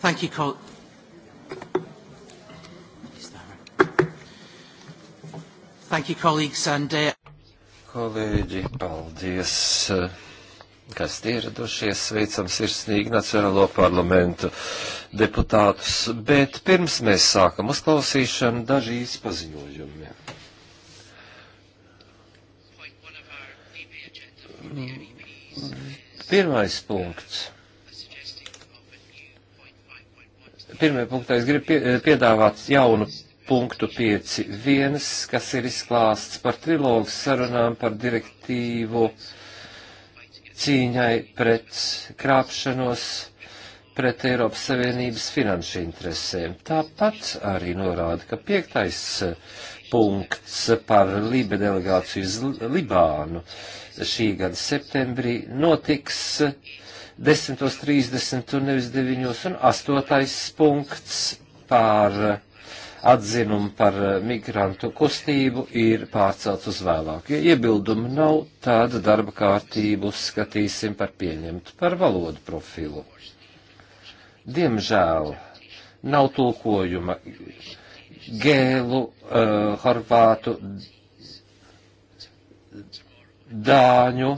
Thank you, Col. Thank you, colleagues, and. Uh... Kolēģi, paldies, uh, kas ieradušies, sveicam sirsnīgi Nacionālo parlamentu deputātus, bet pirms mēs sākam uzklausīšanu daži izpaziņojumi. Mm, pirmais punkts pirmajā punktā es gribu pie, eh, piedāvāt jaunu punktu 5.1, kas ir izklāsts par trilogu sarunām par direktīvu cīņai pret krāpšanos pret Eiropas Savienības finanšu interesēm. Tāpat arī norāda, ka piektais eh, punkts par Lībe delegāciju uz Libānu šī gada septembrī notiks uh, 10.30 un nevis 9. un 8. punkts par atzinumu par migrantu kustību ir pārcelts uz vēlāk. Ja iebildumu nav, tad darba kārtību uzskatīsim par pieņemtu par valodu profilu. Diemžēl nav tulkojuma gēlu, uh, horvātu, dāņu,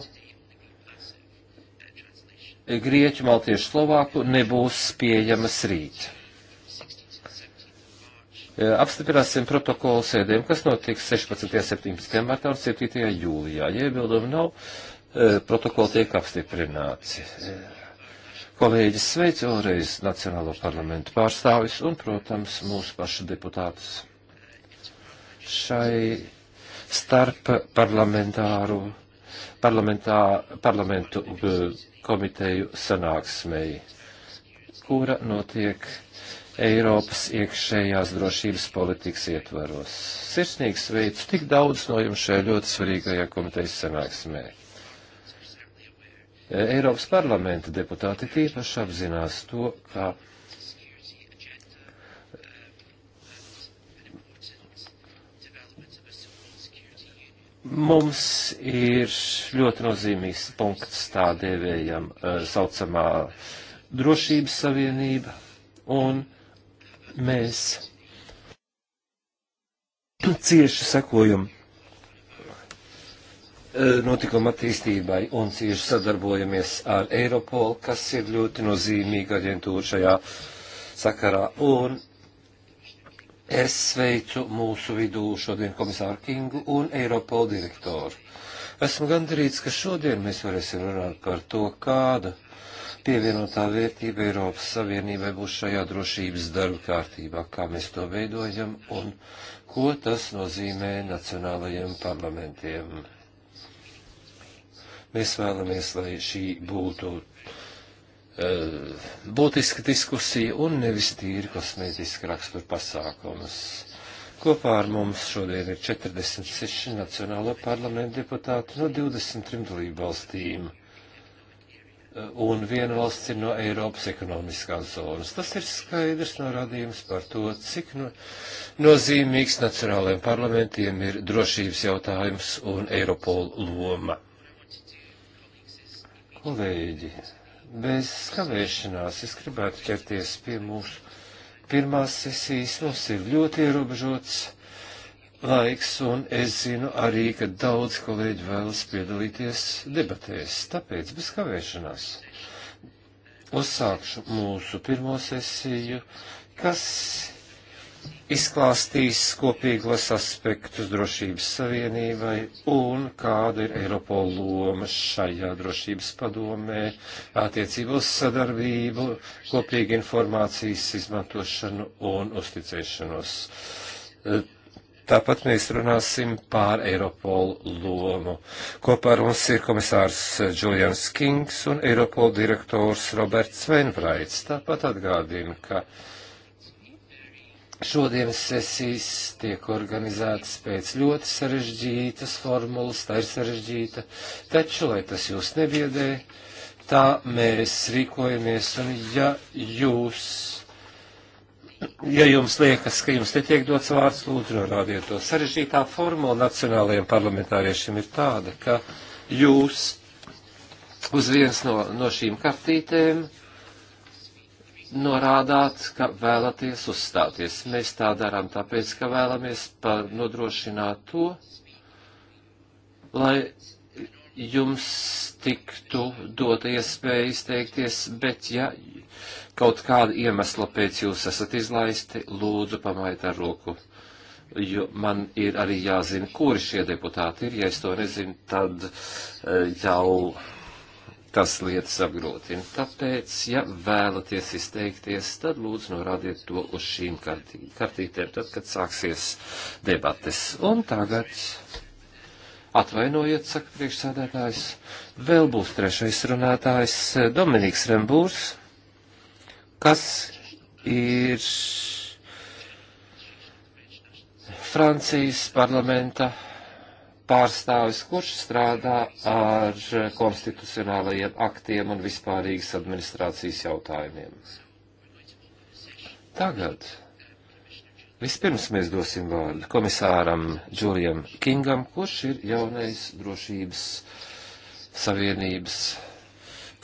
grieķu, maltiešu, slovāku nebūs pieejamas rīt. E, apstiprināsim protokolu sēdēm, kas notiks 16. 17. martā un 7. jūlijā. Ja iebildumi nav, e, protokoli tiek apstiprināti. E, kolēģis sveic vēlreiz Nacionālo parlamentu pārstāvis un, protams, mūsu pašu deputātus šai starp parlamentāru parlamentā, parlamentu komiteju sanāksmei, kura notiek Eiropas iekšējās drošības politikas ietvaros. Sirsnīgs veids tik daudz no jums šajā ļoti svarīgajā komitejas sanāksmē. Eiropas parlamenta deputāti tīpaši apzinās to, ka Mums ir ļoti nozīmīgs punkts tā dēvējam eh, saucamā drošības savienība, un mēs cieši sekojam eh, notikuma attīstībai un cieši sadarbojamies ar Eiropolu, kas ir ļoti nozīmīga aģentūra šajā sakarā, un Es sveicu mūsu vidū šodien komisāru Kingu un Eiropolu direktoru. Esmu gandrīz, ka šodien mēs varēsim runāt par to, kāda pievienotā vērtība Eiropas Savienībai būs šajā drošības darba kārtībā, kā mēs to veidojam un ko tas nozīmē nacionālajiem parlamentiem. Mēs vēlamies, lai šī būtu Eh, būtiska diskusija un nevis tīri kosmētiski rakstur pasākumus. Kopā ar mums šodien ir 46 Nacionālo parlamentu deputāti no 23 dalību valstīm. Eh, un viena valsts ir no Eiropas ekonomiskās zonas. Tas ir skaidrs norādījums par to, cik no, nozīmīgs nacionālajiem parlamentiem ir drošības jautājums un Eiropola loma. Kolēģi, Bez kavēšanās es gribētu ķerties pie mūsu pirmās sesijas. Mums ir ļoti ierobežots laiks, un es zinu arī, ka daudz kolēģi vēlas piedalīties debatēs, tāpēc bez kavēšanās. Uzsākšu mūsu pirmo sesiju, kas izklāstīs kopīgos aspektus drošības savienībai un kāda ir Eiropola loma šajā drošības padomē attiecībā uz sadarbību, kopīgu informācijas izmantošanu un uzticēšanos. Tāpat mēs runāsim pār Eiropolu lomu. Kopā ar mums ir komisārs Julians Kings un Eiropola direktors Roberts Venbraits. Tāpat atgādina, ka Šodienas sesijas tiek organizētas pēc ļoti sarežģītas formulas, tā ir sarežģīta, taču, lai tas jūs nebiedē, tā mēs rīkojamies, un ja jūs, ja jums liekas, ka jums netiek dots vārds, lūdzu norādiet to. Sarežģītā formula nacionālajiem parlamentāriešiem ir tāda, ka jūs uz viens no, no šīm kartītēm norādāt, ka vēlaties uzstāties. Mēs tā darām tāpēc, ka vēlamies nodrošināt to, lai jums tiktu dota iespēja izteikties, bet ja kaut kāda iemesla pēc jūs esat izlaisti, lūdzu pamaiet ar roku. Jo man ir arī jāzina, kuri šie deputāti ir. Ja es to nezinu, tad eh, jau tas lietas apgrūtina. Tāpēc, ja vēlaties izteikties, tad lūdzu norādiet to uz šīm kartītēm, tad, kad sāksies debates. Un tagad, atvainojiet, saka priekšsādētājs, vēl būs trešais runātājs Dominiks Rembūrs, kas ir Francijas parlamenta pārstāvis, kurš strādā ar konstitucionālajiem aktiem un vispārīgas administrācijas jautājumiem. Tagad vispirms mēs dosim vārdu komisāram Džulijam Kingam, kurš ir jaunais drošības savienības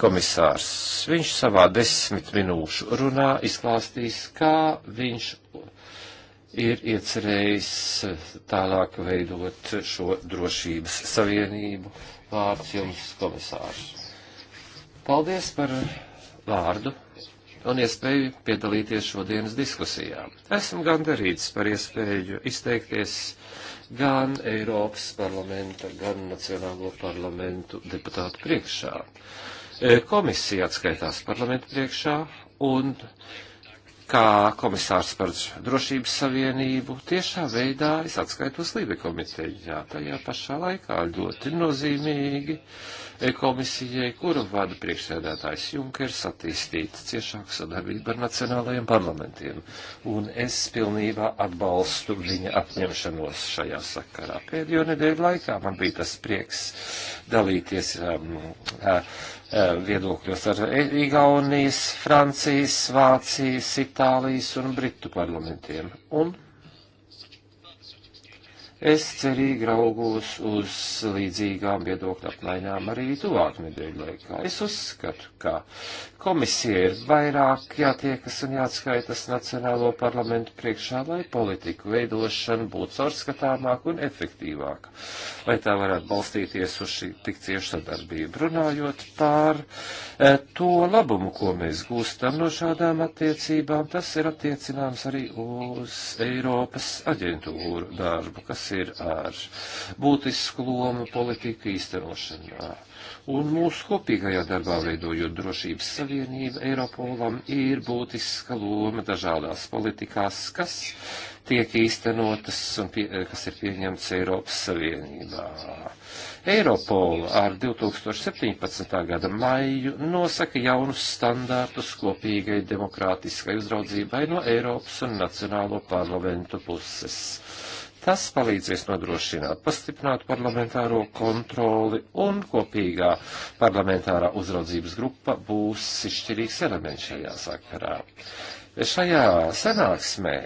komisārs. Viņš savā desmit minūšu runā izklāstīs, kā viņš ir iecerējis eh, tālāk veidot šo drošības savienību. Vārds jums, komisārs. Paldies par vārdu un iespēju piedalīties šodienas diskusijā. Esmu gandarīts par iespēju izteikties gan Eiropas parlamenta, gan Nacionālo parlamentu deputātu priekšā. Eh, komisija atskaitās parlamentu priekšā un uh, kā komisārs par drošības savienību, tiešā veidā es atskaitos Lībe komitejā. Tajā pašā laikā ļoti nozīmīgi komisijai, kuru vada priekšsēdētājs Junkers, attīstīt ciešāku sadarbību ar nacionālajiem parlamentiem. Un es pilnībā atbalstu viņa apņemšanos šajā sakarā. Pēdējo nedēļu laikā man bija tas prieks dalīties. Um, uh, Eh, viedokļos ar Igaunijas, Francijas, Vācijas, Itālijas un Britu parlamentiem. Un Es cerīgi raugos uz līdzīgām viedokļu aplainām arī tuvāk nedēļu laikā. Es uzskatu, ka komisija ir vairāk jātiekas un jāatskaitas Nacionālo parlamentu priekšā, lai politiku veidošana būtu caurskatāmāka un efektīvāka, lai tā varētu balstīties uz šī tik cieša sadarbība. Runājot par e, to labumu, ko mēs gūstam no šādām attiecībām, tas ir attiecināms arī uz Eiropas aģentūru darbu, kas kas ir ar būtisku lomu politiku īstenošanā. Un mūsu kopīgajā darbā veidojot drošības savienību Eiropolam ir būtiska loma dažādās politikās, kas tiek īstenotas un pie, kas ir pieņemts Eiropas Savienībā. Eiropola ar 2017. gada maiju nosaka jaunus standārtus kopīgai demokrātiskai uzraudzībai no Eiropas un Nacionālo parlamentu puses Tas palīdzēs nodrošināt pastiprinātu parlamentāro kontroli un kopīgā parlamentārā uzraudzības grupa būs izšķirīgs elements šajā sakarā. Šajā sanāksmē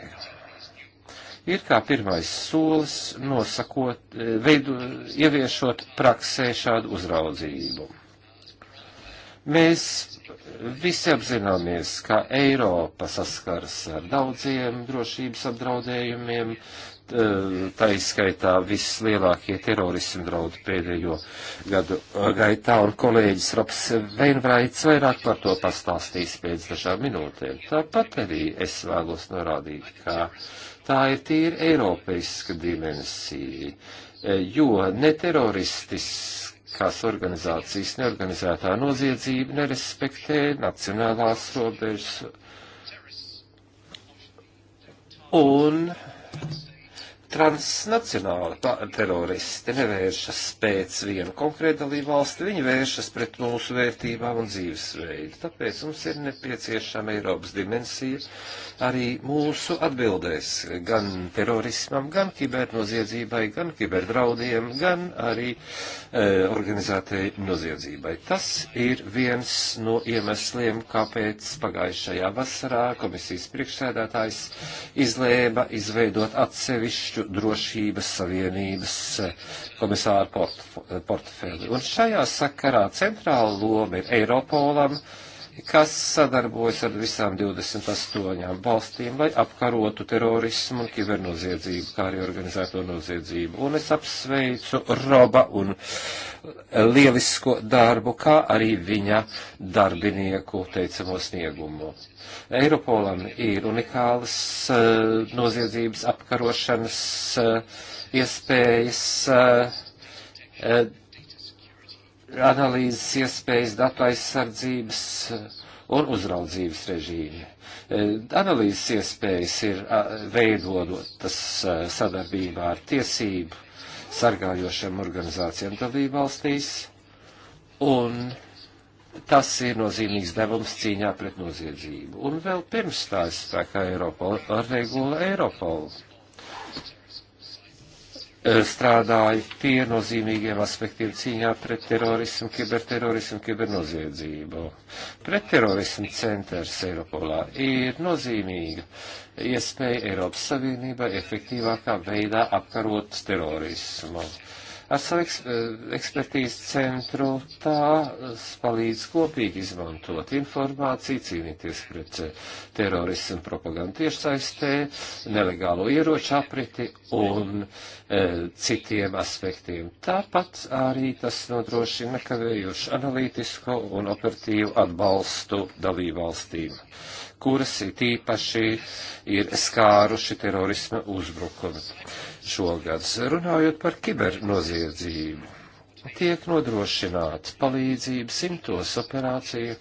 ir kā pirmais solis nosakot, e, veidu, ieviešot praksē šādu uzraudzību. Mēs visi apzināmies, ka Eiropa saskaras ar daudziem drošības apdraudējumiem, uh, Eh, tā izskaitā vislielākie terorismu draudi pēdējo gadu eh, gaitā, un kolēģis Robs Veinvraits vairāk par to pastāstīs pēc dažām minūtēm. Tāpat arī es vēlos norādīt, ka tā ir tīri eiropeiska dimensija, eh, jo ne teroristisks kas organizācijas neorganizētā noziedzība nerespektē nacionālās robežas. Un transnacionāli teroristi nevēršas pēc viena konkrēta dalībvalsta, viņi vēršas pret mūsu vērtībām un dzīvesveidu. Tāpēc mums ir nepieciešama Eiropas dimensija arī mūsu atbildēs gan terorismam, gan kibernoziedzībai, gan kiberdraudiem, gan arī e, organizētai noziedzībai. Tas ir viens no iemesliem, kāpēc pagājušajā vasarā komisijas priekšsēdētājs izlēma izveidot atsevišķu Preču drošības savienības eh, komisāra portfeli. Un šajā sakarā centrāla loma ir Eiropolam. Uh, kas sadarbojas ar visām 28 valstīm, lai apkarotu terorismu un kibernoziedzību, kā arī organizēto noziedzību. Un es apsveicu Roba un lielisko darbu, kā arī viņa darbinieku teicamo sniegumu. Eiropolam ir unikālas uh, noziedzības apkarošanas uh, iespējas. Uh, analīzes iespējas, datu aizsardzības uh, un uzraudzības režīmi. Uh, analīzes iespējas ir uh, veidotas sadarbībā ar tiesību sargājošiem organizācijām dalību valstīs, un Tas ir nozīmīgs devums cīņā pret noziedzību. Un vēl pirms stājas spēkā Eiropola regula Eiropola. Eh, strādāja pie nozīmīgiem aspektiem cīņā pret terorismu, kiberterorismu, kibernoziedzību. Pretterorismu centrs Eiropolā ir nozīmīga iespēja Eiropas Savienībā efektīvākā veidā apkarot terorismu. Uh, Ar savu eks eh, ekspertīzes centru tās palīdz kopīgi izmantot informāciju, cīnīties pret eh, terorismu propagandu tiešsaistē, nelegālo ieroču apriti un e, citiem aspektiem. Tāpat arī tas nodrošina nekavējuši analītisko un operatīvu atbalstu dalībvalstīm kuras it īpaši ir skāruši terorisma uzbrukumi šogad. Runājot par kibernoziedzību, tiek nodrošināta palīdzība simtos operāciju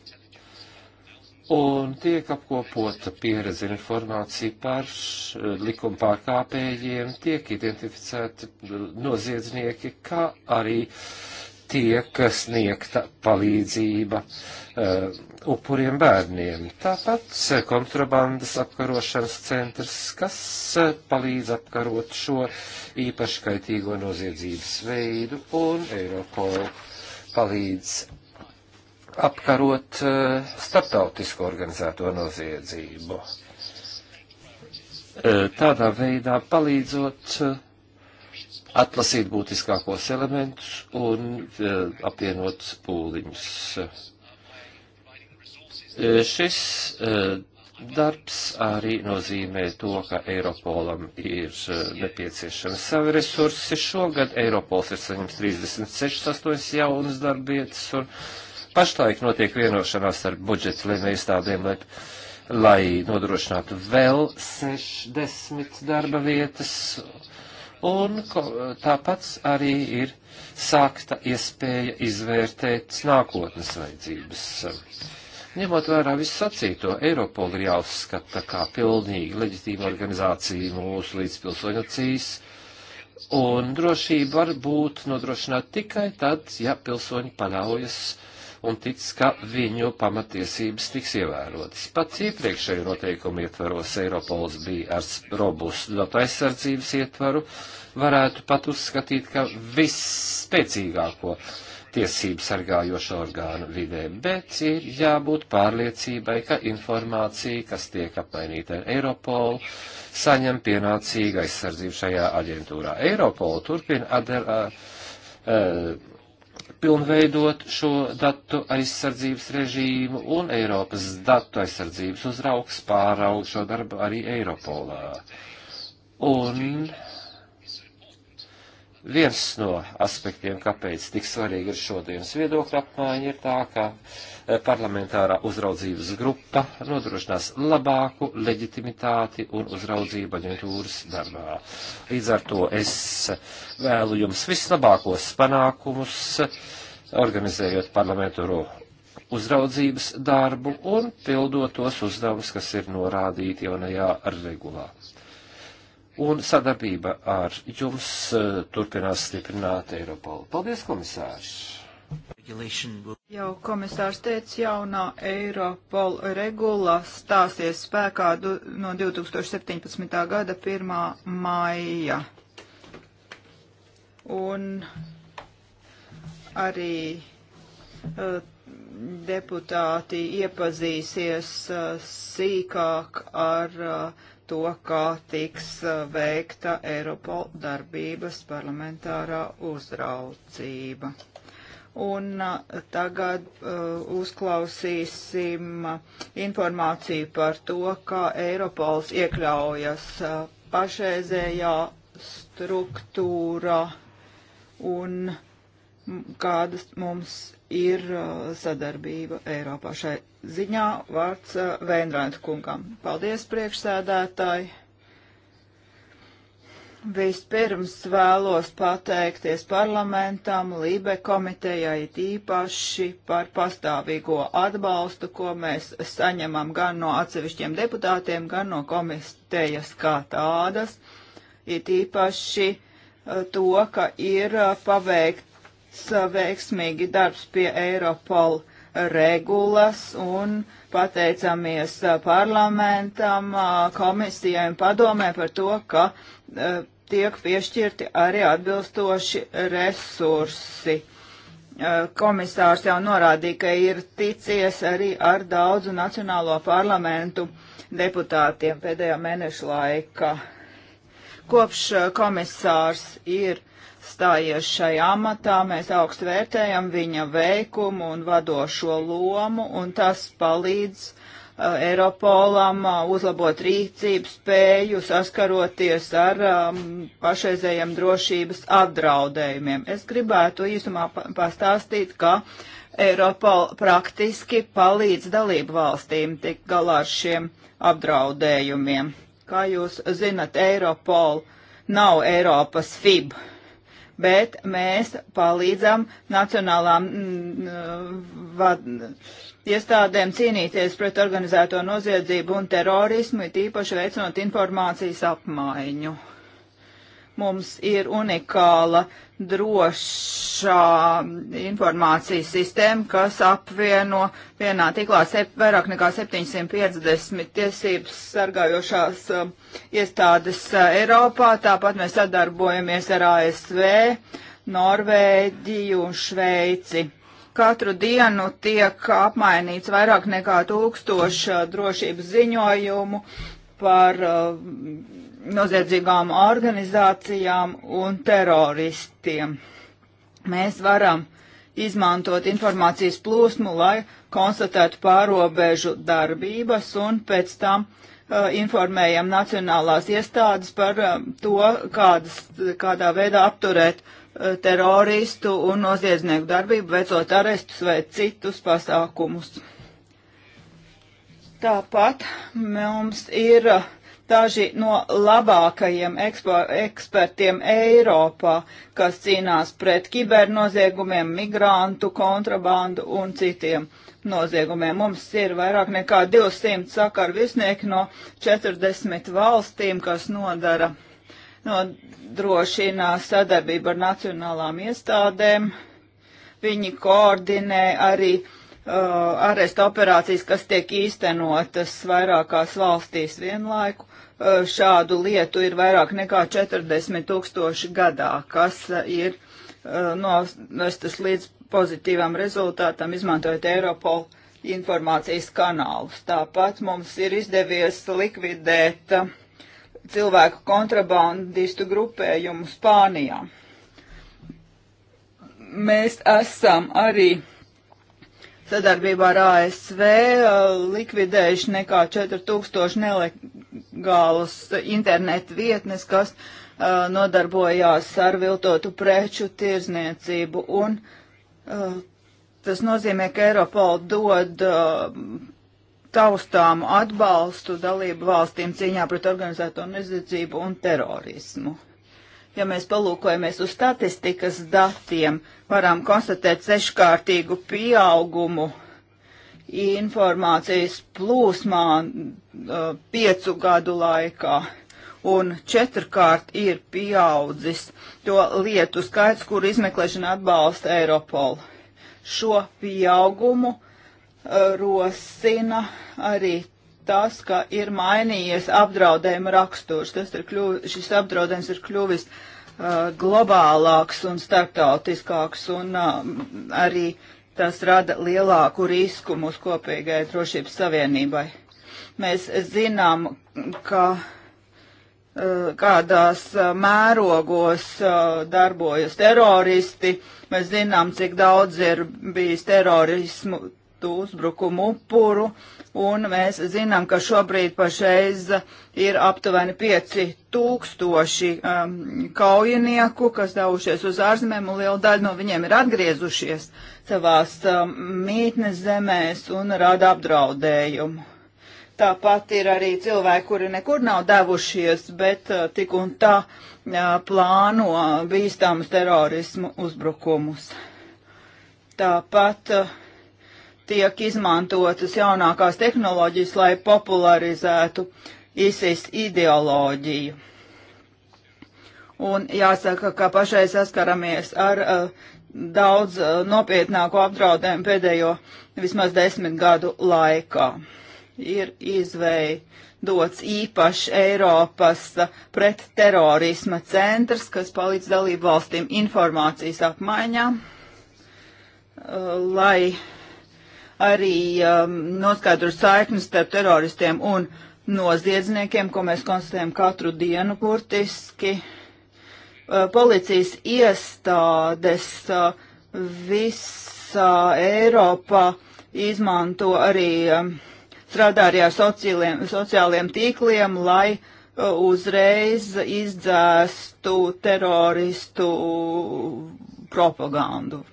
un tiek apkopota pieredze informācija par likuma pārkāpējiem, tiek identificēti noziedznieki, kā arī tiek sniegta palīdzība uh, upuriem bērniem. Tāpat eh, kontrabandas apkarošanas centrs, kas eh, palīdz apkarot šo īpaši kaitīgo noziedzības veidu, un Eiropol palīdz apkarot eh, starptautisko organizēto noziedzību. Tādā veidā palīdzot atlasīt būtiskākos elementus un apvienot pūliņus Šis e, darbs arī nozīmē to, ka Eiropolam ir e, nepieciešami savi resursi. Šogad Eiropols ir saņems 36,8 jaunas darbietas un pašlaik notiek vienošanās ar budžeta līmeju stādiem, lai, lai nodrošinātu vēl 60 darba vietas. Un tāpat arī ir sākta iespēja izvērtēt nākotnes vajadzības. Ņemot vērā visu sacīto, Eiropola ir jāuzskata kā pilnīgi leģitīma organizācija mūsu līdzpilsoņu acīs, un drošība var būt nodrošināta tikai tad, ja pilsoņi paļaujas un tic, ka viņu pamatiesības tiks ievērotas. Pats iepriekšēju noteikumu ietvaros Eiropols bija ar robustu datu aizsardzības ietvaru, varētu pat uzskatīt, ka visspēcīgāko tiesību sargājošu orgānu vidē, bet ir jābūt pārliecībai, ka informācija, kas tiek apmainīta ar Eiropolu, saņem pienācīgu aizsardzību šajā aģentūrā. Eiropola turpina adarā, uh, pilnveidot šo datu aizsardzības režīmu, un Eiropas datu aizsardzības uzraugs pāraug šo darbu arī Eiropolā. Un viens no aspektiem, kāpēc tik svarīgi ir šodienas viedokļa apmaiņa, ir tā, ka e, parlamentārā uzraudzības grupa nodrošinās labāku leģitimitāti un uzraudzību aģentūras darbā. Līdz ar to es vēlu jums vislabākos panākumus, organizējot parlamentāro uzraudzības darbu un pildot tos uzdevumus, kas ir norādīti jaunajā regulā un sadarbība ar jums eh, turpinās stiprināt Eiropolu. Paldies, komisārs! Jau komisārs teica, jaunā Eiropola regula stāsies spēkā no 2017. gada 1. maija. Un arī uh, deputāti iepazīsies uh, sīkāk ar uh, to, kā tiks uh, veikta Eiropol darbības parlamentārā uzraucība. Un uh, tagad uh, uzklausīsim uh, informāciju par to, kā Eiropols iekļaujas pašreizējā struktūra un uh, kādas mums ir uh, sadarbība Eiropā. Šai ziņā vārds uh, Vēnrēnta kungam. Paldies, priekšsēdētāji! Vispirms vēlos pateikties parlamentam, Lībe komitejai tīpaši par pastāvīgo atbalstu, ko mēs saņemam gan no atsevišķiem deputātiem, gan no komitejas kā tādas. Ir tīpaši uh, to, ka ir paveikt Uh, veiksmīgi darbs pie Eiropol regulas un pateicamies uh, parlamentam, uh, komisijai un padomē par to, ka tiek piešķirti arī atbilstoši resursi. Komisārs jau norādīja, ka ir ticies arī ar daudzu nacionālo parlamentu deputātiem pēdējā mēneša laikā. Kopš komisārs ir stājies šai amatā, mēs augstu vērtējam viņa veikumu un vadošo lomu, un tas palīdz uh, Eiropolam uh, uzlabot rīcības spēju, saskaroties ar um, pašreizējiem drošības apdraudējumiem. Es gribētu īsumā pastāstīt, ka Eiropol praktiski palīdz dalību valstīm tik galā ar šiem apdraudējumiem. Kā jūs zinat, Eiropol nav Eiropas FIB, bet mēs palīdzam nacionālām mm, mm, iestādēm cīnīties pret organizēto noziedzību un terorismu, it īpaši veicinot informācijas apmaiņu. Mums ir unikāla drošā informācijas sistēma, kas apvieno vienā tiklā sep, vairāk nekā 750 tiesības sargājošās uh, iestādes uh, Eiropā. Tāpat mēs sadarbojamies ar ASV, Norvēģiju un Šveici. Katru dienu tiek apmainīts vairāk nekā tūkstoši uh, drošības ziņojumu par uh, noziedzīgām organizācijām un teroristiem. Mēs varam izmantot informācijas plūsmu, lai konstatētu pārobežu darbības un pēc tam uh, informējam nacionālās iestādes par uh, to, kādas, kādā veidā apturēt uh, teroristu un noziedznieku darbību, veicot arestus vai citus pasākumus. Tāpat mums ir uh, daži no labākajiem ekspo, ekspertiem Eiropā, kas cīnās pret kibernoziegumiem, migrantu kontrabandu un citiem noziegumiem. Mums ir vairāk nekā 200 sakaru visnieki no 40 valstīm, kas nodara, nodrošina sadarbību ar nacionālām iestādēm. Viņi koordinē arī uh, Uh, aresta operācijas, kas tiek īstenotas vairākās valstīs vienlaiku. Uh, šādu lietu ir vairāk nekā 40 tūkstoši gadā, kas uh, ir novestas līdz pozitīvam rezultātam, izmantojot Eiropolu informācijas kanālus. Tāpat mums ir izdevies likvidēt cilvēku kontrabandistu grupējumu Spānijā. Mēs esam arī sadarbībā ar ASV uh, likvidējuši nekā 4000 nelegālus internetu vietnes, kas uh, nodarbojās ar viltotu preču tirzniecību. Un uh, tas nozīmē, ka Eiropola dod uh, taustāmu atbalstu dalību valstīm cīņā pret organizēto nezadzību un terorismu ja mēs palūkojamies uz statistikas datiem, varam konstatēt seškārtīgu pieaugumu informācijas plūsmā uh, piecu gadu laikā. Un četrkārt ir pieaudzis to lietu skaits, kur izmeklēšana atbalsta Eiropolu. Šo pieaugumu uh, rosina arī tas, ka ir mainījies apdraudējuma raksturs. Tas ir kļuvis, šis apdraudējums ir kļuvis uh, globālāks un starptautiskāks un uh, arī tas rada lielāku risku mūsu kopīgai drošības savienībai. Mēs zinām, ka uh, kādās uh, mērogos uh, darbojas teroristi, mēs zinām, cik daudz ir bijis terorismu uzbrukumu upuru, uh, un mēs zinām, ka šobrīd pašreiz ir aptuveni 5000 um, kaujinieku, kas devušies uz ārzemēm, un liela daļa no viņiem ir atgriezušies savās um, mītnes zemēs un rada apdraudējumu. Tāpat ir arī cilvēki, kuri nekur nav devušies, bet uh, tik un tā uh, plāno bīstamus terorismu uzbrukumus. Tāpat uh, tiek izmantotas jaunākās tehnoloģijas, lai popularizētu ISIS ideoloģiju. Un jāsaka, ka pašai saskaramies ar uh, daudz uh, nopietnāku apdraudējumu pēdējo vismaz desmit gadu laikā. Ir izveidots īpašs Eiropas uh, pretterorisma centrs, kas palīdz dalību valstīm informācijas apmaiņā, uh, lai uh, arī um, noskaidrot saiknes starp teroristiem un noziedzniekiem, ko mēs konstatējam katru dienu burtiski. Uh, policijas iestādes uh, visā Eiropā izmanto arī um, strādā arī ar sociāliem, sociāliem tīkliem, lai uh, uzreiz izdzēstu teroristu propagandu.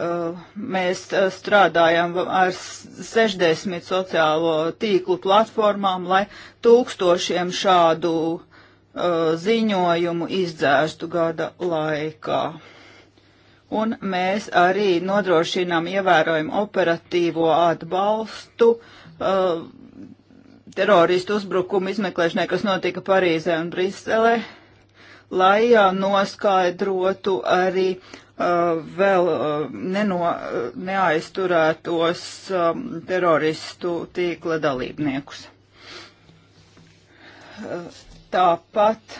Eh, mēs eh, strādājam ar 60 sociālo tīklu platformām, lai tūkstošiem šādu eh, ziņojumu izdzēstu gada laikā. Un mēs arī nodrošinām ievērojumu operatīvo atbalstu uh, teroristu uzbrukumu izmeklēšanai, kas notika Parīzē un Briselē, lai uh, noskaidrotu arī Uh, vēl uh, neno, uh, neaizturētos um, teroristu tīkla dalībniekus. Tāpat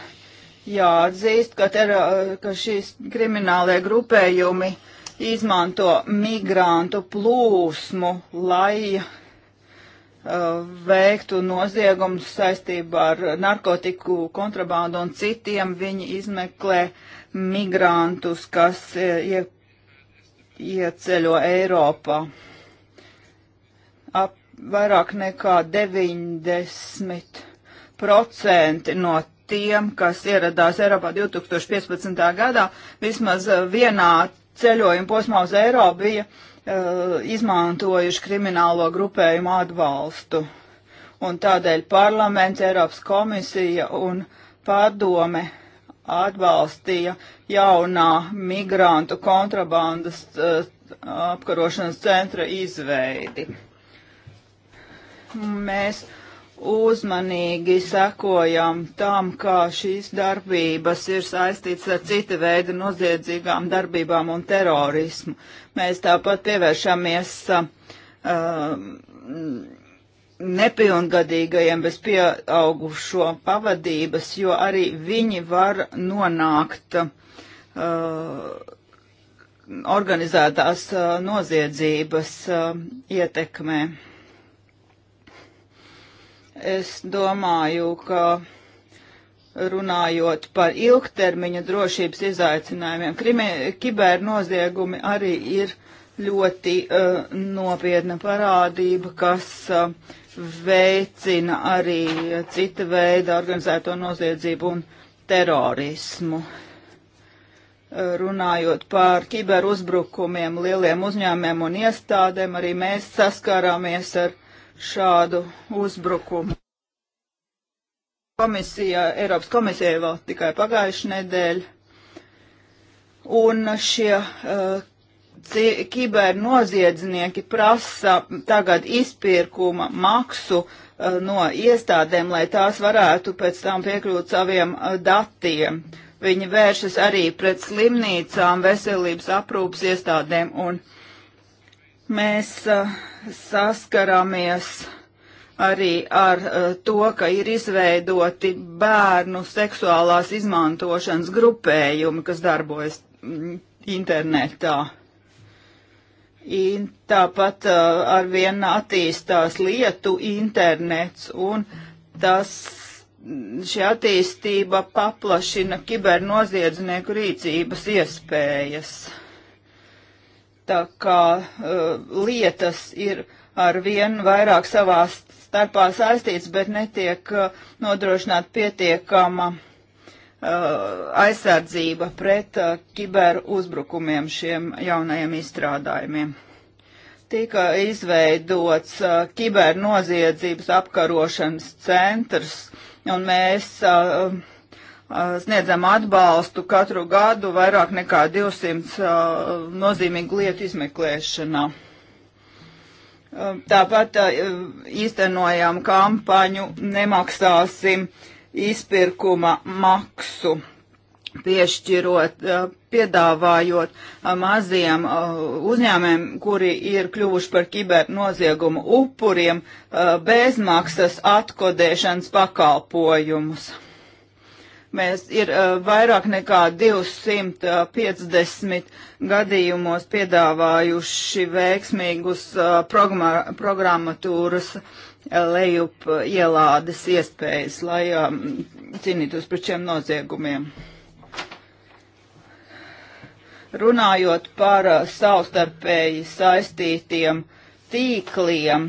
jāatzīst, ka, ter, ka šīs kriminālie grupējumi izmanto migrantu plūsmu, lai veiktu noziegumus saistībā ar narkotiku kontrabandu un citiem. Viņi izmeklē uh, migrantus, kas e, ie, ieceļo Eiropā. Ap vairāk nekā 90% no tiem, kas ieradās Eiropā 2015. gadā, vismaz vienā ceļojuma posmā uz Eiropu bija uh, izmantojuši kriminālo grupējumu atbalstu. Un tādēļ parlaments, Eiropas komisija un padome atbalstīja jaunā migrantu kontrabandas eh, apkarošanas centra izveidi. Mēs uzmanīgi sekojam tam, kā šīs darbības ir saistīts ar cita veida noziedzīgām darbībām un terorismu. Mēs tāpat pievēršamies uh, nepilngadīgajiem bez pieaugušo pavadības, jo arī viņi var nonākt uh, organizētās uh, noziedzības uh, ietekmē. Es domāju, ka runājot par ilgtermiņa drošības izaicinājumiem, krimi, kibernoziegumi arī ir ļoti uh, nopietna parādība, kas uh, veicina arī cita veida organizēto noziedzību un terorismu. Runājot par kiberuzbrukumiem lieliem uzņēmiem un iestādēm, arī mēs saskārāmies ar šādu uzbrukumu. Komisija, Eiropas komisija vēl tikai pagājuši nedēļ, un šie uh, kibernoziedznieki prasa tagad izpirkuma maksu uh, no iestādēm, lai tās varētu pēc tam piekļūt saviem uh, datiem. Viņi vēršas arī pret slimnīcām, veselības aprūpas iestādēm, un mēs uh, saskaramies arī ar to, ka ir izveidoti bērnu seksuālās izmantošanas grupējumi, kas darbojas mm, internetā. Tāpat uh, ar vienu attīstās lietu internets un tas mm, šī attīstība paplašina kibernoziedznieku rīcības iespējas. Tā kā uh, lietas ir ar vien vairāk savā starpā saistīts, bet netiek uh, nodrošināt pietiekama uh, Uh, aizsardzība pret uh, kiberuzbrukumiem šiem jaunajiem izstrādājumiem. Tika izveidots uh, kibernoziedzības apkarošanas centrs, un mēs uh, sniedzam atbalstu katru gadu vairāk nekā 200 uh, nozīmīgu lietu izmeklēšanā. Uh, tāpat īstenojām kampaņu Nemaksāsim uh, izpirkuma maksu piešķirot, eh, piedāvājot eh, maziem eh, uzņēmēm, kuri ir kļuvuši par kibernoziegumu upuriem, bezmaksas atkodēšanas pakalpojumus. Mēs ir vairāk nekā 250 gadījumos piedāvājuši veiksmīgus programmatūras programma lejup ielādes iespējas, lai um, cīnītos par šiem noziegumiem. Runājot par uh, savstarpēji saistītiem tīkliem,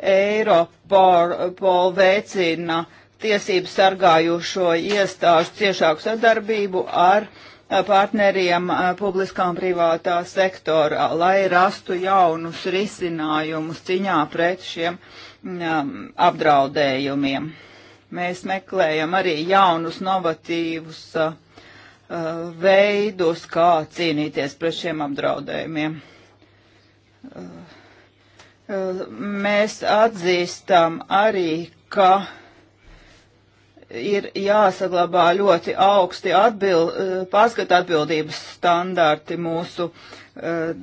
Eiropol veicina tiesību sargājušo iestāžu ciešāku sadarbību ar uh, Eh, partneriem eh, publiskā un privātā sektorā, lai rastu jaunus risinājumus ciņā pret šiem mm, eh, apdraudējumiem. Mēs meklējam arī jaunus novatīvus veidus, kā cīnīties pret šiem apdraudējumiem. Mēs atzīstam arī, ka ir jāsaglabā ļoti augsti atbild, eh, pārskat atbildības standarti mūsu uh,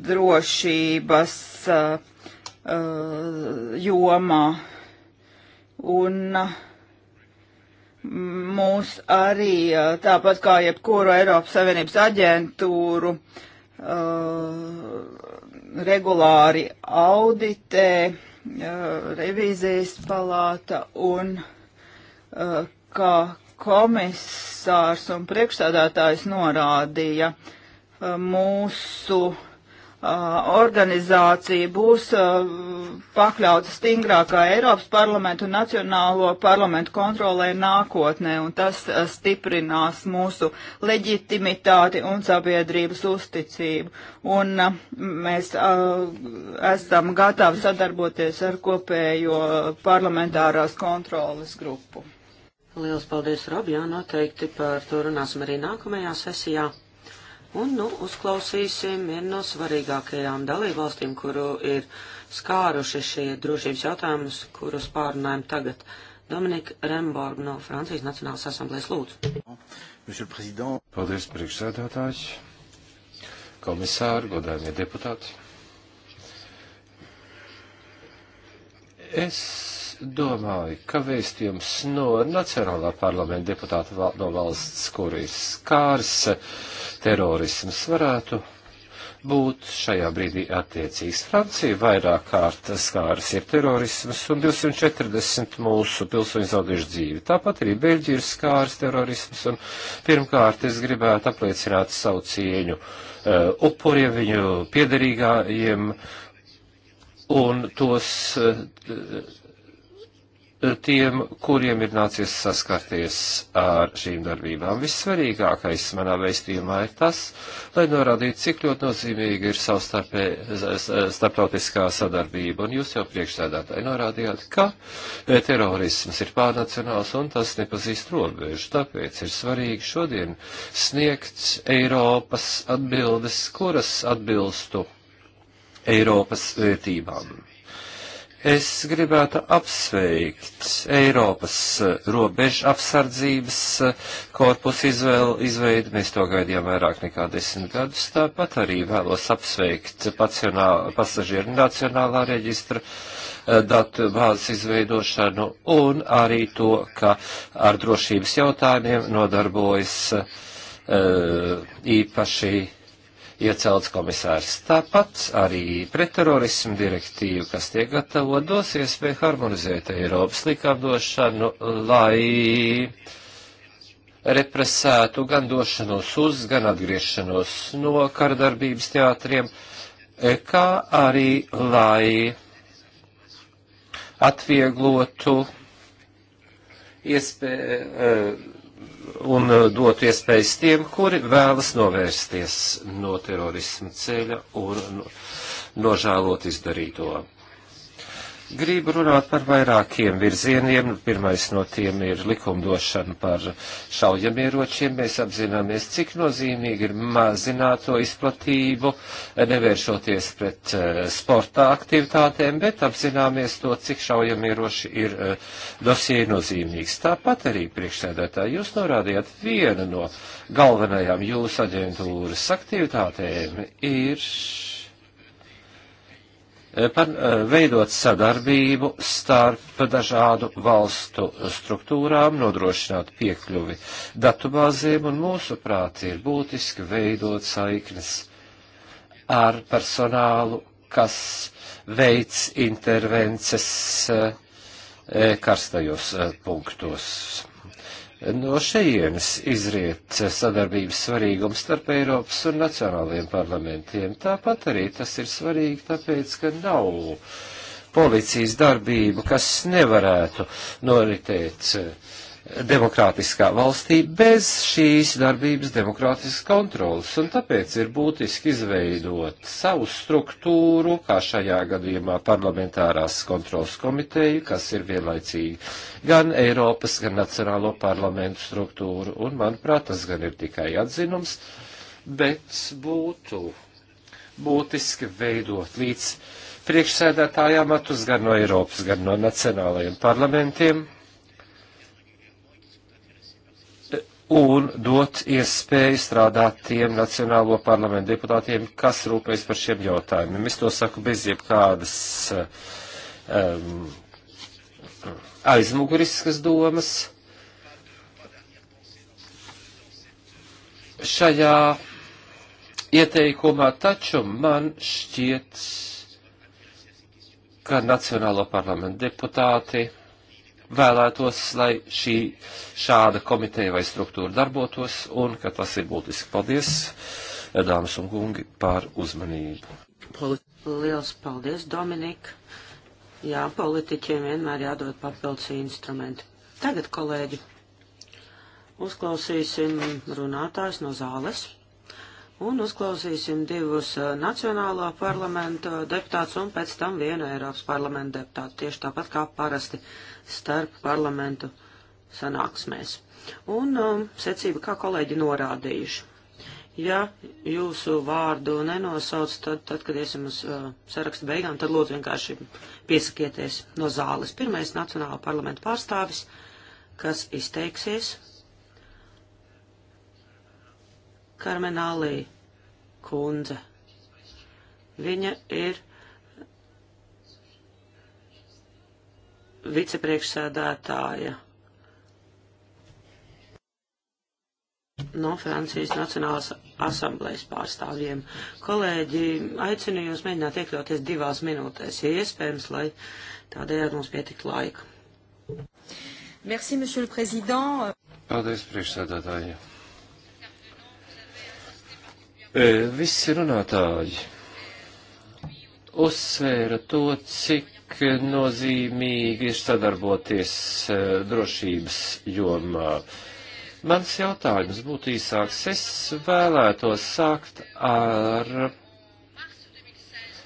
drošības uh, uh, jomā. Un mm, mūs arī, tāpat kā jebkuru Eiropas Savienības aģentūru, regulāri auditē revīzijas palāta un kā komisārs un priekšstādātājs norādīja, mūsu organizācija būs pakļauta stingrākā Eiropas parlamentu un nacionālo parlamentu kontrolē nākotnē, un tas stiprinās mūsu leģitimitāti un sabiedrības uzticību. Un mēs esam gatavi sadarboties ar kopējo parlamentārās kontrolas grupu. Lielas paldies, Rob, jā, noteikti par to runāsim arī nākamajā sesijā. Un, nu, uzklausīsim vienu no svarīgākajām dalībvalstīm, kuru ir skāruši šie drošības jautājumus, kurus pārunājam tagad. Dominika Remborg no Francijas Nacionālas asamblēs lūdzu. Paldies, priekšsēdētājs, komisāri, godājumie deputāti. Es domāju, ka vēstījums no Nacionālā parlamenta deputāta no valsts, kur ir skārs terorisms, varētu būt šajā brīdī attiecīgs. Francija vairāk kārt skāras ir terorismas un 240 mūsu pilsoņu zaudējuši dzīvi. Tāpat arī Beļģija ir skāras terorismas un pirmkārt es gribētu apliecināt savu cieņu uh, upuriem, viņu piederīgājiem un tos uh, tiem, kuriem ir nācies saskarties ar šīm darbībām. Vissvarīgākais manā veistījumā ir tas, lai norādītu, cik ļoti nozīmīgi ir savu starpē, starptautiskā sadarbība. Un jūs jau priekšsēdētāji norādījāt, ka e, terorisms ir pārnacionāls un tas nepazīst robežu. Tāpēc ir svarīgi šodien sniegt Eiropas atbildes, kuras atbilstu Eiropas vērtībām Es gribētu apsveikt Eiropas eh, robežu apsardzības eh, korpusu izvēlu, izveidu. Mēs to gaidījām vairāk nekā desmit gadus. Tāpat arī vēlos apsveikt pasažieru nacionālā reģistra eh, datu bāzes izveidošanu un arī to, ka ar drošības jautājumiem nodarbojas īpaši iecelts komisārs. Tāpat arī pretterorismu direktīva, kas tiek gatavot, dos iespēju harmonizēt Eiropas likumdošanu, lai represētu gan došanos uz, gan atgriešanos no kardarbības teātriem, kā arī lai atvieglotu iespēju eh, un uh, dot iespējas tiem, kuri vēlas novērsties no terorisma ceļa un nožēlot izdarīto. Gribu runāt par vairākiem virzieniem. Pirmais no tiem ir likumdošana par šaujamieročiem. Mēs apzināmies, cik nozīmīgi ir mazināt to izplatību, nevēršoties pret eh, sportā aktivitātēm, bet apzināmies to, cik šaujamieroši ir eh, dosie nozīmīgs. Tāpat arī priekšsēdētāji jūs norādījāt viena no galvenajām jūsu aģentūras aktivitātēm ir Eh, par, eh, veidot sadarbību starp dažādu valstu struktūrām, nodrošināt piekļuvi datubāzēm, un mūsuprāt ir būtiski veidot saiknes ar personālu, kas veids intervences eh, karstajos punktos No šejienes izriet sadarbības svarīgums starp Eiropas un nacionāliem parlamentiem. Tāpat arī tas ir svarīgi, tāpēc, ka nav policijas darbību, kas nevarētu noritēt uh, demokrātiskā valstī bez šīs darbības demokrātiskas kontrolas, un tāpēc ir būtiski izveidot savu struktūru, kā šajā gadījumā parlamentārās kontrolas komiteju, kas ir vienlaicīgi gan Eiropas, gan Nacionālo parlamentu struktūru, un manuprāt, tas gan ir tikai atzinums, bet būtu būtiski veidot līdz priekšsēdētājām atus gan no Eiropas, gan no nacionālajiem parlamentiem un dot iespēju strādāt tiem nacionālo parlamentu deputātiem, kas rūpējas par šiem jautājumiem. Es to saku bez jebkādas um, aizmuguriskas domas. Šajā ieteikumā taču man šķiet, ka Nacionālo parlamentu deputāti vēlētos, lai šī šāda komiteja vai struktūra darbotos, un ka tas ir būtiski. Paldies, dāmas un kungi, par uzmanību. Liels paldies, Dominika. Jā, politiķiem vienmēr jādod papildus instrumenti. Tagad, kolēģi, uzklausīsim runātājs no zāles un uzklausīsim divus Nacionālā parlamenta deputātus un pēc tam vienu Eiropas parlamenta deputātu, tieši tāpat kā parasti starp parlamentu sanāksmēs. Un um, secība, kā kolēģi norādījuši. Ja jūsu vārdu nenosauc, tad, tad kad iesim uz uh, sarakstu beigām, tad lūdzu vienkārši piesakieties no zāles. Pirmais Nacionāla parlamenta pārstāvis, kas izteiksies Karmenālī kundze. Viņa ir vicepriekšsēdētāja no Francijas Nacionālās asamblējas pārstāvjiem. Kolēģi, aicinu jūs mēģināt iekļauties divās minūtēs, ja iespējams, lai tādējādi mums pietikt laika. Merci, monsieur le président. Paldies, priekšsēdētāji. E, visi runātāji uzsvēra to, cik nozīmīgi ir sadarboties e, drošības jomā. Mans jautājums būtu īsāks. Es vēlētos sākt ar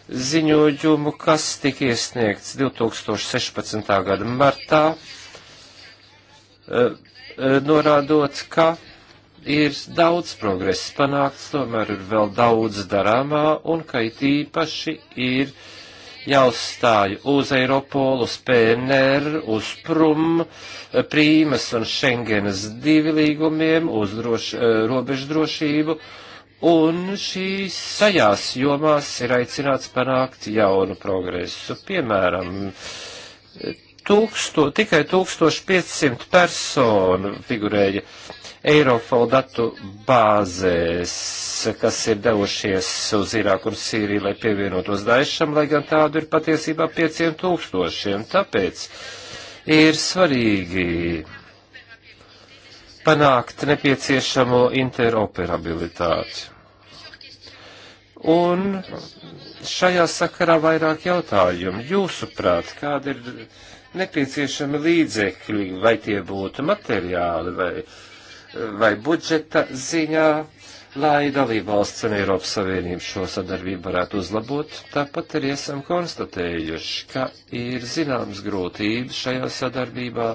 ziņojumu, kas tika iesniegts 2016. gada martā, e, norādot, ka ir daudz progress panākts, tomēr ir vēl daudz darāmā, un ka it īpaši ir jāuzstāj uz Eiropolu, uz PNR, uz Prum, Prīmas un Schengenas divi līgumiem, uz droš, eh, robežu drošību, un šīs sajās jomās ir aicināts panākt jaunu progresu. Piemēram, tūksto, tikai 1500 personu figurēja Eiropol datu bāzēs, kas ir devušies uz Irāku un Sīriju, lai pievienotos Daišam, lai gan tādu ir patiesībā pieciem tūkstošiem. Tāpēc ir svarīgi panākt nepieciešamo interoperabilitāti. Un šajā sakarā vairāk jautājumu. Jūsuprāt, kāda ir nepieciešama līdzekļi, vai tie būtu materiāli vai vai budžeta ziņā, lai dalībvalsts un Eiropas Savienība šo sadarbību varētu uzlabot. Tāpat arī esam konstatējuši, ka ir zināmas grūtības šajā sadarbībā.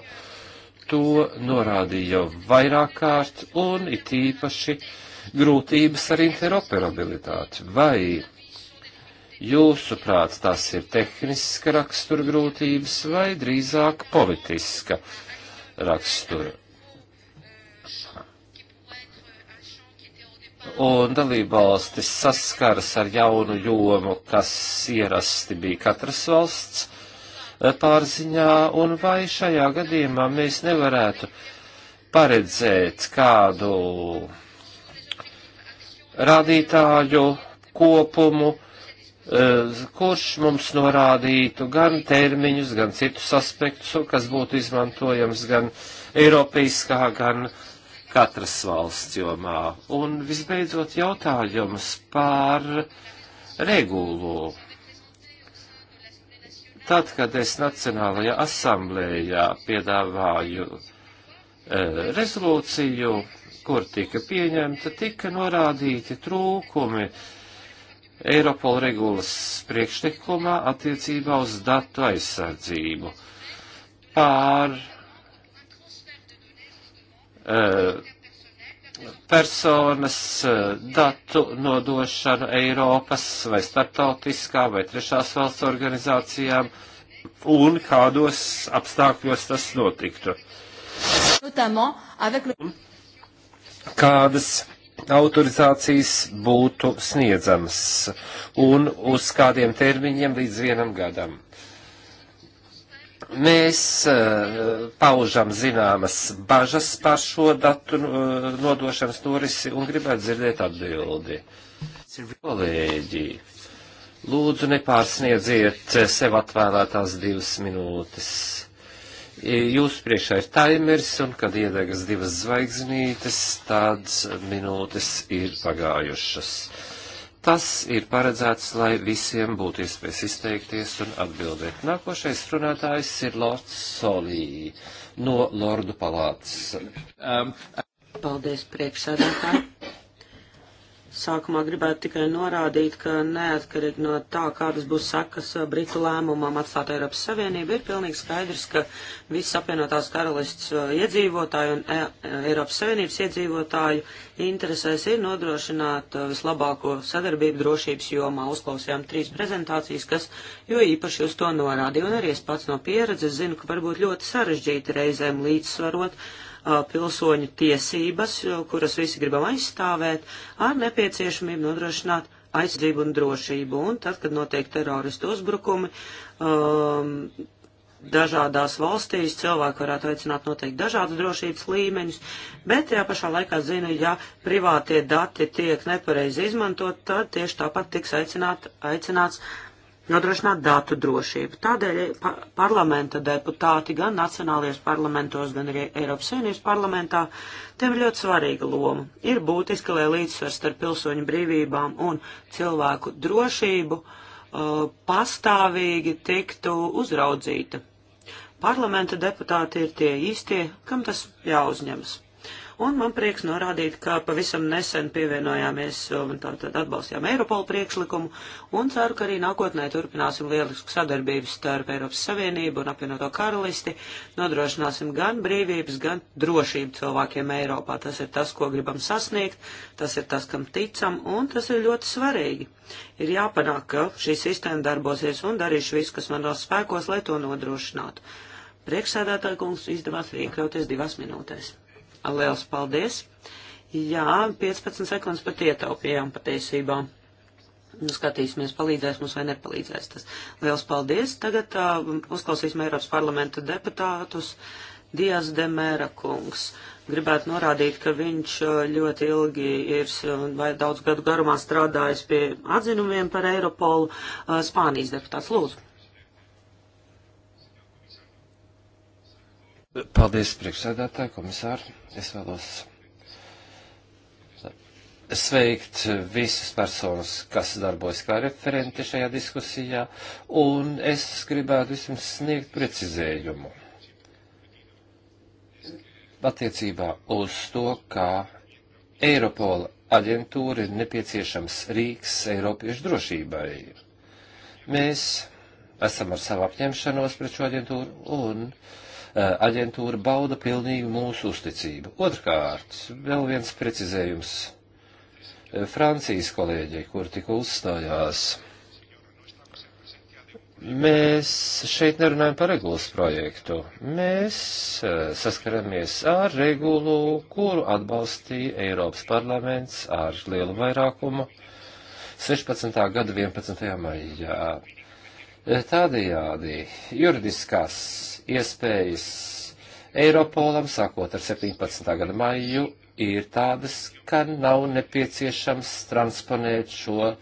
To norādīja jau vairāk kārt un it īpaši grūtības ar interoperabilitāti. Vai jūsuprāt tas ir tehniska rakstura grūtības vai drīzāk politiska rakstura? un dalībvalstis saskaras ar jaunu jomu, kas ierasti bija katras valsts eh, pārziņā, un vai šajā gadījumā mēs nevarētu paredzēt kādu rādītāju kopumu, eh, kurš mums norādītu gan termiņus, gan citus aspektus, kas būtu izmantojams gan Eiropīskā, gan uh, katras valsts jomā. Un visbeidzot jautājums par regulu. Tad, kad es Nacionālajā asamblējā piedāvāju e, rezolūciju, kur tika pieņemta, tika norādīti trūkumi Eiropola regulas priekšlikumā attiecībā uz datu aizsardzību pār Eh, personas eh, datu nodošanu Eiropas vai starptautiskā vai trešās valsts organizācijām un kādos apstākļos tas notiktu. Kādas autorizācijas būtu sniedzamas un uz kādiem termiņiem līdz vienam gadam. Mēs eh, paužam zināmas bažas par šo datu eh, nodošanas norisi un gribētu dzirdēt atbildi. Kolēģi, lūdzu nepārsniedziet sev atvēlētās divas minūtes. Jūsu priekšā ir taimers, un kad iedegas divas zvaigznītes, tādas minūtes ir pagājušas. Tas ir paredzēts, lai visiem būtu iespējas izteikties un atbildēt. Nākošais runātājs ir Lords Solī no Lordu palātas. Um, uh, Paldies, priekšsēdētāji. Sākumā gribētu tikai norādīt, ka neatkarīgi no tā, kādas būs sekas uh, Britu lēmumam atstāt Eiropas Savienību, ir pilnīgi skaidrs, ka visas apvienotās karalists uh, iedzīvotāju un e, e Eiropas Savienības iedzīvotāju interesēs ir nodrošināt uh, vislabāko sadarbību drošības jomā. Uzklausījām trīs prezentācijas, kas jo īpaši uz to norādīja, un arī es pats no pieredzes zinu, ka varbūt ļoti sarežģīti reizēm līdzsvarot pilsoņu tiesības, kuras visi gribam aizstāvēt, ar nepieciešamību nodrošināt aizsardzību un drošību. Un tad, kad notiek teroristu uzbrukumi, um, dažādās valstīs cilvēki varētu aicināt noteikti dažādas drošības līmeņus, bet tajā pašā laikā zinu, ja privātie dati tiek nepareizi izmantot, tad tieši tāpat tiks aicināt, aicināts nodrošināt datu drošību. Tādēļ pa parlamenta deputāti gan nacionālajos parlamentos, gan arī Eiropas Savienības parlamentā, tiem ir ļoti svarīga loma. Ir būtiski, lai līdzsvars starp pilsoņu brīvībām un cilvēku drošību uh, pastāvīgi tiktu uzraudzīta. Parlamenta deputāti ir tie īstie, kam tas jāuzņemas. Un man prieks norādīt, ka pavisam nesen pievienojāmies um, un tātad atbalstījām Eiropola priekšlikumu un ceru, ka arī nākotnē turpināsim lielisku sadarbību starp Eiropas Savienību un apvienoto karalisti. Nodrošināsim gan brīvības, gan drošību cilvēkiem Eiropā. Tas ir tas, ko gribam sasniegt, tas ir tas, kam ticam un tas ir ļoti svarīgi. Ir jāpanāk, ka šī sistēma darbosies un darīšu visu, kas manos spēkos, lai to nodrošinātu. Priekšsēdētāja kungs izdevās iekļauties divās minūtēs. Liels paldies! Jā, 15 sekundes pat ietaupījām patiesībā. Nu, skatīsimies, palīdzēs mums vai nepalīdzēs tas. Liels paldies! Tagad uh, uzklausīsim Eiropas parlamenta deputātus. Dijas Demēra kungs. Gribētu norādīt, ka viņš ļoti ilgi ir vai daudz gadu garumā strādājis pie atzinumiem par Eiropolu. Spānijas deputāts lūdzu. Paldies, priekšsēdētāji, komisāri. Es vēlos eh, sveikt visas personas, kas darbojas kā referenti šajā diskusijā, un es gribētu vismaz sniegt precizējumu attiecībā uz to, kā Eiropola aģentūra ir nepieciešams rīks Eiropiešu drošībai. Mēs esam ar savu apņemšanos pret šo aģentūru un uh, Eh, aģentūra bauda pilnīgi mūsu uzticību. Otrkārt, vēl viens precizējums eh, Francijas kolēģei, kur tikko uzstājās. Mēs šeit nerunājam par regulas projektu. Mēs eh, saskaramies ar regulu, kuru atbalstīja Eiropas parlaments ar lielu vairākumu 16. gada 11. maijā. Tādējādi juridiskās iespējas Eiropolam, sākot ar 17. gada maiju, ir tādas, ka nav nepieciešams transponēt šo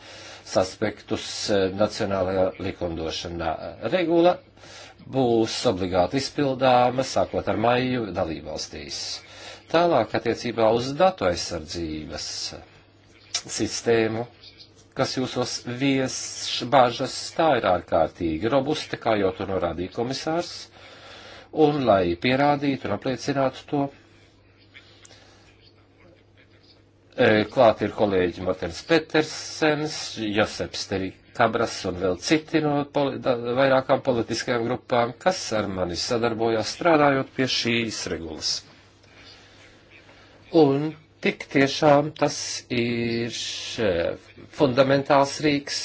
aspektus eh, nacionālajā likumdošanā. Regula būs obligāti izpildāma, sākot ar maiju dalībvalstīs. Tālāk attiecībā uz datu aizsardzības sistēmu, kas jūsos vies bažas, tā ir ārkārtīgi robusta, kā jau to norādīja komisārs un lai pierādītu un apliecinātu to, e, klāt ir kolēģi Matens Petersens, Joseps Terikabras un vēl citi no poli da, vairākām politiskajām grupām, kas ar mani sadarbojās strādājot pie šīs regulas. Un tik tiešām tas ir e, fundamentāls rīks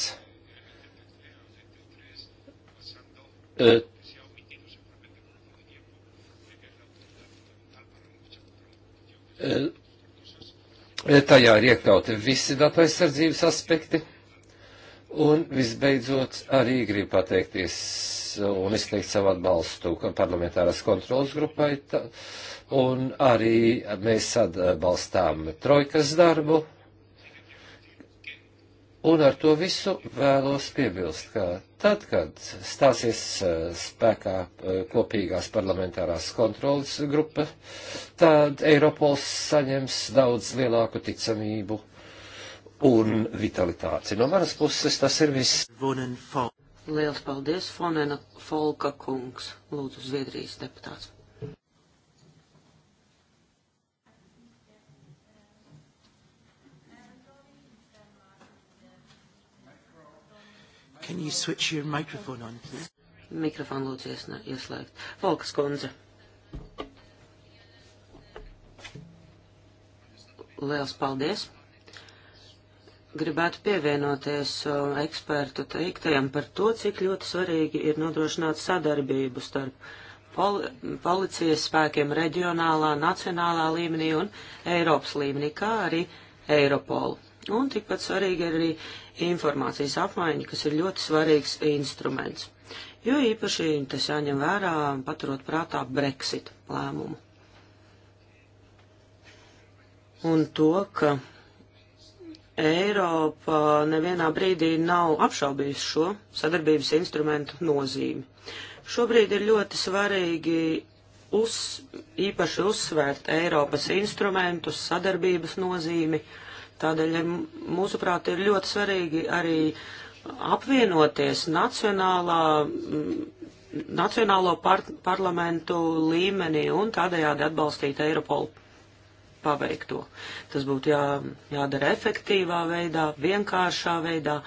e, Eh, eh, tajā ir iekļauti visi datu aizsardzības aspekti. Un visbeidzot, arī gribu pateikties eh, un izteikt savu atbalstu parlamentāras kontrolas grupai. Un arī mēs atbalstām trojkas darbu Un ar to visu vēlos piebilst, ka tad, kad stāsies eh, spēkā eh, kopīgās parlamentārās kontrolas grupa, tad Eiropols saņems daudz lielāku ticamību un vitalitāti. No manas puses tas ir viss. Liels paldies, Fonena Folka kungs, lūdzu Zviedrijas deputāts. don't you switch your microphone on, please? Mikrofonu lūdzu iesnā, ieslēgt. Folkas kundze. Liels paldies! Gribētu pievienoties uh, ekspertu teiktajam par to, cik ļoti svarīgi ir nodrošināt sadarbību starp poli policijas spēkiem reģionālā, nacionālā līmenī un Eiropas līmenī, kā arī Eiropolu. Un tikpat svarīgi ir arī informācijas apmaiņa, kas ir ļoti svarīgs instruments. Jo īpaši tas jāņem vērā, paturot prātā Brexit lēmumu. Un to, ka Eiropa nevienā brīdī nav apšaubījusi šo sadarbības instrumentu nozīmi. Šobrīd ir ļoti svarīgi uz, īpaši uzsvērt Eiropas instrumentus, sadarbības nozīmi. Uh, Tādēļ, mūsuprāt, ir ļoti svarīgi arī apvienoties nacionālā, nacionālo par, parlamentu līmenī un tādējādi atbalstīt Eiropolu paveikto. Tas būtu jā, jādara efektīvā veidā, vienkāršā veidā,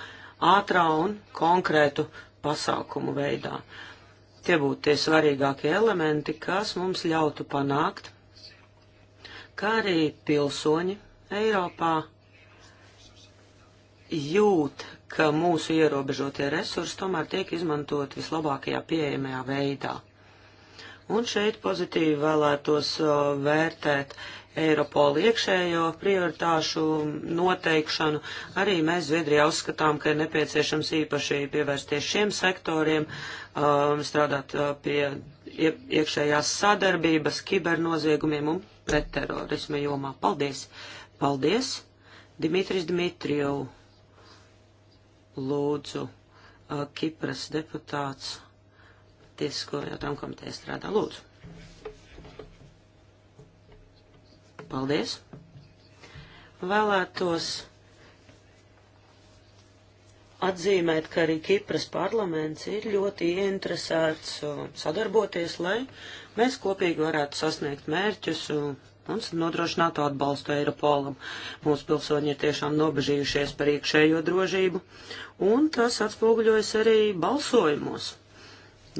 ātrā un konkrētu pasākumu veidā. Tie būtu tie svarīgākie elementi, kas mums ļautu panākt, kā arī pilsoņi Eiropā jūt, ka mūsu ierobežotie resursi tomēr tiek izmantot vislabākajā pieejamajā veidā. Un šeit pozitīvi vēlētos vērtēt Eiropola iekšējo prioritāšu noteikšanu. Arī mēs Zviedrijā uzskatām, ka ir nepieciešams īpaši pievērsties šiem sektoriem, strādāt pie iekšējās sadarbības, kibernoziegumiem un pretterorisma jomā. Paldies! Paldies! Dimitris Dimitrievs lūdzu uh, Kipras deputāts tiesisko jautājumu komiteja strādā. Lūdzu. Paldies. Vēlētos atzīmēt, ka arī Kipras parlaments ir ļoti ieinteresēts uh, sadarboties, lai mēs kopīgi varētu sasniegt mērķus uh, mums ir nodrošināta atbalsta Eiropolam. Mūsu pilsoņi ir tiešām nobežījušies par iekšējo drošību, un tas atspoguļojas arī balsojumos,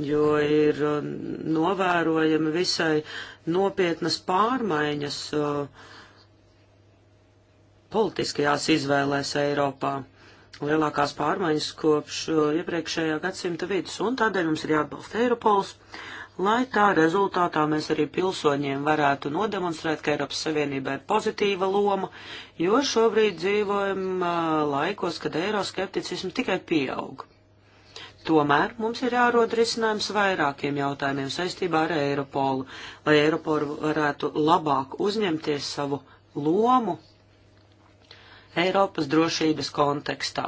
jo ir um, novērojami visai nopietnas pārmaiņas uh, politiskajās izvēlēs Eiropā. Lielākās pārmaiņas kopš uh, iepriekšējā gadsimta vidus, un tādēļ mums ir jāatbalsta Eiropols. Uh, lai tā rezultātā mēs arī pilsoņiem varētu nodemonstrēt, ka Eiropas Savienībā ir pozitīva loma, jo šobrīd dzīvojam laikos, kad eiroskepticisms tikai pieaug. Tomēr mums ir jārod risinājums vairākiem jautājumiem saistībā ar Eiropolu, lai Eiropola varētu labāk uzņemties savu lomu Eiropas drošības kontekstā.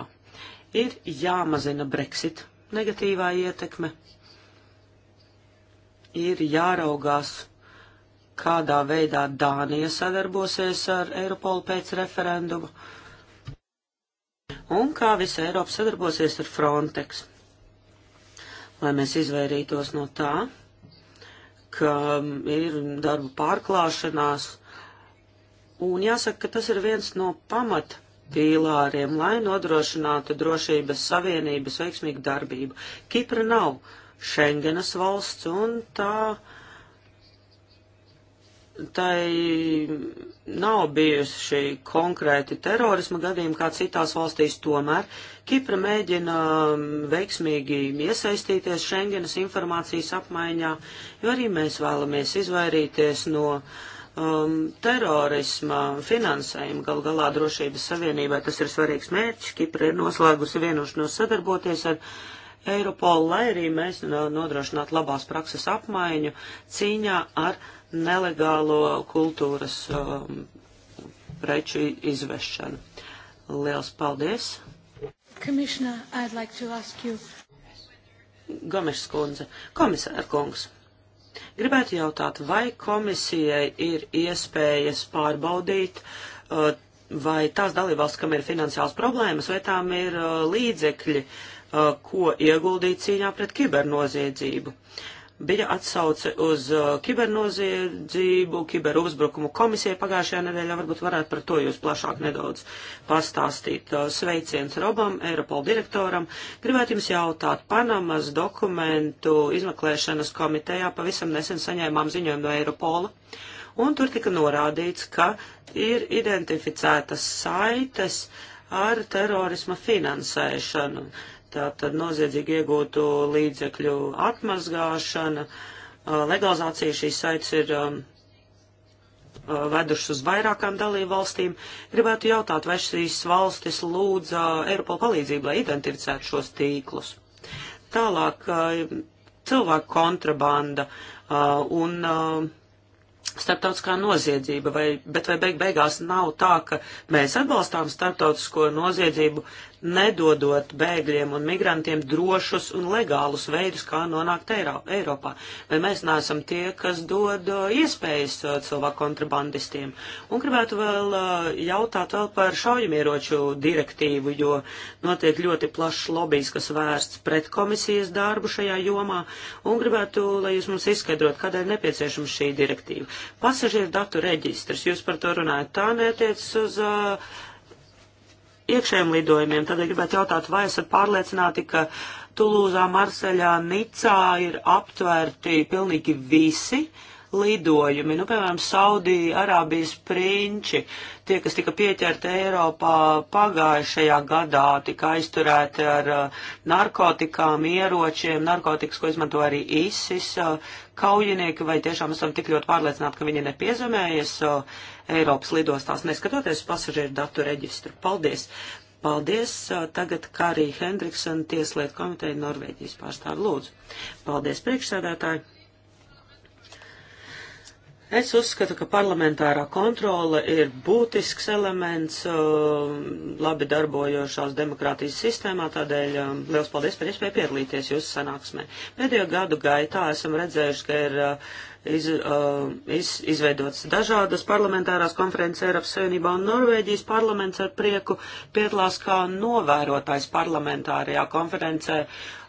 Ir jāmazina Brexit negatīvā ietekme, ir jāraugās, kādā veidā Dānija sadarbosies ar Eiropolu pēc referenduma un kā visa Eiropa sadarbosies ar Frontex, lai mēs izvairītos no tā, ka ir darba pārklāšanās. Un jāsaka, ka tas ir viens no pamat pīlāriem, lai nodrošinātu drošības savienības veiksmīgu darbību. Kipra nav Šengenas valsts, un tā, tai nav bijusi šī konkrēti terorisma gadījuma, kā citās valstīs tomēr. Kipra mēģina um, veiksmīgi iesaistīties Šengenas informācijas apmaiņā, jo arī mēs vēlamies izvairīties no um, terorisma finansējumu. Gal galā drošības savienībai tas ir svarīgs mērķis. Kipra ir noslēgusi vienošanos sadarboties ar Eiropolu, lai arī mēs nodrošinātu labās prakses apmaiņu cīņā ar nelegālo kultūras um, preču izvešanu. Liels paldies! Commissioner, I'd like to ask you. Gomes kundze, komisāra kungs, gribētu jautāt, vai komisijai ir iespējas pārbaudīt uh, vai tās dalībvalsts, kam ir finansiāls problēmas, vai tām ir uh, līdzekļi, Uh, ko ieguldīt cīņā pret kibernoziedzību. Bija atsauce uz uh, kibernoziedzību, kiberuzbrukumu komisijai pagājušajā nedēļā. Varbūt varētu par to jūs plašāk nedaudz pastāstīt. Uh, sveiciens Robam, Eiropol direktoram. Gribētu jums jautāt, Panamas dokumentu izmeklēšanas komitejā pavisam nesen saņēmām ziņojumu no Eiropola un tur tika norādīts, ka ir identificētas saites ar terorisma finansēšanu tātad noziedzīgi iegūtu līdzekļu atmazgāšana, legalizācija šīs saites ir vedušas uz vairākām dalību valstīm. Gribētu jautāt, vai šīs valstis lūdza Eiropola palīdzību, lai identificētu šos tīklus. Tālāk cilvēku kontrabanda un starptautiskā noziedzība, vai, bet vai beig beigās nav tā, ka mēs atbalstām starptautisko noziedzību, nedodot bēgļiem un migrantiem drošus un legālus veidus, kā nonākt Eiropā. Vai mēs neesam tie, kas dod uh, iespējas uh, cilvēku kontrabandistiem? Un gribētu vēl uh, jautāt vēl par šaujamieroču direktīvu, jo notiek ļoti plašs lobijs, kas vērsts pret komisijas darbu šajā jomā, un gribētu, lai jūs mums izskaidrot, kādēļ nepieciešama šī direktīva. Pasažieru datu reģistrs, jūs par to runājat, tā netiec uz uh, iekšējiem lidojumiem. Tad ja gribētu jautāt, vai esat pārliecināti, ka Tulūzā, Marseļā, Nicā ir aptvērti pilnīgi visi lidojumi, nu, piemēram, Saudija, Arābijas prinči, tie, kas tika pieķerti Eiropā pagājušajā gadā, tika aizturēti ar uh, narkotikām, ieročiem, narkotikas, ko izmanto arī ISIS uh, kaujinieki, vai tiešām esam tik ļoti pārliecināti, ka viņi nepiezemējas uh, Eiropas lidostās, neskatoties uz pasažieru datu reģistru. Paldies! Paldies! Tagad Karī Hendriksona tieslietu komiteja Norvēģijas pārstāv lūdzu. Paldies, priekšsēdētāji! Es uzskatu, ka parlamentārā kontrole ir būtisks elements uh, labi darbojošās demokrātijas sistēmā, tādēļ um, liels paldies par iespēju piedalīties jūsu sanāksmē. Pēdējo gadu gaitā esam redzējuši, ka ir uh, iz, uh, iz, izveidots dažādas parlamentārās konferences Eiropas Savienībā un Norvēģijas parlaments ar prieku piedalās kā novērotājs parlamentārajā konferencē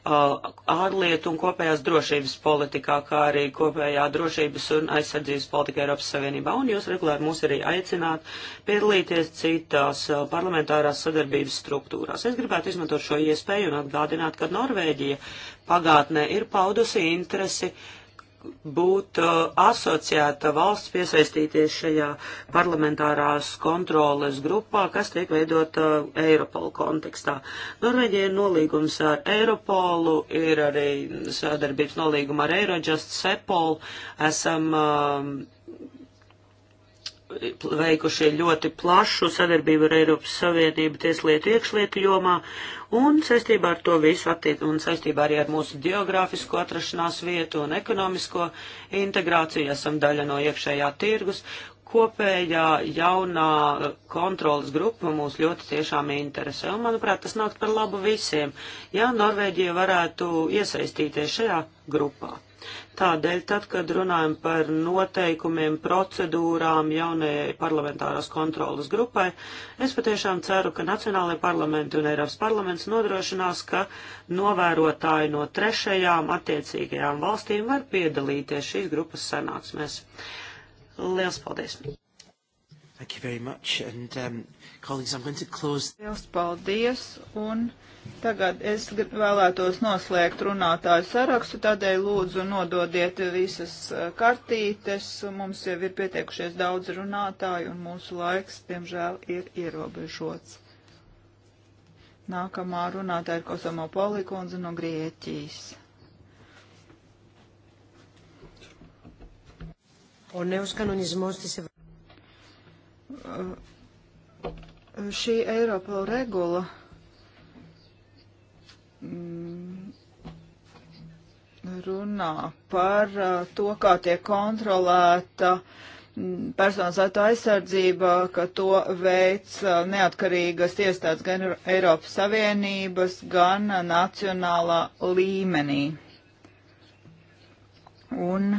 Uh, ārlietu un kopējās drošības politikā, kā arī kopējā drošības un aizsardzības politika Eiropas Savienībā. Un jūs regulāri mūs arī aicināt piedalīties citās uh, parlamentārās sadarbības struktūrās. Es gribētu izmantot šo iespēju un atgādināt, ka Norvēģija pagātnē ir paudusi interesi uh, būt uh, asociēta valsts piesaistīties šajā parlamentārās kontroles grupā, kas tiek veidota uh, Eiropola kontekstā. Norvēģija ir nolīgums ar Eiropolu, ir arī sadarbības nolīguma ar Eirojust, Sepol, esam uh, veikuši ļoti plašu sadarbību ar Eiropas Savienību tieslietu iekšlietu jomā, un saistībā ar to visu attiec, un saistībā arī ar mūsu geogrāfisko atrašanās vietu un ekonomisko integrāciju esam daļa no iekšējā tirgus. Kopējā jaunā kontrolas grupa mūs ļoti tiešām interesē, un, manuprāt, tas nāk par labu visiem, ja Norvēģija varētu iesaistīties šajā grupā. Tādēļ, tad, kad runājam par noteikumiem, procedūrām jaunajai parlamentārās kontrolas grupai, es patiešām ceru, ka Nacionālajie parlamenti un Eiropas parlaments nodrošinās, ka novērotāji no trešajām attiecīgajām valstīm var piedalīties šīs grupas sanāksmēs. Liels paldies! Thank you very much, and um, colleagues, I'm going to close. Liels paldies, un Tagad es vēlētos noslēgt runātāju sarakstu, tādēļ lūdzu nododiet visas kartītes. Mums jau ir pietiekušies daudz runātāju un mūsu laiks, diemžēl, ir ierobežots. Nākamā runātāja ir Kosomo Polikundze no Grieķijas. ο νέος κανονισμός της Ευρωπαϊκής. Šī Eiropa regula Mm, runā par uh, to, kā tiek kontrolēta mm, personas datu aizsardzība, ka to veids uh, neatkarīgas iestādes gan Eiropas Savienības, gan nacionālā līmenī. Un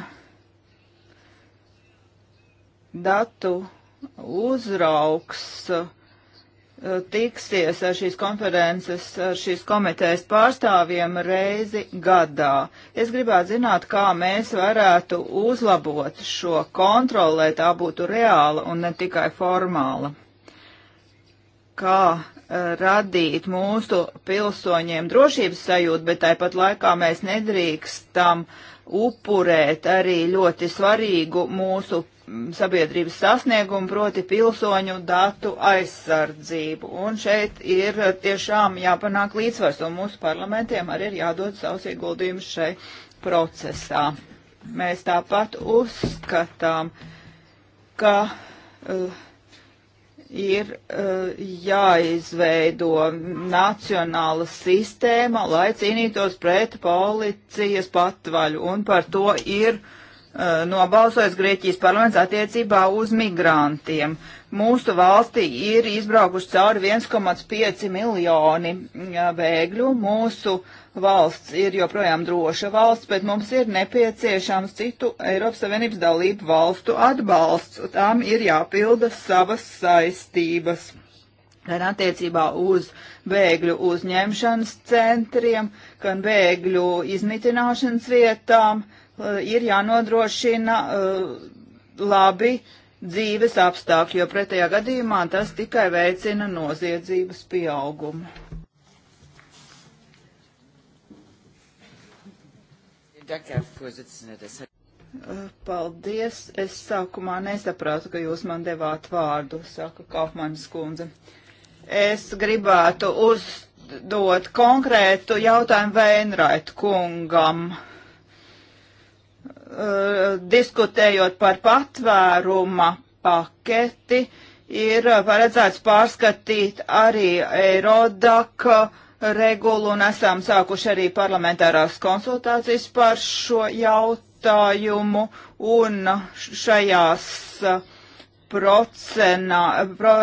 datu uzraugs uh, tiksies ar šīs konferences, ar šīs komitejas pārstāvjiem reizi gadā. Es gribētu zināt, kā mēs varētu uzlabot šo kontroli, lai tā būtu reāla un ne tikai formāla. Kā eh, radīt mūsu pilsoņiem drošības sajūtu, bet tāpat laikā mēs nedrīkstam upurēt arī ļoti svarīgu mūsu sabiedrības sasniegumu, proti pilsoņu datu aizsardzību. Un šeit ir tiešām jāpanāk līdzsvars, un mūsu parlamentiem arī ir jādod savus ieguldījumus šai procesā. Mēs tāpat uzskatām, ka uh, ir uh, jāizveido nacionāla sistēma, lai cīnītos pret policijas patvaļu, un par to ir uh, Eh, nobalsojis Grieķijas parlaments attiecībā uz migrantiem. Mūsu valstī ir izbraukuši cauri 1,5 miljoni bēgļu. Mūsu valsts ir joprojām droša valsts, bet mums ir nepieciešams citu Eiropas Savienības dalību valstu atbalsts. Tām ir jāpilda savas saistības gan attiecībā uz bēgļu uzņemšanas centriem, gan bēgļu izmitināšanas vietām, uh, Eh, ir jānodrošina eh, labi dzīves apstākļi, jo pretējā gadījumā tas tikai veicina noziedzības pieaugumu. Eh, paldies. Es sākumā nesapratu, ka jūs man devāt vārdu, saka Kaufmanis kundze. Es gribētu uzdot konkrētu jautājumu Veinrait kungam. Uh, Eh, diskutējot par patvēruma paketi, ir paredzēts pārskatīt arī Eirodaka regulu un esam sākuši arī parlamentārās konsultācijas par šo jautājumu un šajās eh, procenā, pro,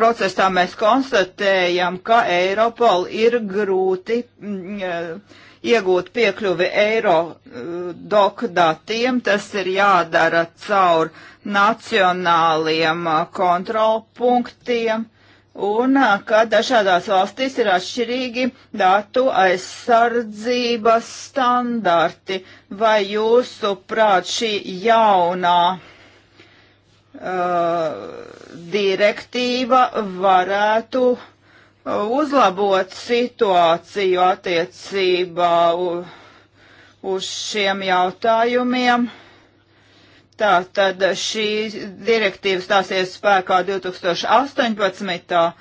procesā mēs konstatējam, ka Eiropol ir grūti. Mm, eh, iegūt piekļuvi eiro uh, dok datiem, tas ir jādara caur nacionāliem uh, kontrolpunktiem un uh, ka dažādās valstīs ir atšķirīgi datu aizsardzības standarti. Vai jūsu prāt šī jaunā uh, direktīva varētu uzlabot situāciju attiecībā uz šiem jautājumiem. Tātad šī direktīva stāsies spēkā 2018.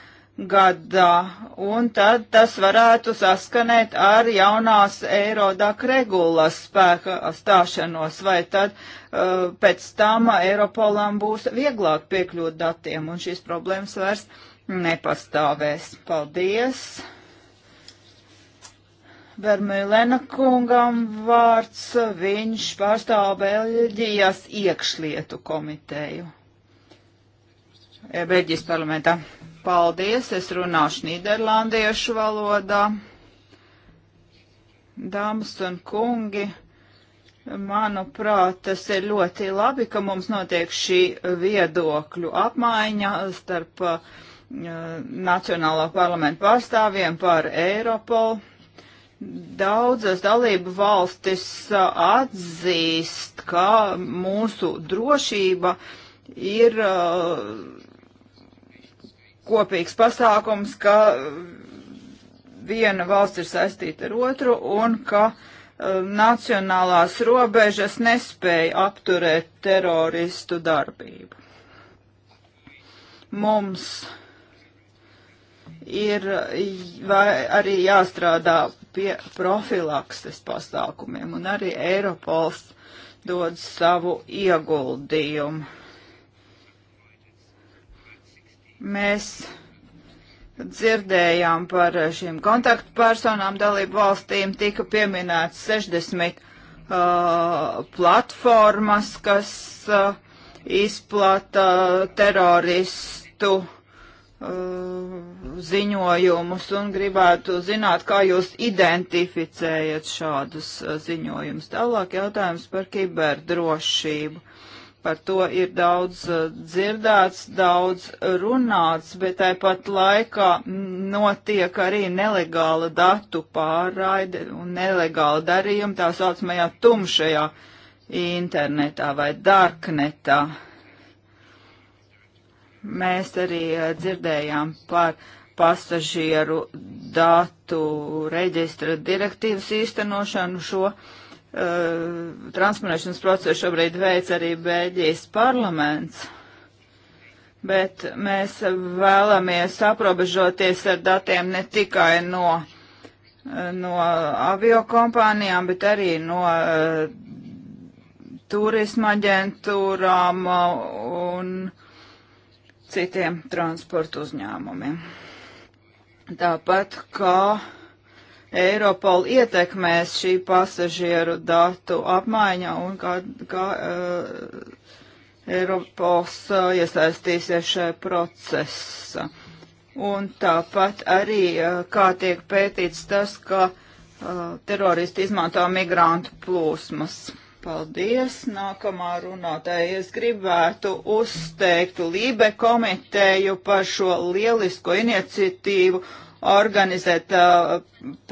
gadā, un tad tas varētu saskanēt ar jaunās Eirodak regulas spēka stāšanos, vai tad uh, pēc tam Eiropolam būs vieglāk piekļūt datiem, un šīs problēmas vairs nepastāvēs. Paldies! Vermēlēna kungam vārds, viņš pārstāv Beļģijas iekšlietu komiteju. Beļģijas parlamentā. Paldies, es runāšu nīderlandiešu valodā. Dāmas un kungi, manuprāt, tas ir ļoti labi, ka mums notiek šī viedokļu apmaiņa starp uh, Nacionālā parlamenta pārstāvjiem par Eiropolu. Daudzas dalību valstis uh, atzīst, ka mūsu drošība ir uh, kopīgs pasākums, ka viena valsts ir saistīta ar otru un ka uh, nacionālās robežas nespēja apturēt teroristu darbību. Mums ir arī jāstrādā pie profilakses pasākumiem, un arī Eiropols dod savu ieguldījumu. Mēs dzirdējām par šīm kontaktpersonām dalību valstīm, tika pieminēts 60 uh, platformas, kas uh, izplata teroristu uh, Uh, ziņojumus un gribētu zināt, kā jūs identificējat šādus uh, ziņojumus. Tālāk jautājums par kiberdrošību. Par to ir daudz uh, dzirdēts, daudz runāts, bet tāpat laikā notiek arī nelegāla datu pārraide un nelegāla darījuma tā saucamajā tumšajā internetā vai darknetā. Uh, Mēs arī eh, dzirdējām par pasažieru datu reģistra direktīvas īstenošanu šo. Uh, transponēšanas procesu šobrīd veic arī Bēļģijas parlaments, bet mēs vēlamies aprobežoties ar datiem ne tikai no, eh, no aviokompānijām, bet arī no uh, turisma aģentūrām un citiem transportu uzņēmumiem. Tāpat kā Eiropol ietekmēs šī pasažieru datu apmaiņa un kā, kā uh, Eiropols uh, iesaistīsies šajā procesā. Un tāpat arī uh, kā tiek pētīts tas, ka uh, teroristi izmanto migrantu plūsmas. Paldies. Nākamā runātāja es gribētu uzteikt Lībe komiteju par šo lielisko iniciatīvu organizēt uh,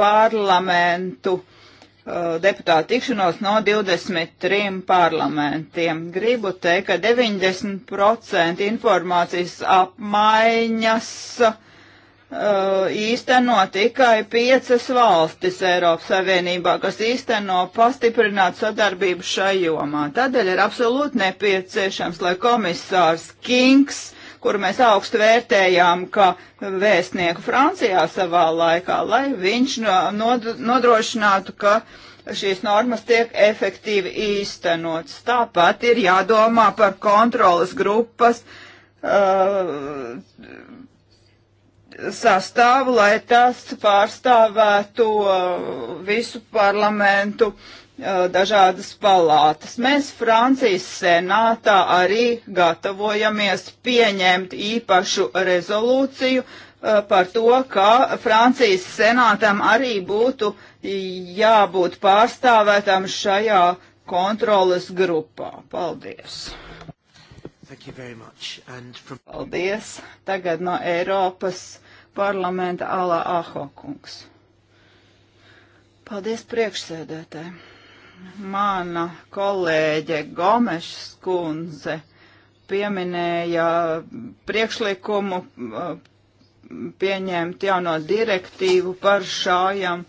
parlamentu uh, deputātu tikšanos no 23 parlamentiem. Gribu teikt, ka 90% informācijas apmaiņas uh, Uh, īsteno tikai piecas valstis Eiropas Savienībā, kas īsteno pastiprinātu sadarbību šajomā. Tādēļ ir absolūti nepieciešams, lai komisārs Kings kuru mēs augstu vērtējām, ka vēstnieku Francijā savā laikā, lai viņš nodrošinātu, ka šīs normas tiek efektīvi īstenotas. Tāpat ir jādomā par kontrolas grupas uh, sastāvu, lai tas pārstāvētu uh, visu parlamentu uh, dažādas palātas. Mēs Francijas senātā arī gatavojamies pieņemt īpašu rezolūciju uh, par to, ka Francijas senātam arī būtu jābūt pārstāvētam šajā kontroles grupā. Paldies! From... Paldies! Tagad no Eiropas parlamenta Alā Aho kungs. Paldies priekšsēdētāji. Mana kolēģe Gomešs kundze pieminēja priekšlikumu uh, pieņemt jauno direktīvu par šājām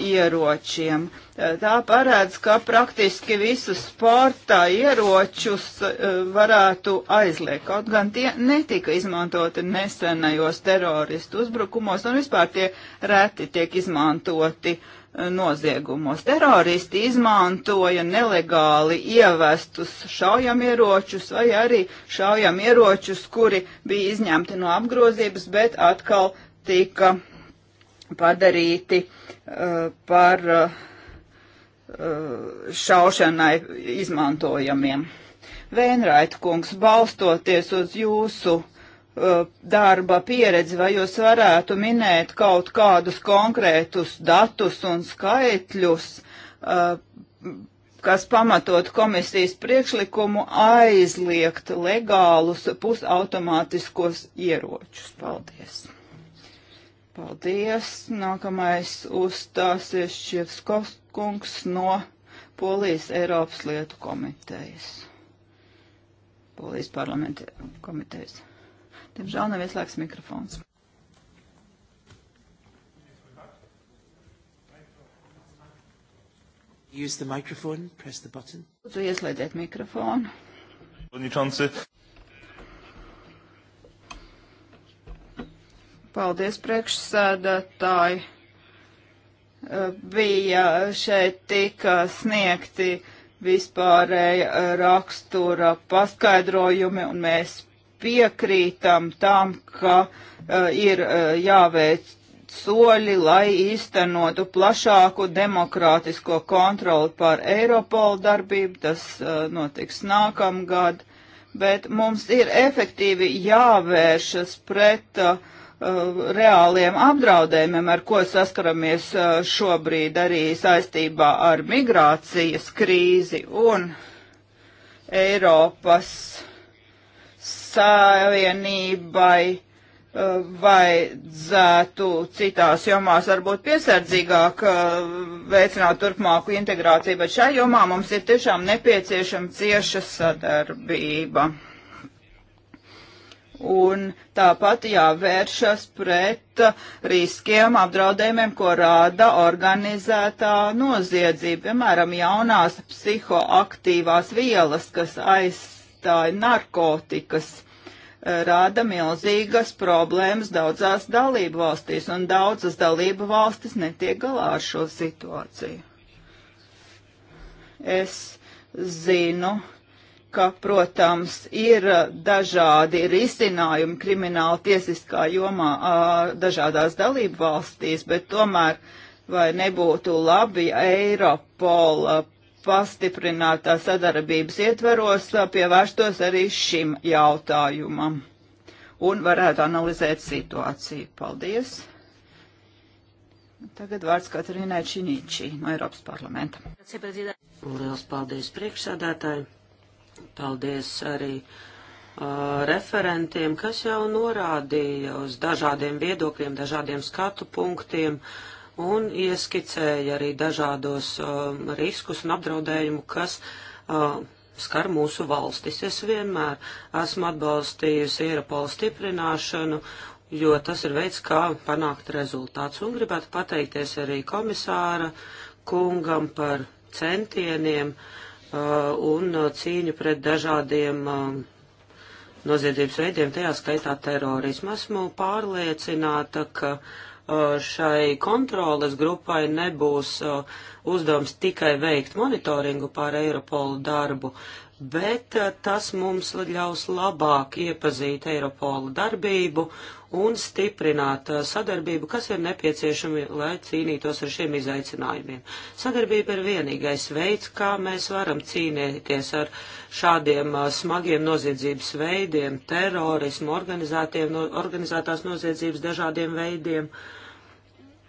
ieročiem. Eh, tā parāds, ka praktiski visus sportā ieročus eh, varētu aizliegt, kaut gan tie netika izmantoti nesenajos teroristu uzbrukumos un vispār tie reti tiek izmantoti eh, noziegumos. Teroristi izmantoja nelegāli ievestus šaujamieročus vai arī šaujamieročus, kuri bija izņemti no apgrozības, bet atkal tika padarīti uh, par uh, šaušanai izmantojamiem. Vēnraita kungs, balstoties uz jūsu uh, darba pieredzi, vai jūs varētu minēt kaut kādus konkrētus datus un skaitļus, uh, kas pamatot komisijas priekšlikumu aizliegt legālus pusautomātiskos ieročus? Paldies! Paldies. Nākamais uzstāsies Šievskovs kungs no Polijas Eiropas lietu komitejas. Polijas parlamenta komitejas. Diemžēl nav ieslēgts mikrofons. Use the microphone, press the button. Lūdzu, ieslēdziet mikrofonu. Paldies, priekšsēdētāji. Bija šeit tika sniegti vispārēja rakstura paskaidrojumi, un mēs piekrītam tam, ka uh, ir uh, jāveic soļi, lai īstenotu plašāku demokrātisko kontroli pār Eiropolu darbību. Tas uh, notiks nākamgad, bet mums ir efektīvi jāvēršas pret uh, Uh, reāliem apdraudējumiem, ar ko saskaramies uh, šobrīd arī saistībā ar migrācijas krīzi un Eiropas Savienībai uh, vajadzētu citās jomās varbūt piesardzīgāk veicināt turpmāku integrāciju, bet šajā jomā mums ir tiešām nepieciešama cieša sadarbība un tāpat jāvēršas pret riskiem, apdraudējumiem, ko rāda organizētā noziedzība, piemēram, jaunās psihoaktīvās vielas, kas aizstāja narkotikas rāda milzīgas problēmas daudzās dalību valstīs, un daudzas dalību valstis netiek galā ar šo situāciju. Es zinu, ka, protams, ir uh, dažādi risinājumi krimināla tiesiskā jomā a, uh, dažādās dalību valstīs, bet tomēr vai nebūtu labi Eiropola uh, pastiprinātā sadarbības ietveros pievērstos arī šim jautājumam un varētu analizēt situāciju. Paldies! Tagad vārds Katrinai Činīčī no Eiropas parlamenta. Lielas paldies priekšsādātāji! Paldies arī uh, referentiem, kas jau norādīja uz dažādiem viedokļiem, dažādiem skatu punktiem un ieskicēja arī dažādos uh, riskus un apdraudējumu, kas uh, skar mūsu valstis. Es vienmēr esmu atbalstījusi Eiropola stiprināšanu, jo tas ir veids, kā panākt rezultāts. Un gribētu pateikties arī komisāra kungam par centieniem uh, Uh, un uh, cīņu pret dažādiem uh, noziedzības veidiem, tajā skaitā terorismu. Esmu pārliecināta, ka šai kontroles grupai nebūs uzdevums tikai veikt monitoringu pār Eiropolu darbu, bet eh, tas mums ļaus labāk iepazīt Eiropola darbību un stiprināt eh, sadarbību, kas ir nepieciešami, lai cīnītos ar šiem izaicinājumiem. Sadarbība ir vienīgais veids, kā mēs varam cīnīties ar šādiem eh, smagiem noziedzības veidiem, terorismu, no, organizētās noziedzības dažādiem veidiem.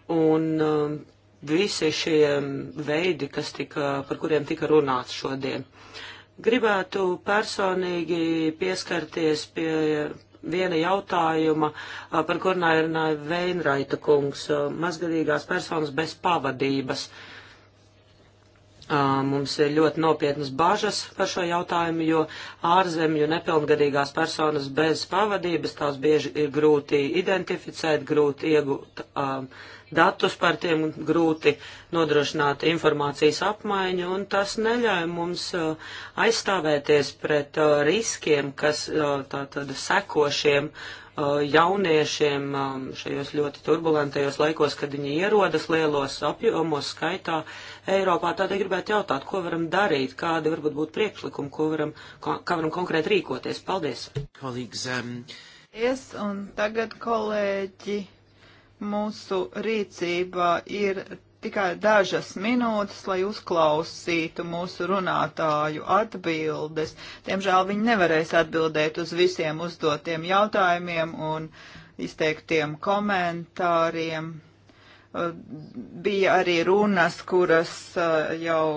Un um, visi šie veidi, kas tika, par kuriem tika runāts šodien. Gribētu personīgi pieskarties pie viena jautājuma, par kur runāja Veinraita kungs, mazgadīgās personas bez pavadības. Mums ir ļoti nopietnas bažas par šo jautājumu, jo ārzemju nepilngadīgās personas bez pavadības tās bieži ir grūti identificēt, grūti iegūt. Um, uh, datus par tiem, grūti nodrošināt informācijas apmaiņu, un tas neļauj mums uh, aizstāvēties pret uh, riskiem, kas uh, tātad seko šiem jauniešiem um, šajos ļoti turbulentajos laikos, kad viņi ierodas lielos apjomos skaitā Eiropā. Tādēļ gribētu jautāt, ko varam darīt, kādi varbūt būtu priekšlikumi, ko varam, kā varam konkrēti rīkoties. Paldies! Kolīgs, um... Es un tagad kolēģi Mūsu rīcībā ir tikai dažas minūtes, lai uzklausītu mūsu runātāju atbildes. Diemžēl viņi nevarēs atbildēt uz visiem uzdotiem jautājumiem un izteiktiem komentāriem. Bija arī runas, kuras uh, jau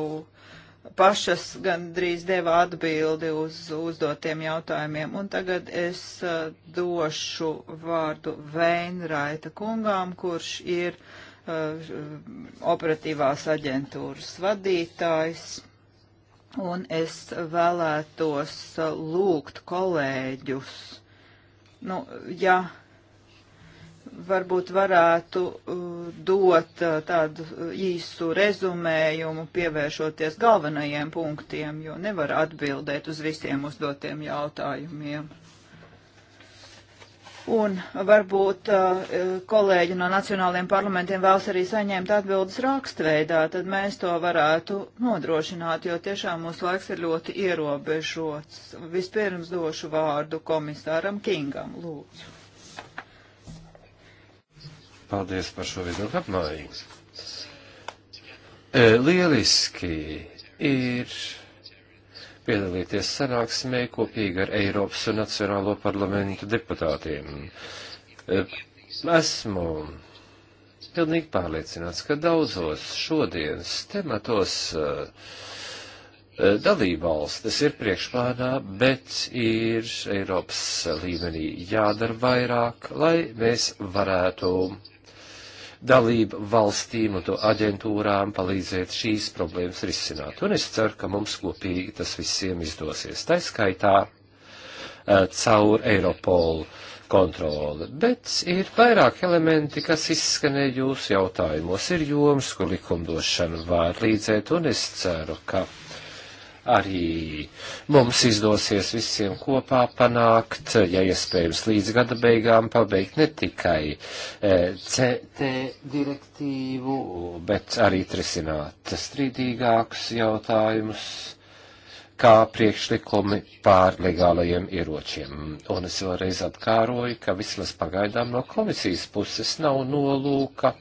pašas gandrīz deva atbildi uz uzdotiem jautājumiem. Un tagad es uh, došu vārdu Veinraita kungām, kurš ir uh, operatīvās aģentūras vadītājs. Un es vēlētos uh, lūgt kolēģus, nu, ja varbūt varētu uh, dot uh, tādu uh, īsu rezumējumu, pievēršoties galvenajiem punktiem, jo nevar atbildēt uz visiem uzdotiem jautājumiem. Un varbūt kolēģi no nacionāliem parlamentiem vēlas arī saņemt atbildes rakstveidā, tad mēs to varētu nodrošināt, jo tiešām mūsu laiks ir ļoti ierobežots. Vispirms došu vārdu komisāram Kingam, lūdzu. Paldies par šo viedokļu apmaiņu. E, lieliski ir piedalīties sanāksmē kopīgi ar Eiropas un Nacionālo parlamentu deputātiem. E, esmu pilnīgi pārliecināts, ka daudzos šodienas tematos e, dalībvalstis ir priekšplānā, bet ir Eiropas līmenī jādara vairāk, lai mēs varētu dalību valstīm un to aģentūrām palīdzēt šīs problēmas risināt. Un es ceru, ka mums kopīgi tas visiem izdosies. Tā skaitā eh, caur Eiropolu kontroli, bet ir vairāk elementi, kas izskanēja jūsu jautājumos. Ir joms, kur likumdošana var līdzēt, un es ceru, ka arī mums izdosies visiem kopā panākt, ja iespējams līdz gada beigām pabeigt ne tikai eh, CT direktīvu, bet arī trisināt strīdīgākus jautājumus kā priekšlikumi pār legālajiem ieročiem. Un es vēlreiz atkāroju, ka vismaz pagaidām no komisijas puses nav nolūka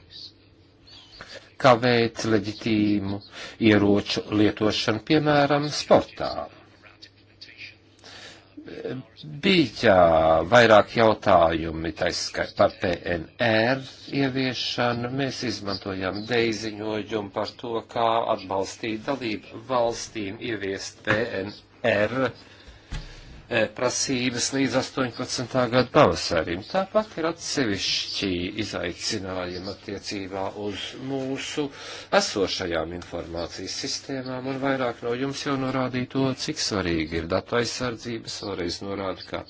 kavēt leģitīmu ieroču lietošanu, piemēram, sportā. Bija vairāk jautājumi taiskai par PNR ieviešanu. Mēs izmantojam deiziņojumu par to, kā atbalstīt dalību valstīm ieviest PNR prasības līdz 18. gada pavasarim. Tāpat ir atsevišķi izaicinājumi attiecībā uz mūsu esošajām informācijas sistēmām, un vairāk no jums jau norādīja to, cik svarīgi ir datu aizsardzības. Vēlreiz norādu, ka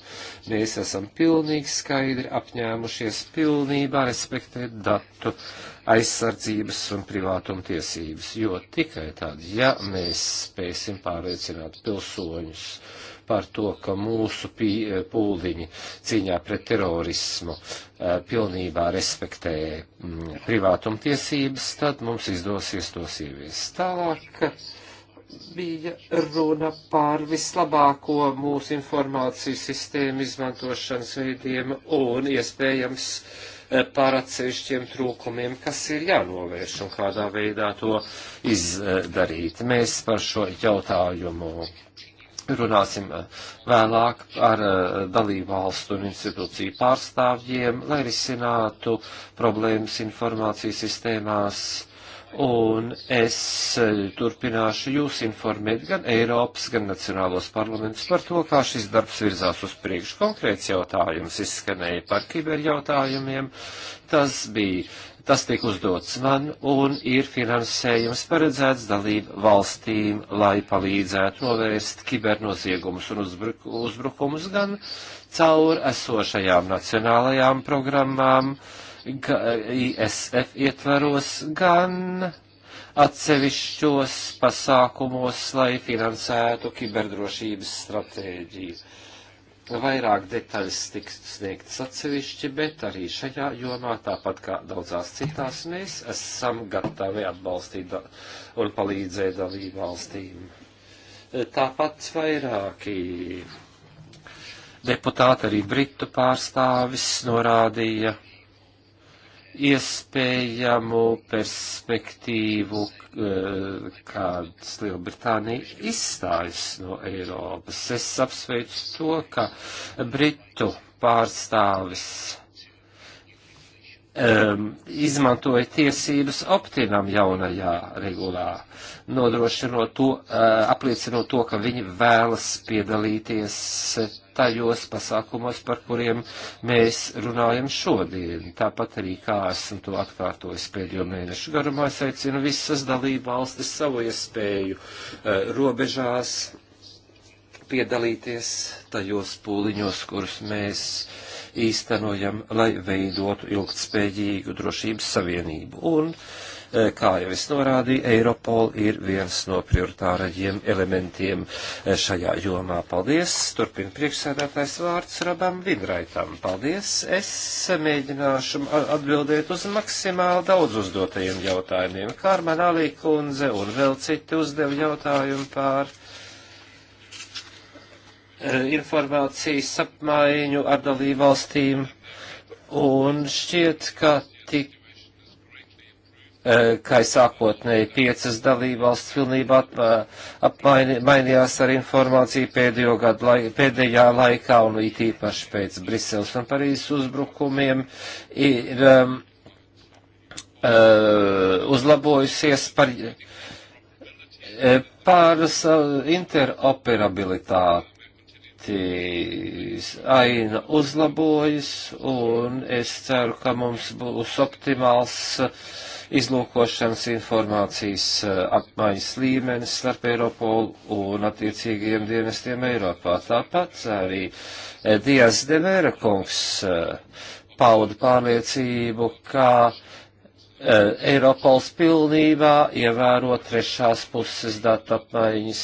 mēs esam pilnīgi skaidri apņēmušies pilnībā respektēt datu aizsardzības un privātuma tiesības, jo tikai tad, ja mēs spēsim pārliecināt pilsoņus, par to, ka mūsu eh, pūliņi cīņā pret terorismu eh, pilnībā respektē mm, privātumtiesības, tad mums izdosies tos ieviest. Tālāk bija runa par vislabāko mūsu informācijas sistēmu izmantošanas veidiem un iespējams eh, par atsevišķiem trūkumiem, kas ir jānovērš un kādā veidā to izdarīt. Mēs par šo jautājumu runāsim eh, vēlāk ar eh, dalību valstu un institūciju pārstāvjiem, lai risinātu problēmas informācijas sistēmās. Un es eh, turpināšu jūs informēt gan Eiropas, gan Nacionālos parlamentus par to, kā šis darbs virzās uz priekšu. Konkrēts jautājums izskanēja par kiberjautājumiem. Tas bija Tas tiek uzdots man un ir finansējums paredzēts dalību valstīm, lai palīdzētu novērst kibernoziegumus un uzbruk uzbrukumus gan caur esošajām nacionālajām programmām, ISF ietveros, gan atsevišķos pasākumos, lai finansētu kiberdrošības stratēģiju. Vairāk detaļas tiks sniegtas atsevišķi, bet arī šajā jomā, tāpat kā daudzās citās, mēs esam gatavi atbalstīt un palīdzēt dalību valstīm. Tāpat vairāki deputāti, arī britu pārstāvis norādīja iespējamu perspektīvu, eh, kad Lielbritānija izstājas no Eiropas. Es apsveicu to, ka Britu pārstāvis um, izmantoja tiesības optīnam jaunajā regulā, nodrošinot to, uh, apliecinot to, ka viņi vēlas piedalīties tajos pasākumos, par kuriem mēs runājam šodien. Tāpat arī kā esmu to atkārtojis pēdējo mēnešu garumā, es aicinu visas dalību valstis savu iespēju eh, robežās piedalīties tajos pūliņos, kurus mēs īstenojam, lai veidotu ilgtspējīgu drošības savienību. Un, uh, Eh, kā jau es norādīju, Eiropol ir viens no prioritārajiem elementiem eh, šajā jomā. Paldies! Turpin priekšsēdētājs vārds Rabam Vidraitam. Paldies! Es mēģināšu atbildēt uz maksimāli daudz uzdotajiem jautājumiem. Kārmen Alī kundze un vēl citi uzdeva jautājumu pār eh, informācijas apmaiņu ar dalībvalstīm, un šķiet, ka tik Eh, kā sākotnēji piecas dalībvalsts pilnībā eh, apmainījās ar informāciju pēdējo gadu, lai, pēdējā laikā un it īpaši pēc Briseles un Parīzes uzbrukumiem ir um, ehm, uh, eh, uzlabojusies par, par interoperabilitāti aina uzlabojas, un es ceru, ka mums būs optimāls uh, izlūkošanas informācijas eh, apmaiņas līmenis starp Eiropolu un attiecīgajiem dienestiem Eiropā. Tāpat arī eh, Dijas Demēra kungs eh, pauda pārliecību, ka Eiropols pilnībā ievēro trešās puses datu apmaiņas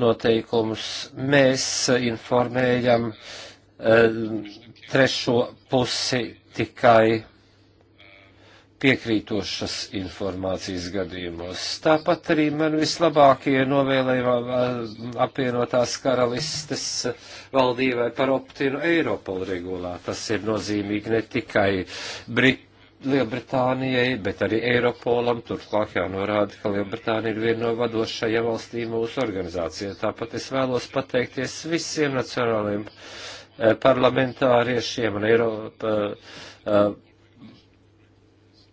noteikumus. Mēs informējam trešo pusi tikai piekrītošas informācijas gadījumos. Tāpat arī man vislabākie novēlējumi eh, apvienotās karalistes valdībai par optinu Eiropola regulā. Tas ir nozīmīgi ne tikai Brit Lielbritānijai, bet arī Eiropolam. Turklāt jānorāda, ka Lielbritānija ir viena no vadošajām valstīm mūsu organizācijā. Tāpat es vēlos pateikties visiem nacionālajiem eh, parlamentāriešiem un Eiropa. Uh,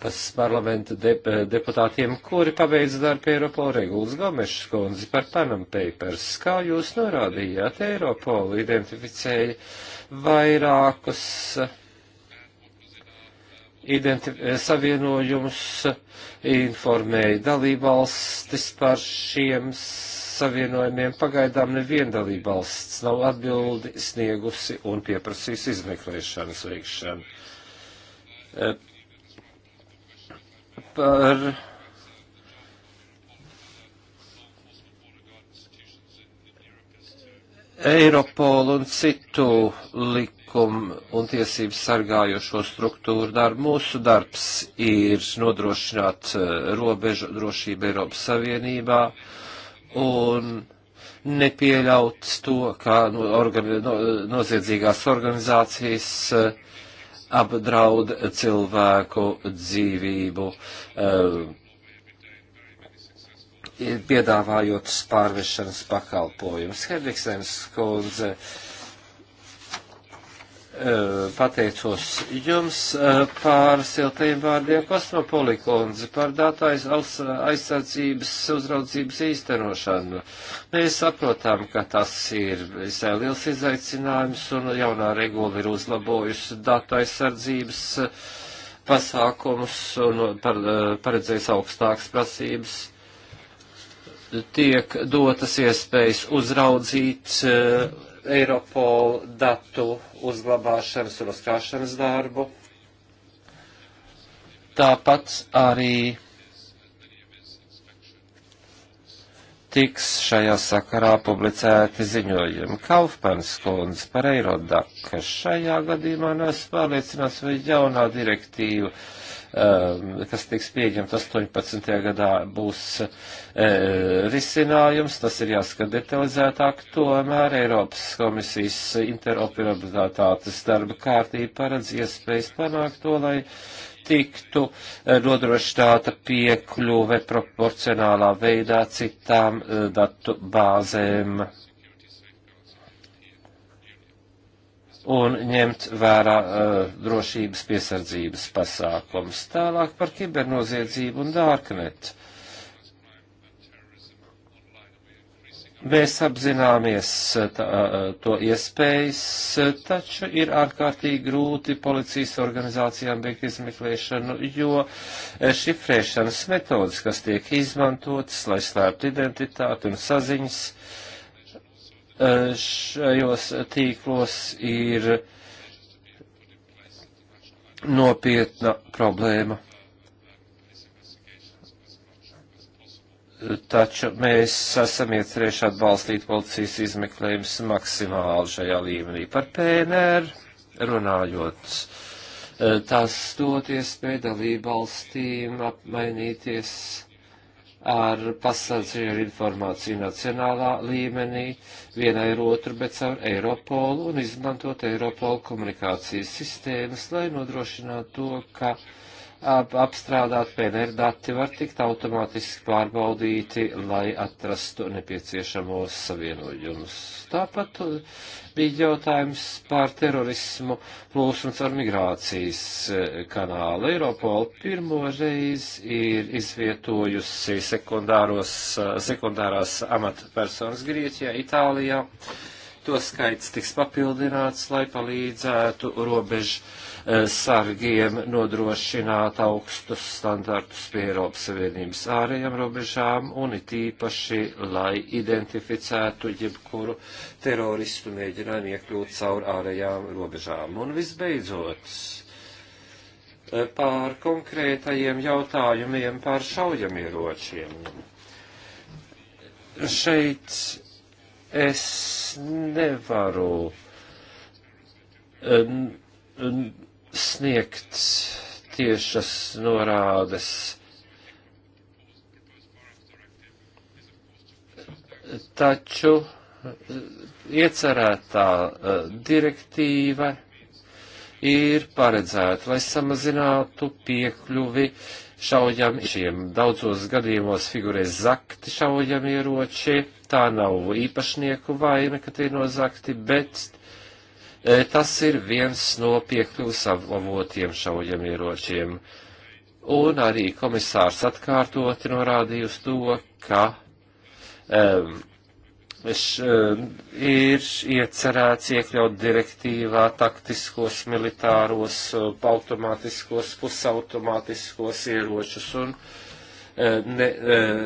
Eiropas parlamenta de, deputātiem, kuri pabeidz darbu Eiropola regulas Gomešas kundzi par Panama Papers. Kā jūs norādījāt, Eiropola identificēja vairākus identif savienojumus, informēja dalībvalstis par šiem savienojumiem. Pagaidām neviena dalībvalsts nav atbildi sniegusi un pieprasījusi izmeklēšanas veikšanu par Eiropolu un citu likumu un tiesību sargājošo struktūru darbu. Mūsu darbs ir nodrošināt eh, robežu drošību Eiropas Savienībā un nepieļaut to, kā no, organ, no, noziedzīgās organizācijas uh, apdraud cilvēku dzīvību, eh, piedāvājot pārvešanas pakalpojumus. Henriksens kundze. Uh, pateicos jums par siltajiem vārdiem kosmopolikondzi, par datu aizsardzības uzraudzības īstenošanu. Mēs saprotam, ka tas ir visai liels izaicinājums un jaunā regula ir uzlabojusi datu aizsardzības pasākumus un par, paredzējis augstākas prasības. Tiek dotas iespējas uzraudzīt Eiropol datu uzglabāšanas un uzkrāšanas darbu. Tāpat arī tiks šajā sakarā publicēti ziņojumi. Kaufmanis kundze par Eirodaku. Šajā gadījumā neesmu nu, pārliecināts, vai jaunā direktīva uh, Um, kas tiks pieņemta 18. gadā, būs uh, risinājums. Tas ir jāskat detalizētāk. Tomēr Eiropas komisijas interoperabilitātes darba kārtība paredz iespējas panākt to, lai tiktu uh, nodrošināta piekļuve proporcionālā veidā citām uh, datu bāzēm un ņemt vērā uh, drošības piesardzības pasākums. Tālāk par kibernoziedzību un dārknetu. Mēs apzināmies eh, tā, eh, to iespējas, taču ir ārkārtīgi grūti policijas organizācijām veikt izmeklēšanu, jo šifrēšanas metodas, kas tiek izmantotas, lai slēptu identitāti un saziņas, uh, šajos tīklos ir nopietna problēma. Taču mēs esam iecerējuši atbalstīt policijas izmeklējumus maksimāli šajā līmenī. Par PNR runājot, tas doties pēdējā valstīm apmainīties ar pasažieru informāciju nacionālā līmenī, vienai ar otru, bet caur Eiropolu un izmantot Eiropolu komunikācijas sistēmas, lai nodrošinātu to, ka ap, apstrādāt PNR dati var tikt automātiski pārbaudīti, lai atrastu nepieciešamos savienojumus. Tāpat uh, bija jautājums par terorismu plūsmas ar migrācijas uh, kanālu. Eiropola pirmo reizi ir izvietojusi uh, sekundārās amatpersonas Grieķijā, Itālijā. To skaits tiks papildināts, lai palīdzētu robežu Eh, sargiem nodrošināt augstus standartus pie Eiropas Savienības ārējām robežām un it īpaši, lai identificētu jebkuru teroristu mēģinājumu iekļūt caur ārējām robežām. Un visbeidzot, eh, pār konkrētajiem jautājumiem par šaujamieročiem. Šeit es nevaru eh, sniegt tiešas norādes taču eh, iecerētā eh, direktīva ir paredzēta, lai samazinātu piekļuvi šaujam šiem. Daudzos gadījumos figurē zakti šaujam ieroči, tā nav īpašnieku vaina, ka tie nozakti, bet E, tas ir viens no piekļuvis avotiem šaujamieročiem. Un arī komisārs atkārtoti norādīja uz to, ka um, š, um, ir iecerēts iekļaut direktīvā taktiskos, militāros, automātiskos, pusautomātiskos ieročus un um, ne, um,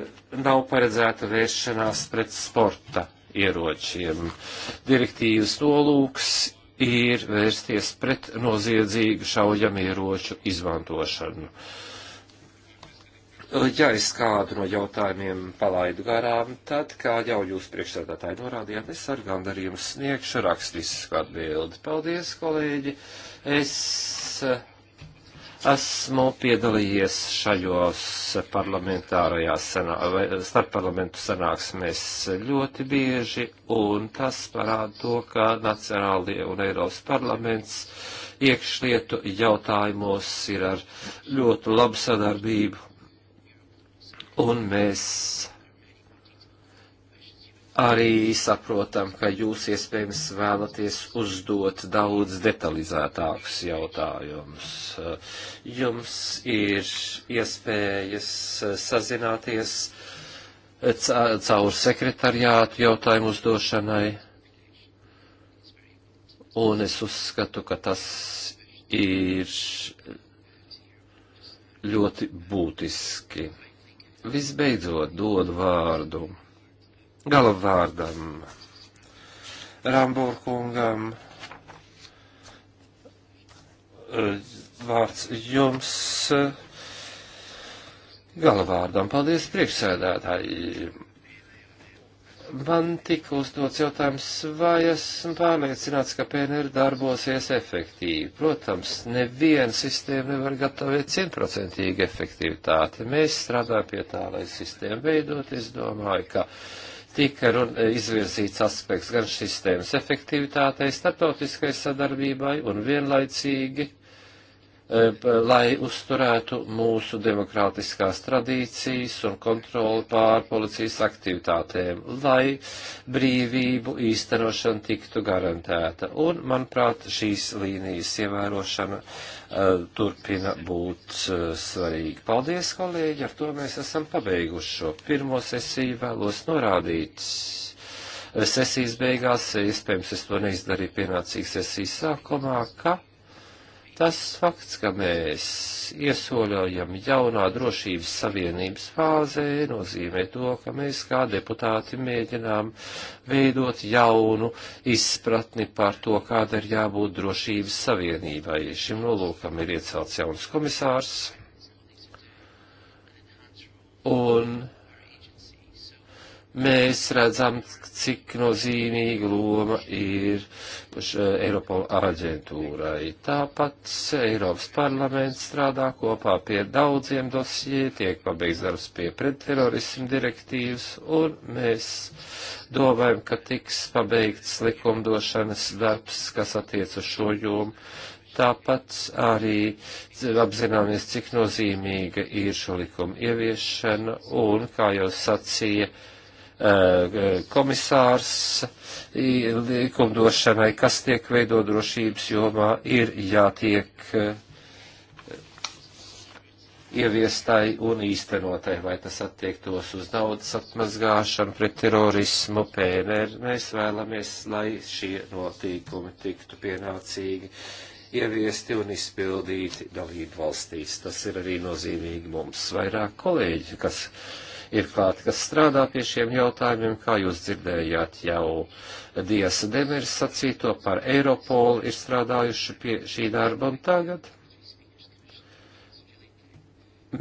nav paredzēta vēršanās pret sporta ieročiem. Direktīvas nolūks ir vērsties pret noziedzīgu šaujamieroču izmantošanu. Ja es kādu no jautājumiem palaidu garām, tad, kā jau jūs priekšsēdētāji norādījāt, es ar gandarījumu sniegšu rakstisku atbildi. Paldies, kolēģi! Es Esmu piedalījies šajos parlamentārajās sanā, starpparlamentu sanāksmēs ļoti bieži, un tas parāda to, ka Nacionālie un Eiropas parlaments iekšlietu jautājumos ir ar ļoti labu sadarbību, un mēs arī saprotam, ka jūs iespējams vēlaties uzdot daudz detalizētākus jautājumus. Jums ir iespējas sazināties caur sekretariātu jautājumu uzdošanai, un es uzskatu, ka tas ir ļoti būtiski. Visbeidzot, dodu vārdu galvārdam, Ramburkungam. Vārds jums galvārdam. Paldies priekšsēdētāji. Man tika uzdots jautājums, vai esmu pārliecināts, ka PNR darbosies efektīvi. Protams, neviena sistēma nevar gatavot simtprocentīgi efektivitāti. Mēs strādājam pie tā, lai sistēma veidot. Es domāju, ka tika e, izvirzīts aspekts gan sistēmas efektivitātei, starptautiskai sadarbībai un vienlaicīgi, e, lai uzturētu mūsu demokrātiskās tradīcijas un kontroli pār policijas aktivitātēm, lai brīvību īstenošana tiktu garantēta. Un, manuprāt, šīs līnijas ievērošana uh, Eh, turpina būt eh, svarīgi. Paldies, kolēģi, ar to mēs esam pabeiguši šo pirmo sesiju. Vēlos norādīt eh, sesijas beigās, iespējams, es to neizdarīju pienācīgi sesijas sākumā, ka Tas fakts, ka mēs iesoļojam jaunā drošības savienības fāzē, nozīmē to, ka mēs kā deputāti mēģinām veidot jaunu izpratni par to, kāda ir jābūt drošības savienībai. Šim nolūkam ir iecelts jauns komisārs. Un mēs redzam, cik nozīmīga loma ir eh, Eiropola aģentūrai. Tāpat Eiropas parlaments strādā kopā pie daudziem dosijiem, tiek pabeigts darbs pie pretterorismu direktīvas, un mēs domājam, ka tiks pabeigts likumdošanas darbs, kas attiec uz šo jomu. Tāpat arī apzināmies, cik nozīmīga ir šo likumu ieviešana, un, kā jau sacīja, uh, Eh, komisārs likumdošanai, kas tiek veido drošības jomā, ir jātiek eh, ieviestai un īstenotai, vai tas attiektos uz naudas atmazgāšanu, pret terorismu, PNR. Mēs vēlamies, lai šie notīkumi tiktu pienācīgi ieviesti un izpildīti dalību valstīs. Tas ir arī nozīmīgi mums. Vairāk kolēģi, kas ir klāt, kas strādā pie šiem jautājumiem, kā jūs dzirdējāt jau Dias Demers sacīto par Eiropolu, ir strādājuši pie šī darba un tagad.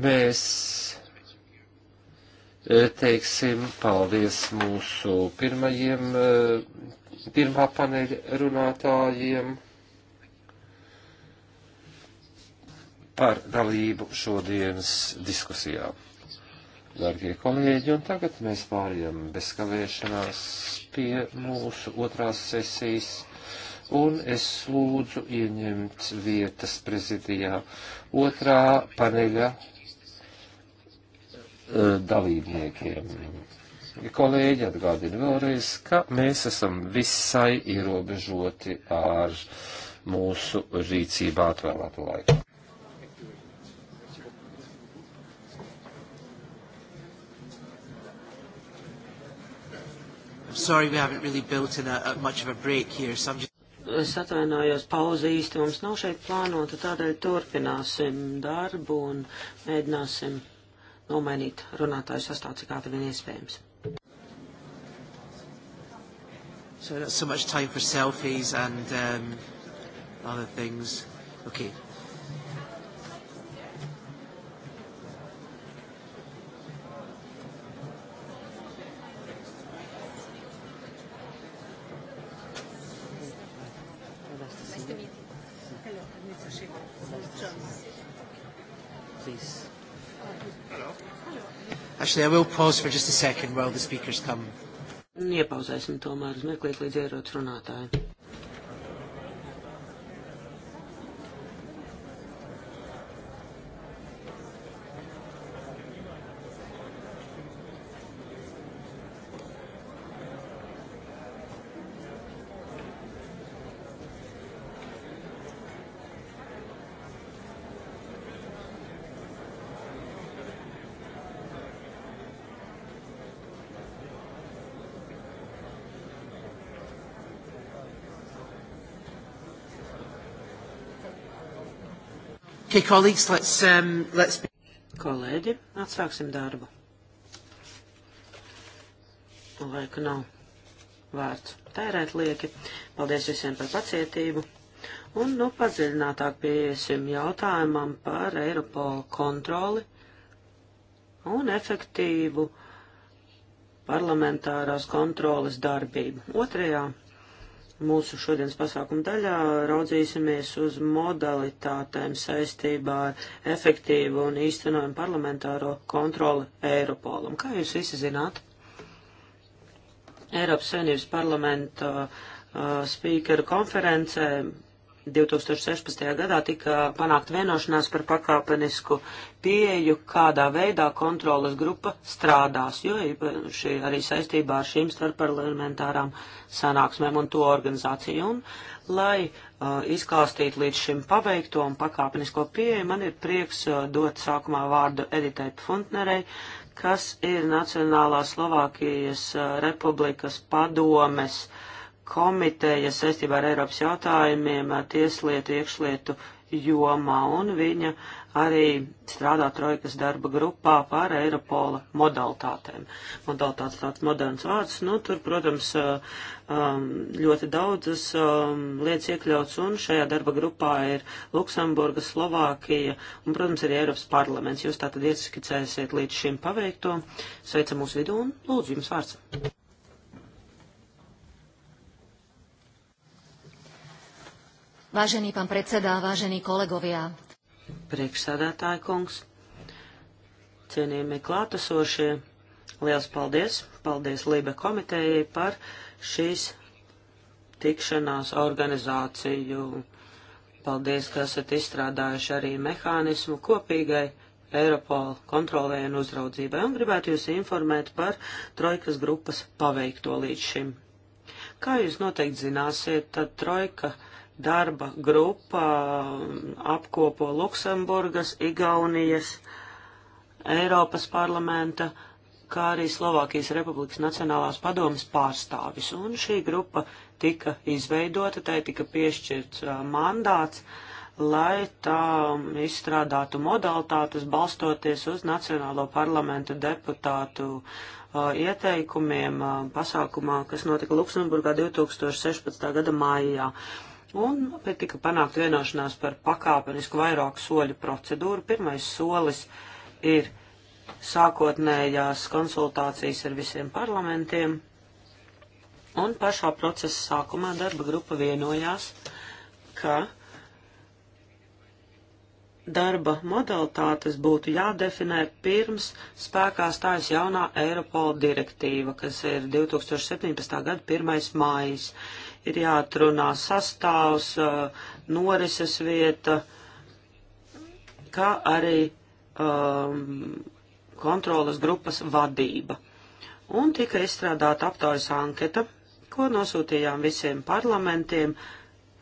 Mēs eh, teiksim paldies mūsu pirmajiem, eh, pirmā paneļa runātājiem. par dalību šodienas diskusijām darbie kolēģi, un tagad mēs pārējām bez kavēšanās pie mūsu otrās sesijas, un es lūdzu ieņemt vietas prezidijā otrā paneļa eh, dalībniekiem. Kolēģi atgādina vēlreiz, ka mēs esam visai ierobežoti ar mūsu rīcībā atvēlēto laiku. sorry we haven't really built in a, a much of a break here, so I'm just... Es atvainojos, pauze īsti mums nav šeit plānota, tādēļ turpināsim darbu un mēģināsim nomainīt runātāju sastāvu, cik ātri vien iespējams. So not so much time for selfies and um, other things. Okay. Actually, I will pause for just a second while the speakers come. Iepauzēsim tomēr uz mirklīt, līdz ierodas runātāji. Okay, colleagues, let's, um, let's... Kolēģi, atsāksim darbu. Laika nav vērts tērēt lieki. Paldies visiem par pacietību. Un, nu, padziļinātāk pieiesim jautājumam par Eiropolu kontroli un efektīvu parlamentārās kontroles darbību. Otrajā mūsu šodienas pasākuma daļā raudzīsimies uz modalitātēm saistībā ar efektīvu un īstenojumu parlamentāro kontroli Eiropolam. Kā jūs visi zināt, Eiropas Savienības parlamenta uh, spīkeru konferencē 2016. gadā tika panākt vienošanās par pakāpenisku pieeju, kādā veidā kontrolas grupa strādās, jo īpaši arī saistībā ar šīm starpparlamentārām sanāksmēm un to organizāciju. Un, lai uh, izklāstītu līdz šim paveikto un pakāpenisko pieeju, man ir prieks uh, dot sākumā vārdu Editai Funtnerei, kas ir Nacionālā Slovākijas uh, Republikas padomes uh, komiteja saistībā ar Eiropas jautājumiem tieslietu, iekšlietu jomā, un viņa arī strādā trojkas darba grupā par Eiropola modalitātēm. Modalitātes tāds moderns vārds, nu tur, protams, ļoti daudzas lietas iekļauts, un šajā darba grupā ir Luksemburga, Slovākija, un, protams, arī Eiropas parlaments. Jūs tātad ieskicēsiet līdz šim paveikto. Sveicam mūsu vidū, un lūdzu jums vārds. Vážený pán predsedā, vážení kolegovia. Priekšsēdētāja kungs, cienījamie klātesošie, liels paldies, paldies Lībe komitejai par šīs tikšanās organizāciju. Paldies, ka esat izstrādājuši arī mehānismu kopīgai Eiropola kontrolē un uzraudzībai, un gribētu jūs informēt par Trojkas grupas paveikto līdz šim. Kā jūs noteikti zināsiet, tad Trojka darba grupa um, apkopo Luksemburgas, Igaunijas, Eiropas parlamenta, kā arī Slovākijas Republikas Nacionālās padomas pārstāvis. Un šī grupa tika izveidota, tai tika piešķirts uh, mandāts, lai tā um, izstrādātu modalitātes balstoties uz Nacionālo parlamentu deputātu uh, ieteikumiem uh, pasākumā, kas notika Luksemburgā 2016. gada maijā. Un tika panākt vienošanās par pakāpenisku vairāku soļu procedūru. Pirmais solis ir sākotnējās konsultācijas ar visiem parlamentiem. Un pašā procesa sākumā darba grupa vienojās, ka darba modalitātes būtu jādefinē pirms spēkā stājas jaunā Eiropola direktīva, kas ir 2017. gada 1. mājas ir jāatrunā sastāvs, norises vieta, kā arī um, kontrolas grupas vadība. Un tika izstrādāta aptaujas anketa, ko nosūtījām visiem parlamentiem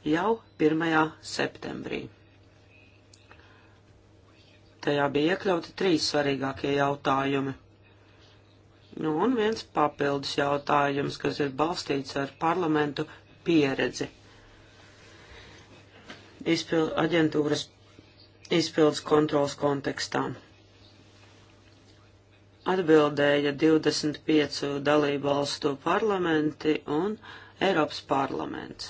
jau 1. septembrī. Tajā bija iekļauti trīs svarīgākie jautājumi. Nu, un viens papildus jautājums, kas ir balstīts ar parlamentu pieredzi. Izpild, aģentūras izpildes kontrols kontekstā. Atbildēja 25 dalībvalstu parlamenti un Eiropas parlaments.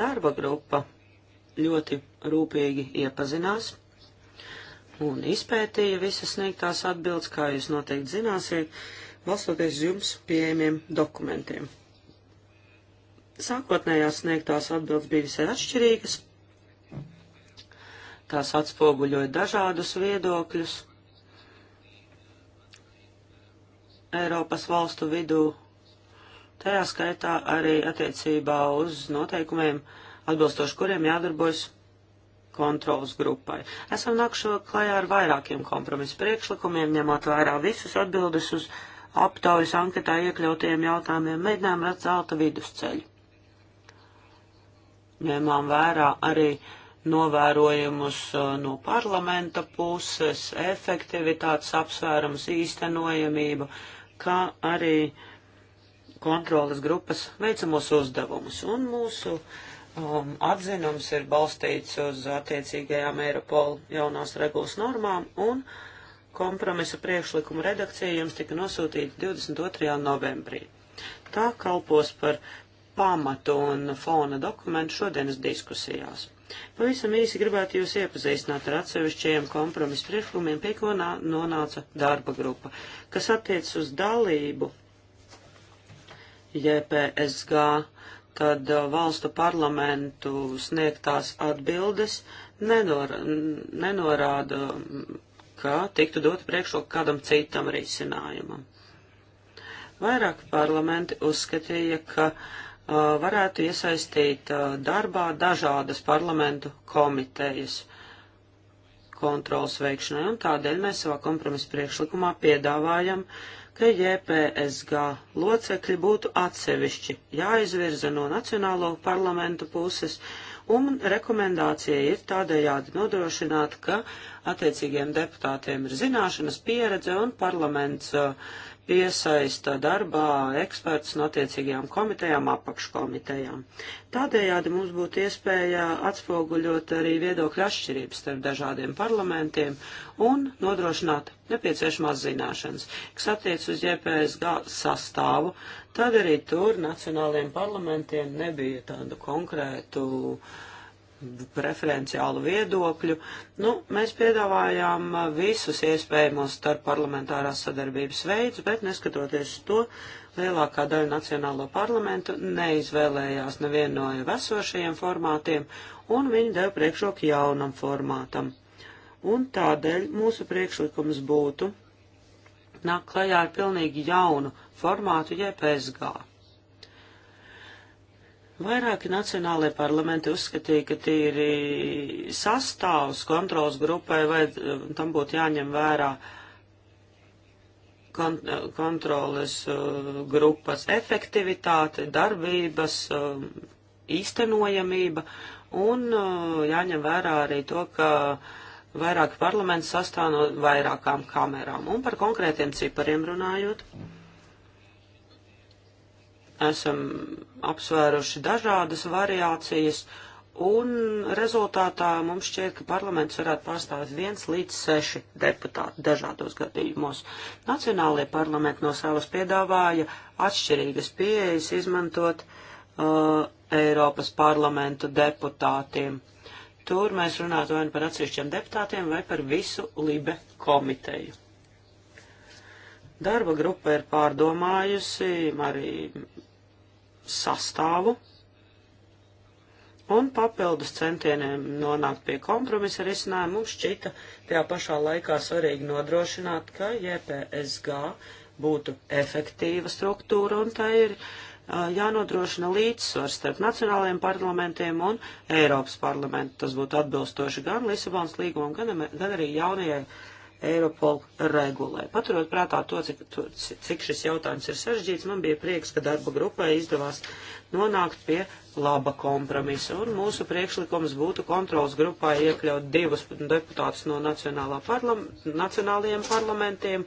Darba grupa ļoti rūpīgi iepazinās un izpētīja visas sniegtās atbildes, kā jūs noteikti zināsiet, balstoties jums pieejamiem dokumentiem. Sākotnējās sniegtās atbildes bija visai atšķirīgas. Tās atspoguļoja dažādus viedokļus Eiropas valstu vidū, tajā skaitā arī attiecībā uz noteikumiem, atbilstoši kuriem jādarbojas kontrolas grupai. Esam nākušo klajā ar vairākiem kompromisu priekšlikumiem, ņemot vērā visus atbildes uz aptaujas anketā iekļautiem jautājumiem, mēģinām rast zelta vidusceļu ņēmām vērā arī novērojumus uh, no parlamenta puses, efektivitātes apsvērums, īstenojamību, kā arī kontrolas grupas veicamos uzdevumus. Un mūsu um, atzinums ir balstīts uz attiecīgajām Eiropola jaunās regulas normām un kompromisa priekšlikuma redakcija jums tika nosūtīta 22. novembrī. Tā kalpos par pamatu un fona dokumentu šodienas diskusijās. Pavisam īsi gribētu jūs iepazīstināt ar atsevišķiem kompromisu priekšlikumiem, pie ko nonāca darba grupa, kas attiecas uz dalību JPSG, tad uh, valstu parlamentu sniegtās atbildes nenor, nenorāda, ka tiktu dot priekšroku kādam citam risinājumam. Vairāk parlamenti uzskatīja, ka uh, varētu iesaistīt darbā dažādas parlamentu komitejas kontrolas veikšanai, un tādēļ mēs savā kompromisa priekšlikumā piedāvājam, ka JPSG locekļi būtu atsevišķi jāizvirza no Nacionālo parlamentu puses, un rekomendācija ir tādējādi nodrošināt, ka attiecīgiem deputātiem ir zināšanas, pieredze un parlaments uh, piesaista darbā eksperts no attiecīgajām komitejām, apakškomitejām. Tādējādi mums būtu iespēja atspoguļot arī viedokļu atšķirības starp dažādiem parlamentiem un nodrošināt nepieciešamās zināšanas, kas attiec uz JPSG sastāvu. Tad arī tur nacionāliem parlamentiem nebija tādu konkrētu uh, preferenciālu viedokļu. Nu, mēs piedāvājām uh, visus iespējamos starp parlamentārās sadarbības veidus, bet neskatoties to, lielākā daļa nacionālo parlamentu neizvēlējās nevienu no jau esošajiem formātiem, un viņi deva priekšroku jaunam formātam. Un tādēļ mūsu priekšlikums būtu nāk klajā ar pilnīgi jaunu formātu, jeb SGA. Vairāki nacionālajie parlamenti uzskatīja, ka tīri sastāvs kontrols grupai vajad, eh, tam būtu jāņem vērā kont eh, kontroles eh, grupas efektivitāte, darbības īstenojamība un jāņem vērā arī to, ka vairāki parlamenti sastāv no vairākām kamerām. Un par konkrētiem cipariem runājot. Mm esam apsvēruši dažādas variācijas, un rezultātā mums šķiet, ka parlaments varētu pārstāvēt viens līdz seši deputāti dažādos gadījumos. Nacionālajie parlamenti no savas piedāvāja atšķirīgas pieejas izmantot uh, Eiropas parlamentu deputātiem. Tur mēs runātu vai nu par atsevišķiem deputātiem, vai par visu Libe komiteju. Darba grupa ir pārdomājusi arī sastāvu un papildus centieniem nonākt pie kompromisa risinājuma mums šķita tajā pašā laikā svarīgi nodrošināt, ka JPSG būtu efektīva struktūra un tā ir uh, jānodrošina līdzsvars starp nacionālajiem parlamentiem un Eiropas parlamentu. Tas būtu atbilstoši gan Lisabonas līgumam, gan, gan arī jaunajai Eiropol regulē. Paturot prātā to, cik, to, cik šis jautājums ir sarežģīts, man bija prieks, ka darba grupai izdevās nonākt pie laba kompromisa, un mūsu priekšlikums būtu kontrols grupai iekļaut divus deputātus no parlam nacionālajiem parlamentiem,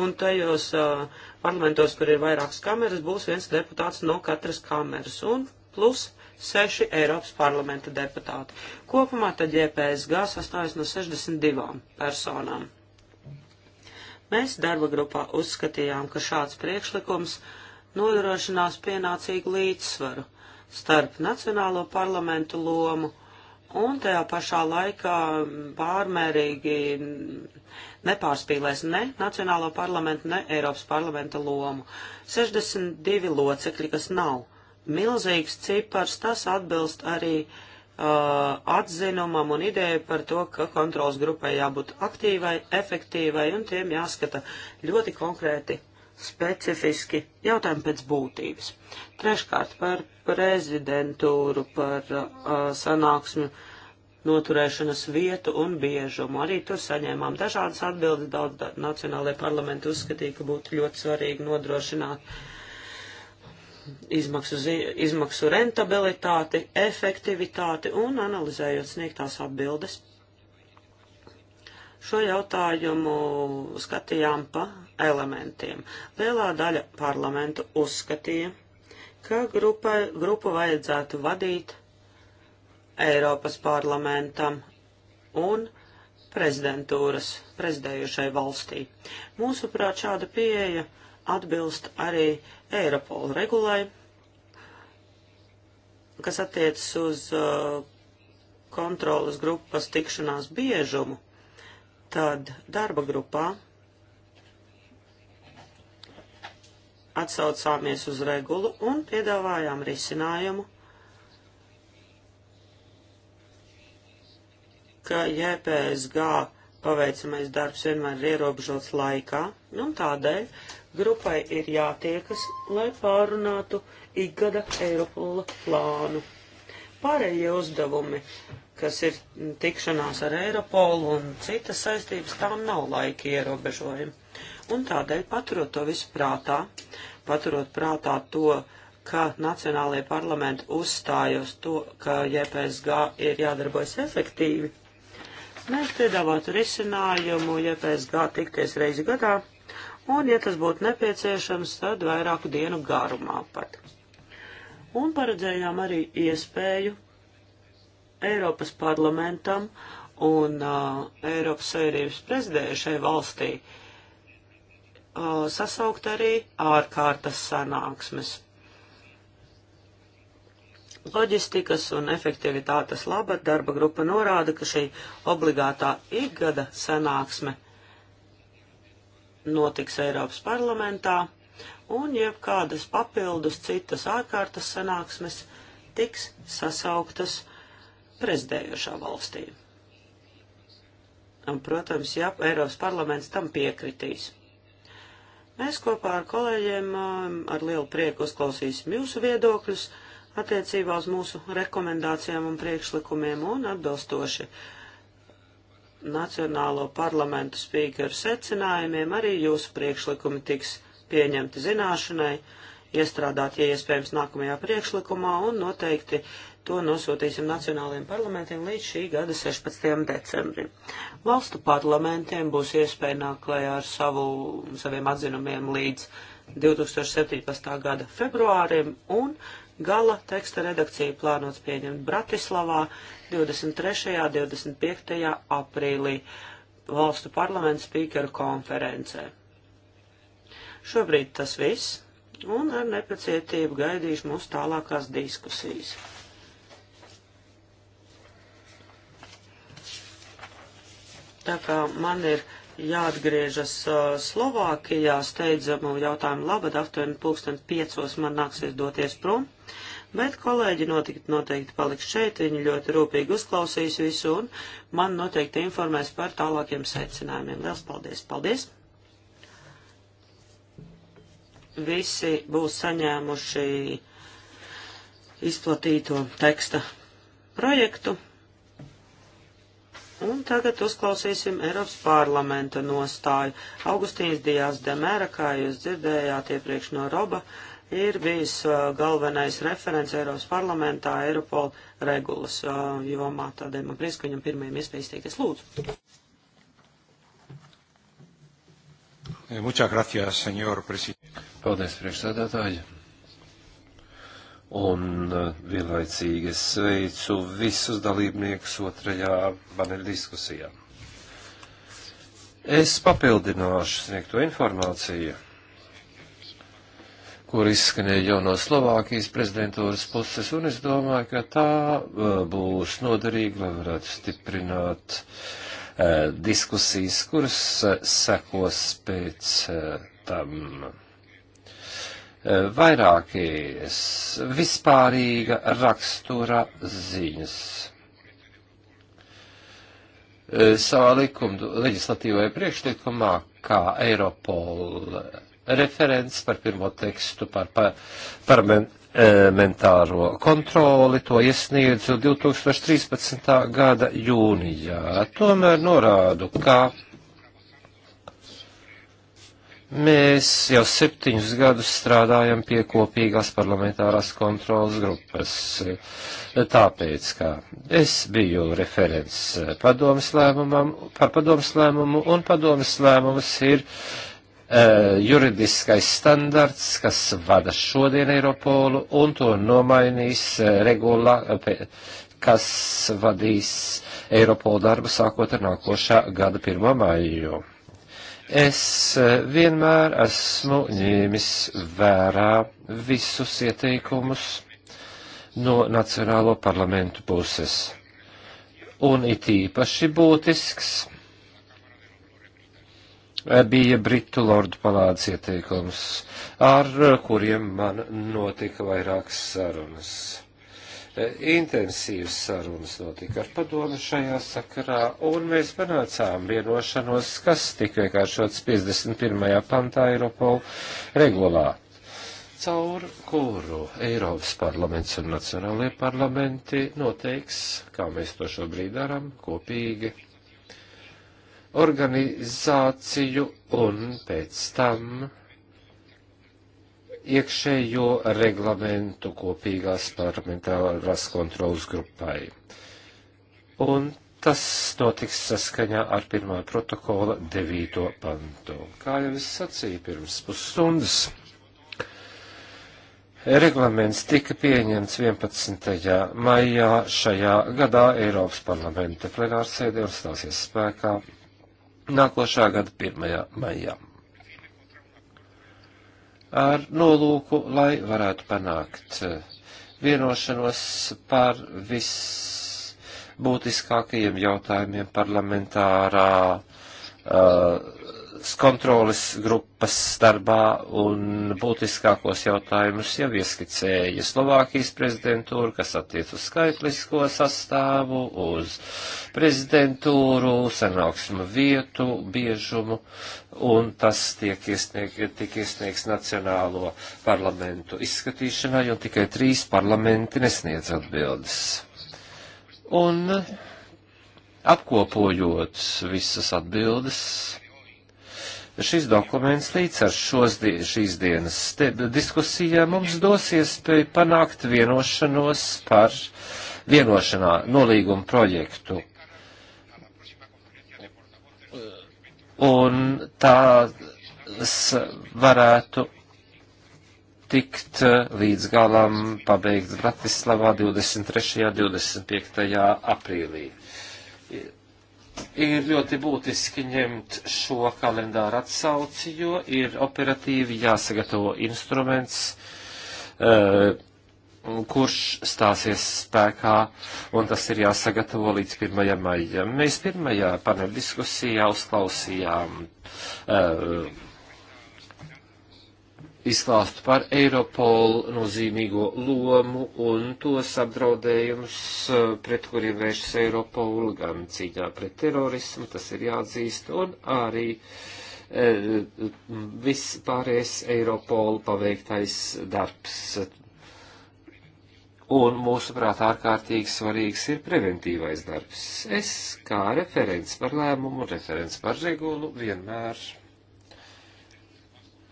un tajos uh, parlamentos, kur ir vairākas kameras, būs viens deputāts no katras kameras, un plus seši Eiropas parlamenta deputāti. Kopumā tad JPSG sastājas no 62 personām. Mēs darba grupā uzskatījām, ka šāds priekšlikums nodrošinās pienācīgu līdzsvaru starp nacionālo parlamentu lomu un tajā pašā laikā pārmērīgi nepārspīlēs ne Nacionālo parlamentu, ne Eiropas parlamenta lomu. 62 locekļi, kas nav milzīgs cipars, tas atbilst arī uh, Uh, atzinumam un ideju par to, ka kontrols grupai jābūt aktīvai, efektīvai un tiem jāskata ļoti konkrēti, specifiski jautājumi pēc būtības. Treškārt par prezidentūru, par uh, sanāksmju noturēšanas vietu un biežumu. Arī tur saņēmām dažādas atbildes. Daudz nacionālajie parlamenti uzskatīja, ka būtu ļoti svarīgi nodrošināt uh, izmaksu, izmaksu rentabilitāti, efektivitāti un analizējot sniegtās atbildes. Šo jautājumu skatījām pa elementiem. Lielā daļa parlamentu uzskatīja, ka grupa, grupu vajadzētu vadīt Eiropas parlamentam un prezidentūras prezidējušai valstī. Mūsuprāt, šāda pieeja atbilst arī Eiropola regulai, kas attiecas uz uh, kontrolas grupas tikšanās biežumu, tad darba grupā atsaucāmies uz regulu un piedāvājām risinājumu, ka JPSG paveicamais darbs vienmēr ir ierobežots laikā, nu, un tādēļ Grupai ir jātiekas, lai pārunātu ikgada Eiropola plānu. Pārējie uzdevumi, kas ir tikšanās ar Eiropolu un citas saistības, tām nav laika ierobežojumi. Un tādēļ paturot to visu prātā, paturot prātā to, ka Nacionālajie parlamenti uzstājos to, ka JPSG ir jādarbojas efektīvi, mēs piedāvātu risinājumu JPSG tikties reizi gadā un, ja tas būtu nepieciešams, tad vairāku dienu garumā pat. Un paredzējām arī iespēju Eiropas parlamentam un uh, Eiropas Savienības prezidēju šai valstī uh, sasaukt arī ārkārtas sanāksmes. Loģistikas un efektivitātes labad darba grupa norāda, ka šī obligātā ikgada sanāksme – notiks Eiropas parlamentā, un jebkādas papildus citas ārkārtas sanāksmes tiks sasauktas prezidējošā valstī. Un, protams, ja Eiropas parlaments tam piekritīs. Mēs kopā ar kolēģiem um, ar lielu prieku uzklausīsim jūsu viedokļus attiecībā uz mūsu rekomendācijām un priekšlikumiem un atbilstoši uh, Nacionālo parlamentu spīkeru secinājumiem arī jūsu priekšlikumi tiks pieņemti zināšanai, iestrādāt, ja iespējams, nākamajā priekšlikumā, un noteikti to nosūtīsim nacionālajiem parlamentiem līdz šī gada 16. decembrim. Valstu parlamentiem būs iespēja nākt klajā ar savu, saviem atzinumiem līdz 2017. gada februārim, un Gala teksta redakcija plānots pieņemt Bratislavā 23. un 25. aprīlī valstu parlamentu spīkeru konferencē. Šobrīd tas viss, un ar nepacietību gaidīšu mūsu tālākās diskusijas. Tā kā man ir jāatgriežas uh, Slovākijā steidzamu jautājumu labad, aptuveni pulksten piecos man nāksies doties prom bet kolēģi noteikti, noteikti paliks šeit, viņi ļoti rūpīgi uzklausīs visu un man noteikti informēs par tālākiem secinājumiem. Liels paldies! Paldies! Visi būs saņēmuši izplatīto teksta projektu. Un tagad uzklausīsim Eiropas parlamenta nostāju. Augustīns Dijās Demēra, kā jūs dzirdējāt iepriekš no Roba, ir bijis uh, galvenais referents Eiropas parlamentā Eiropola regulas uh, jomā. Tādēļ man prieks, ka viņam pirmajam iespēja izteikties lūdzu. Eh, muchas gracias, señor presidente. Paldies, priekšsēdētāji. Un uh, vienlaicīgi es sveicu visus dalībniekus otrajā paneļa diskusijā. Es papildināšu sniegto informāciju kur izskanēja jau no Slovākijas prezidentūras puses, un es domāju, ka tā uh, būs noderīga, lai varētu stiprināt eh, diskusijas, kuras eh, sekos pēc eh, tam vairāki vispārīga rakstura ziņas. Savā likuma leģislatīvajā priekšlikumā, kā Eiropola referents par pirmo tekstu par parlamentāro e, kontroli, to iesniedzu 2013. gada jūnijā. Tomēr norādu, ka Mēs jau septiņus gadus strādājam pie kopīgās parlamentārās kontrolas grupas, tāpēc, ka es biju referents padomas lēmumam, par padomas lēmumu, un padomas lēmums ir Eh, juridiskais standarts, kas vada šodien Eiropolu, un to nomainīs eh, regula, eh, kas vadīs Eiropolu darbu sākot ar nākošā gada 1. maiju. Es vienmēr esmu ņēmis vērā visus ieteikumus no Nacionālo parlamentu puses. Un it īpaši būtisks bija Britu lordu palādes ieteikums, ar kuriem man notika vairākas sarunas. Intensīvas sarunas notika ar padomu šajā sakarā, un mēs panācām vienošanos, kas tika vienkāršots 51. pantā Eiropolu regulā caur kuru Eiropas parlaments un nacionālajie parlamenti noteiks, kā mēs to šobrīd darām, kopīgi organizāciju un pēc tam iekšējo reglamentu kopīgās parlamentārās kontrolas grupai. Un tas notiks saskaņā ar pirmā protokola devīto pantu. Kā jau es sacīju pirms pusstundas, reglaments tika pieņemts 11. maijā šajā gadā Eiropas parlamenta plenārsēdē un stāsies spēkā nākošā gada 1. maijā. Ar nolūku, lai varētu panākt eh, vienošanos par visbūtiskākajiem jautājumiem parlamentārā uh, kontroles grupas darbā un būtiskākos jautājumus jau ieskicēja Slovākijas prezidentūra, kas attiec uz skaitlisko sastāvu, uz prezidentūru, sanāksmu vietu, biežumu, un tas tiek iesnieg, tika iesniegts Nacionālo parlamentu izskatīšanai, un tikai trīs parlamenti nesniedz atbildes. Un apkopojot visas atbildes, šis dokuments līdz ar šos, šīs dienas diskusijā mums dos iespēju panākt vienošanos par vienošanā nolīgumu projektu. Un tās varētu tikt līdz galam pabeigts Bratislavā 23. un 25. aprīlī ir ļoti būtiski ņemt šo kalendāru atsauci, jo ir operatīvi jāsagatavo instruments, eh, kurš stāsies spēkā, un tas ir jāsagatavo līdz 1. maijam. Mēs pirmajā paneļa diskusijā uzklausījām uh, izklāstu par Eiropolu nozīmīgo lomu un tos apdraudējumus, eh, pret kuriem vēršas Eiropola gan cīņā pret terorismu, tas ir jāatzīst, un arī e, eh, viss pārējais Eiropola paveiktais darbs. Un mūsuprāt ārkārtīgi svarīgs ir preventīvais darbs. Es kā referents par lēmumu, referents par regulu vienmēr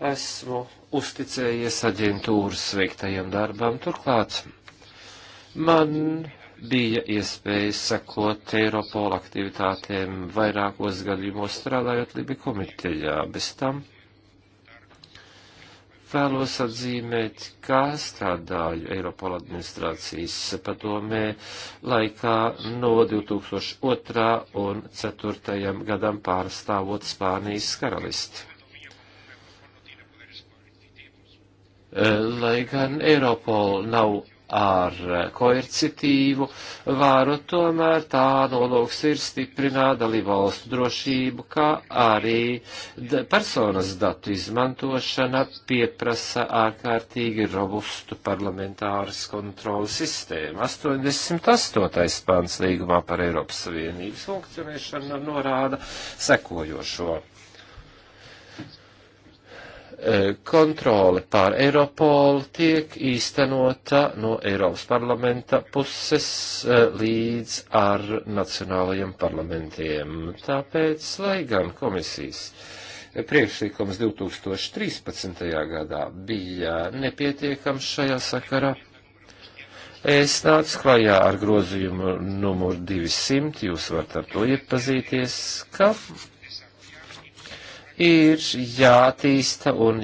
esmu uzticējies aģentūras veiktajam darbam. Turklāt man bija iespēja sekot Eiropola aktivitātēm vairākos gadījumos strādājot Libi komitejā. Bez tam vēlos atzīmēt, kā strādāju Eiropola administrācijas padomē laikā no 2002. un 2004. gadam pārstāvot Spānijas karalisti Eh, lai gan Eiropola nav ar eh, koercitīvu vāru, tomēr tā nolūks ir stiprināt dalībvalstu drošību, kā arī personas datu izmantošana pieprasa ārkārtīgi robustu parlamentāras kontrolas sistēmu. 88. pāns līgumā par Eiropas Savienības funkcionēšanu norāda sekojošo Eh, kontrole pār Eiropolu tiek īstenota no Eiropas parlamenta puses eh, līdz ar nacionālajiem parlamentiem. Tāpēc, lai gan komisijas priekšlikums 2013. gadā bija nepietiekams šajā sakarā, es nācu klajā ar grozījumu numuru 200, jūs varat ar to iepazīties, ka ir jātīsta un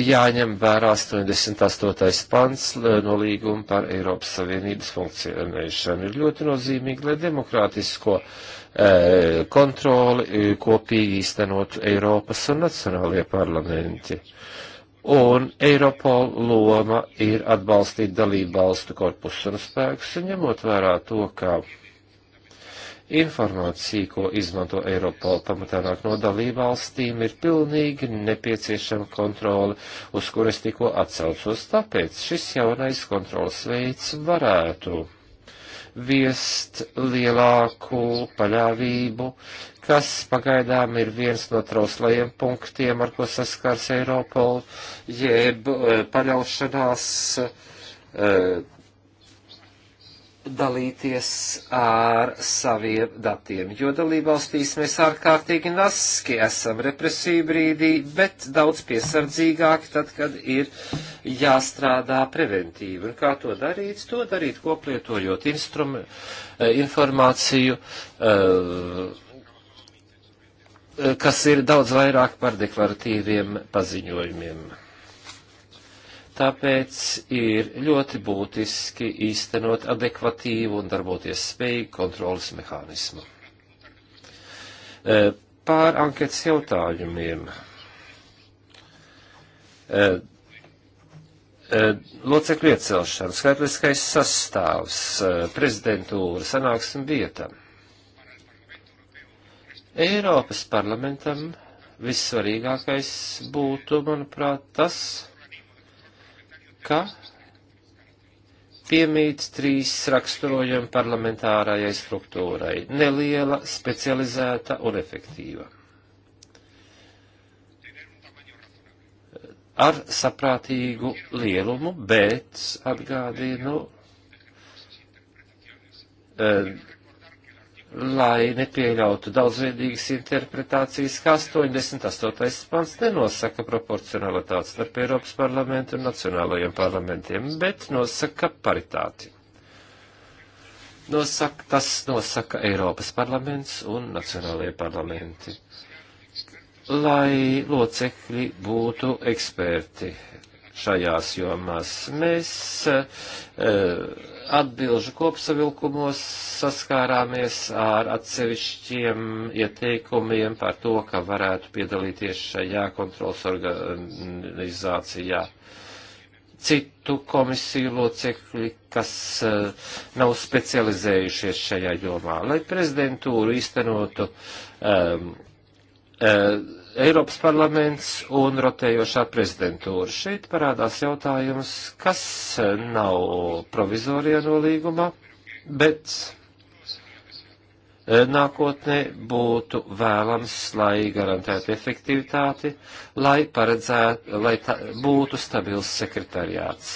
jāņem vērā 88. pants eh, no līguma par Eiropas Savienības funkcionēšanu. Ir ļoti nozīmīgi, lai demokrātisko eh, kontroli eh, kopīgi īstenotu Eiropas un nacionālajie parlamenti. Un Eiropol loma ir atbalstīt dalību valstu korpusu un spēkus, un ņemot vērā to, ka informācija, ko izmanto Eiropola pamatā nāk no dalībvalstīm, ir pilnīgi nepieciešama kontrole, uz kur es tikko atsaucos. Tāpēc šis jaunais kontrols veids varētu viest lielāku paļāvību, kas pagaidām ir viens no trauslajiem punktiem, ar ko saskars Eiropola, jeb eh, paļaušanās eh, dalīties ar saviem datiem, jo dalībvalstīs mēs ārkārtīgi naski esam represiju brīdī, bet daudz piesardzīgāki tad, kad ir jāstrādā preventīvi. Un kā to darīt? To darīt koplietojot instrum, eh, informāciju, eh, eh, kas ir daudz vairāk par deklaratīviem paziņojumiem. Tāpēc ir ļoti būtiski īstenot adekvatīvu un darboties spēju kontrolas mehānismu. E, pār anketas jautājumiem. E, e, locekļu iecelšana, skaitliskais sastāvs, prezidentūra, sanāksim vietam. Eiropas parlamentam vissvarīgākais būtu, manuprāt, tas, ka piemīt trīs raksturojumi parlamentārajai struktūrai - neliela, specializēta un efektīva. Ar saprātīgu lielumu, bet atgādinu, lai nepieļautu daudzveidīgas interpretācijas, ka 88. pants nenosaka proporcionalitāti starp Eiropas parlamentu un nacionālajiem parlamentiem, bet nosaka paritāti. Nosaka, tas nosaka Eiropas parlaments un nacionālajie parlamenti, lai locekļi būtu eksperti šajās jomās. Mēs uh, atbilžu kopsavilkumos saskārāmies ar atsevišķiem ieteikumiem par to, ka varētu piedalīties šajā kontrols organizācijā citu komisiju locekļi, kas uh, nav specializējušies šajā jomā, lai prezidentūru īstenotu um, uh, Eiropas parlaments un rotējošā prezidentūra. Šeit parādās jautājums, kas nav provizorijā nolīgumā, bet eh, nākotnē būtu vēlams, lai garantētu efektivitāti, lai, paredzētu, lai tā, būtu stabils sekretariāts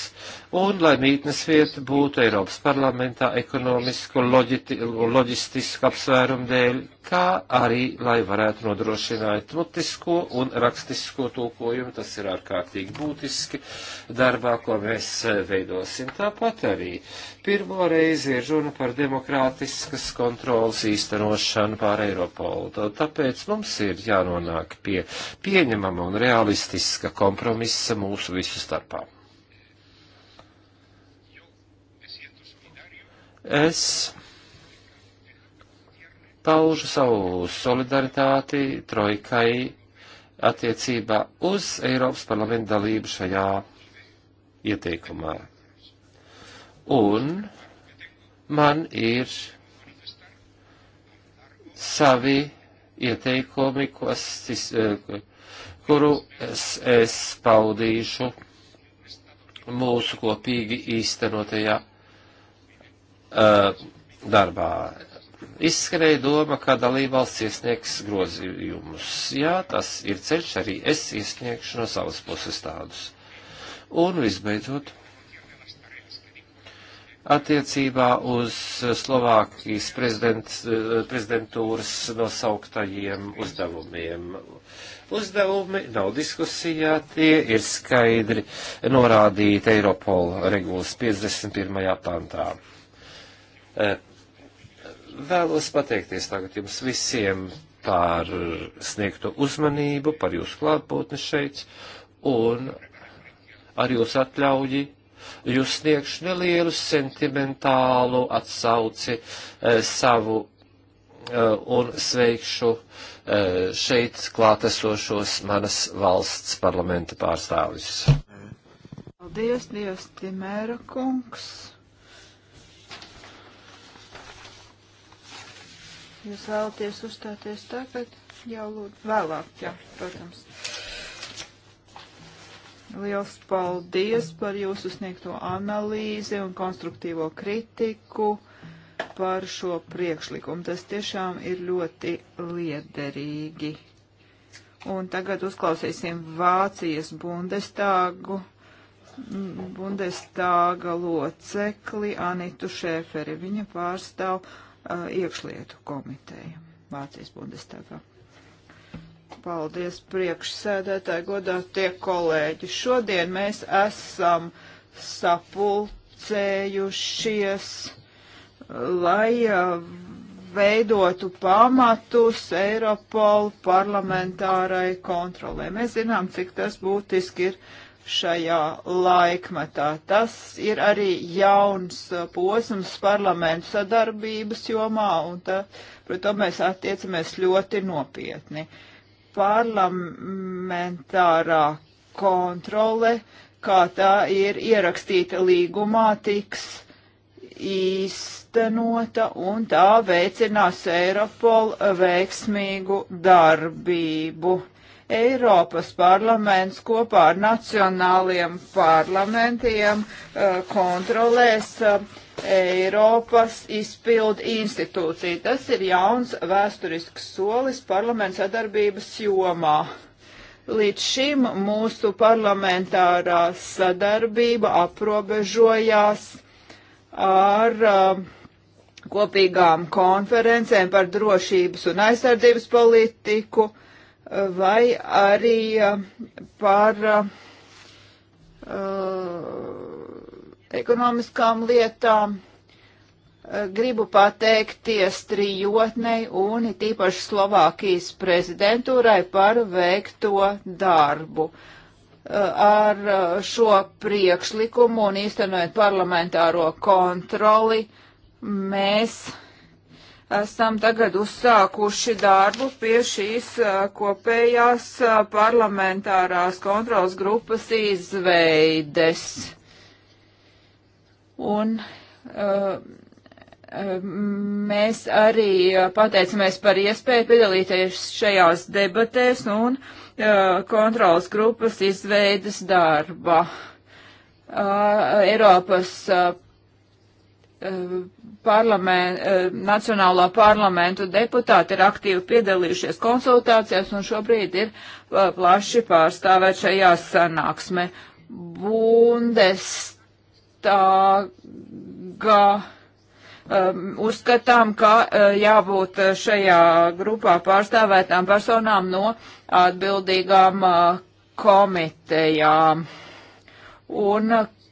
un lai mītnes vieta būtu Eiropas parlamentā ekonomisku un loģistisku apsvērumu dēļ, kā arī, lai varētu nodrošināt mutisko un rakstisko tulkojumu. Tas ir ārkārtīgi būtiski darbā, ko mēs e, veidosim. Tāpat arī pirmo reizi ir runa par demokrātiskas kontrolas īstenošanu pār Eiropolu. Tāpēc mums ir jānonāk pie pieņemama un realistiska kompromisa mūsu visu starpā. Es paužu savu solidaritāti trojkai attiecībā uz Eiropas parlamenta dalību šajā ieteikumā. Un man ir savi ieteikumi, kas, eh, kuru es, es paudīšu mūsu kopīgi īstenotajā uh, darbā. Izskanēja doma, ka dalībvalsts iesniegs grozījumus. Jā, tas ir ceļš, arī es iesniegšu no savas puses tādus. Un visbeidzot, attiecībā uz Slovākijas eh, prezidentūras nosauktajiem uzdevumiem. Uzdevumi nav diskusijā, tie ir skaidri norādīti Eiropola regulas 51. pantā. Eh, vēlos pateikties tagad jums visiem par sniegto uzmanību, par jūsu klātbūtni šeit, un ar jūsu atļauju jūs sniegšu nelielu sentimentālu atsauci eh, savu eh, un sveikšu eh, šeit klātesošos manas valsts parlamenta pārstāvis. Paldies, Dievs, Timēra kungs! Jūs vēlaties uzstāties tagad? Jau lūdzu. Vēlāk, jā, protams. Liels paldies par jūsu sniegto analīzi un konstruktīvo kritiku par šo priekšlikumu. Tas tiešām ir ļoti liederīgi. Un tagad uzklausīsim Vācijas bundestāgu, bundestāga locekli Anitu Šēferi. Viņa pārstāv uh, iekšlietu komiteja Vācijas Bundestagā. Paldies priekšsēdētāji, godātie kolēģi. Šodien mēs esam sapulcējušies, lai uh, veidotu pamatus Eiropolu parlamentārai kontrolē. Mēs zinām, cik tas būtiski ir uh, šajā laikmetā. Tas ir arī jauns uh, posms parlamentu sadarbības jomā, un tā, protams, mēs attiecamies ļoti nopietni. Parlamentārā kontrole, kā tā ir ierakstīta līgumā, tiks īstenota, un tā veicinās Eiropol veiksmīgu darbību Eiropas parlaments kopā ar nacionāliem parlamentiem eh, kontrolēs eh, Eiropas izpildu institūciju. Tas ir jauns vēsturisks solis parlamentu sadarbības jomā. Līdz šim mūsu parlamentārā sadarbība aprobežojās ar uh, kopīgām konferencēm par drošības un aizsardzības politiku, uh, vai arī eh, par eh, eh, ekonomiskām lietām. Gribu pateikties trijotnei un it īpaši Slovākijas prezidentūrai par veikto darbu. Ar šo priekšlikumu un īstenojot parlamentāro kontroli mēs esam tagad uzsākuši darbu pie šīs kopējās parlamentārās kontrolas grupas izveides. Un uh, mēs arī pateicamies par iespēju piedalīties šajās debatēs un uh, kontrolas grupas izveidas darba. Uh, Eiropas parlament, eh, Nacionālā parlamentu deputāti ir aktīvi piedalījušies konsultācijās un šobrīd ir eh, plaši pārstāvēt šajā sanāksmē. Bundestāga um, uzskatām, ka uh, jābūt šajā grupā pārstāvētām personām no atbildīgām uh, komitejām un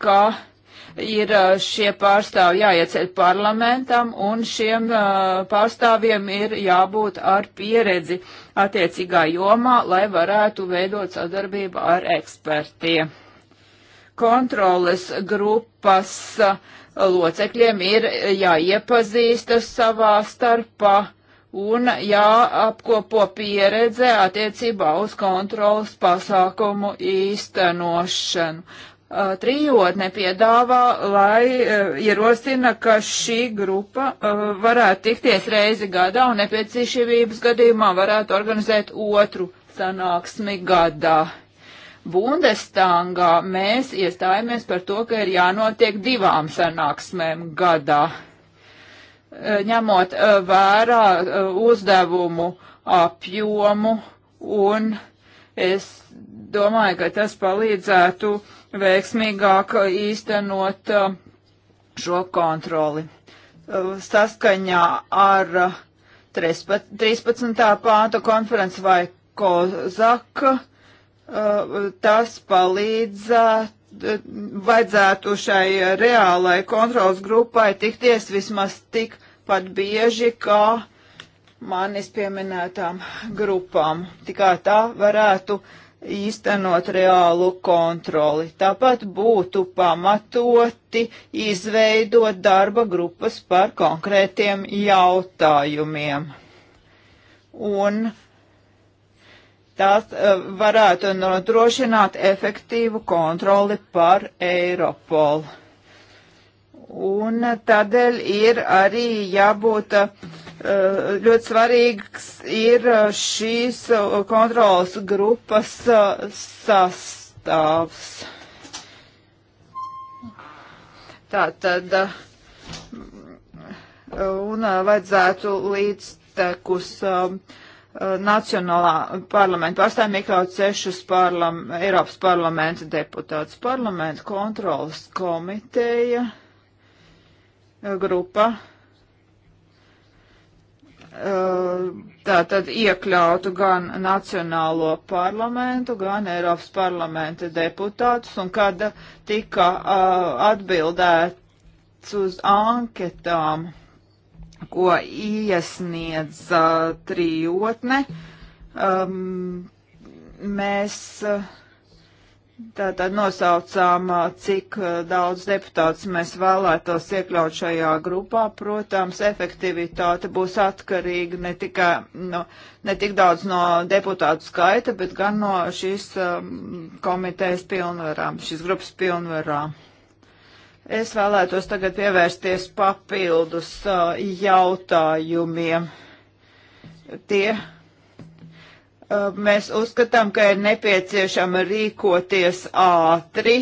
ka uh, ir šie pārstāvji jāieceļ parlamentam, un šiem uh, pārstāvjiem ir jābūt ar pieredzi attiecīgā jomā, lai varētu veidot sadarbību ar ekspertiem. Kontroles grupas uh, locekļiem ir jāiepazīstas savā starpā un jāapkopo pieredze attiecībā uz kontrolas pasākumu īstenošanu uh, trijotne piedāvā, lai uh, ierosina, ka šī grupa uh, varētu tikties reizi gadā un nepieciešamības gadījumā varētu organizēt otru sanāksmi gadā. Bundestangā mēs iestājamies par to, ka ir jānotiek divām sanāksmēm gadā, uh, ņemot uh, vērā uh, uzdevumu apjomu un es domāju, ka tas palīdzētu uh, veiksmīgāk īstenot uh, šo kontroli. Uh, saskaņā ar 13. Uh, pānta konferenci vai Kozaka tas palīdzētu vajadzētu šai reālai kontrols grupai tikties vismaz tik pat bieži, kā manis pieminētām grupām. Tikai tā varētu uh, īstenot reālu kontroli. Tāpat būtu pamatoti izveidot darba grupas par konkrētiem jautājumiem. Un tās eh, varētu nodrošināt efektīvu kontroli par Eiropolu. Un tādēļ ir arī jābūt uh, Eh, ļoti svarīgs ir eh, šīs eh, kontrolas grupas sastāvs. Tā tad, un vajadzētu līdz tekus nacionālā parlamenta pārstāvjiem iekļaut sešus parlam, Eiropas parlamenta deputātus. Parlamenta kontrolas komiteja grupa Eh, tā tad iekļautu gan Nacionālo parlamentu, gan Eiropas parlamenta deputātus, un kad tika eh, atbildēts uz anketām, ko iesniedza trijotne, um, ehm, mēs uh, Tātad nosaucām, cik daudz deputātus mēs vēlētos iekļaut šajā grupā. Protams, efektivitāte būs atkarīga ne tikai no, nu, ne tik daudz no deputātu skaita, bet gan no šīs um, komitejas pilnvarām, šīs grupas pilnvarām. Es vēlētos tagad pievērsties papildus uh, jautājumiem. Tie Uh, mēs uzskatām, ka ir nepieciešama rīkoties ātri,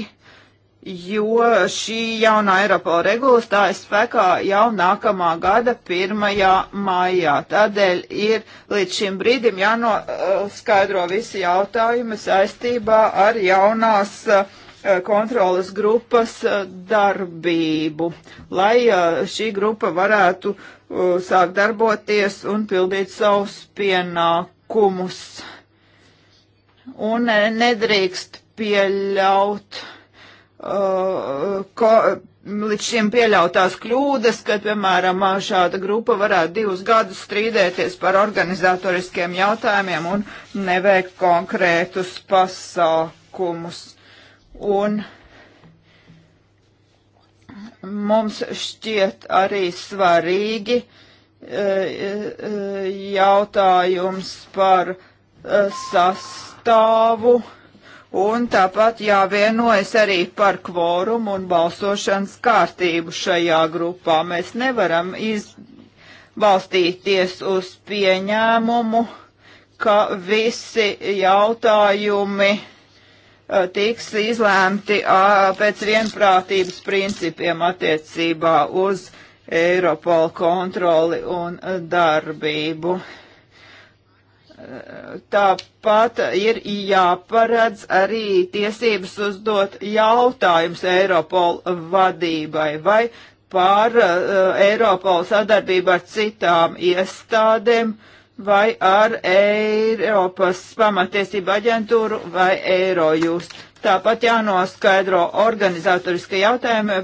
jo šī jaunā Eiropola regula stājas spēkā jau nākamā gada 1. maijā. Tādēļ ir līdz šim brīdim jānoskaidro visi jautājumi saistībā ar jaunās uh, kontrolas grupas uh, darbību, lai šī grupa varētu sākt darboties un pildīt savus pienākumus likumus un eh, nedrīkst pieļaut uh, ko, līdz šim pieļautās kļūdas, kad, piemēram, šāda grupa varētu divus gadus strīdēties par organizatoriskiem jautājumiem un neveikt konkrētus pasākumus. Un mums šķiet arī svarīgi uh, jautājums par eh, sastāvu. Un tāpat jāvienojas arī par kvorumu un balsošanas kārtību šajā grupā. Mēs nevaram izbalstīties uz pieņēmumu, ka visi jautājumi eh, tiks izlēmti pēc vienprātības principiem attiecībā uz uh, Eiropola kontroli un darbību. Tāpat ir jāparedz arī tiesības uzdot jautājums Eiropola vadībai vai par uh, Eiropola sadarbību ar citām iestādēm vai ar Eiropas pamatiesību aģentūru vai Eirojust. Tāpat jānoskaidro organizatoriskie jautājumi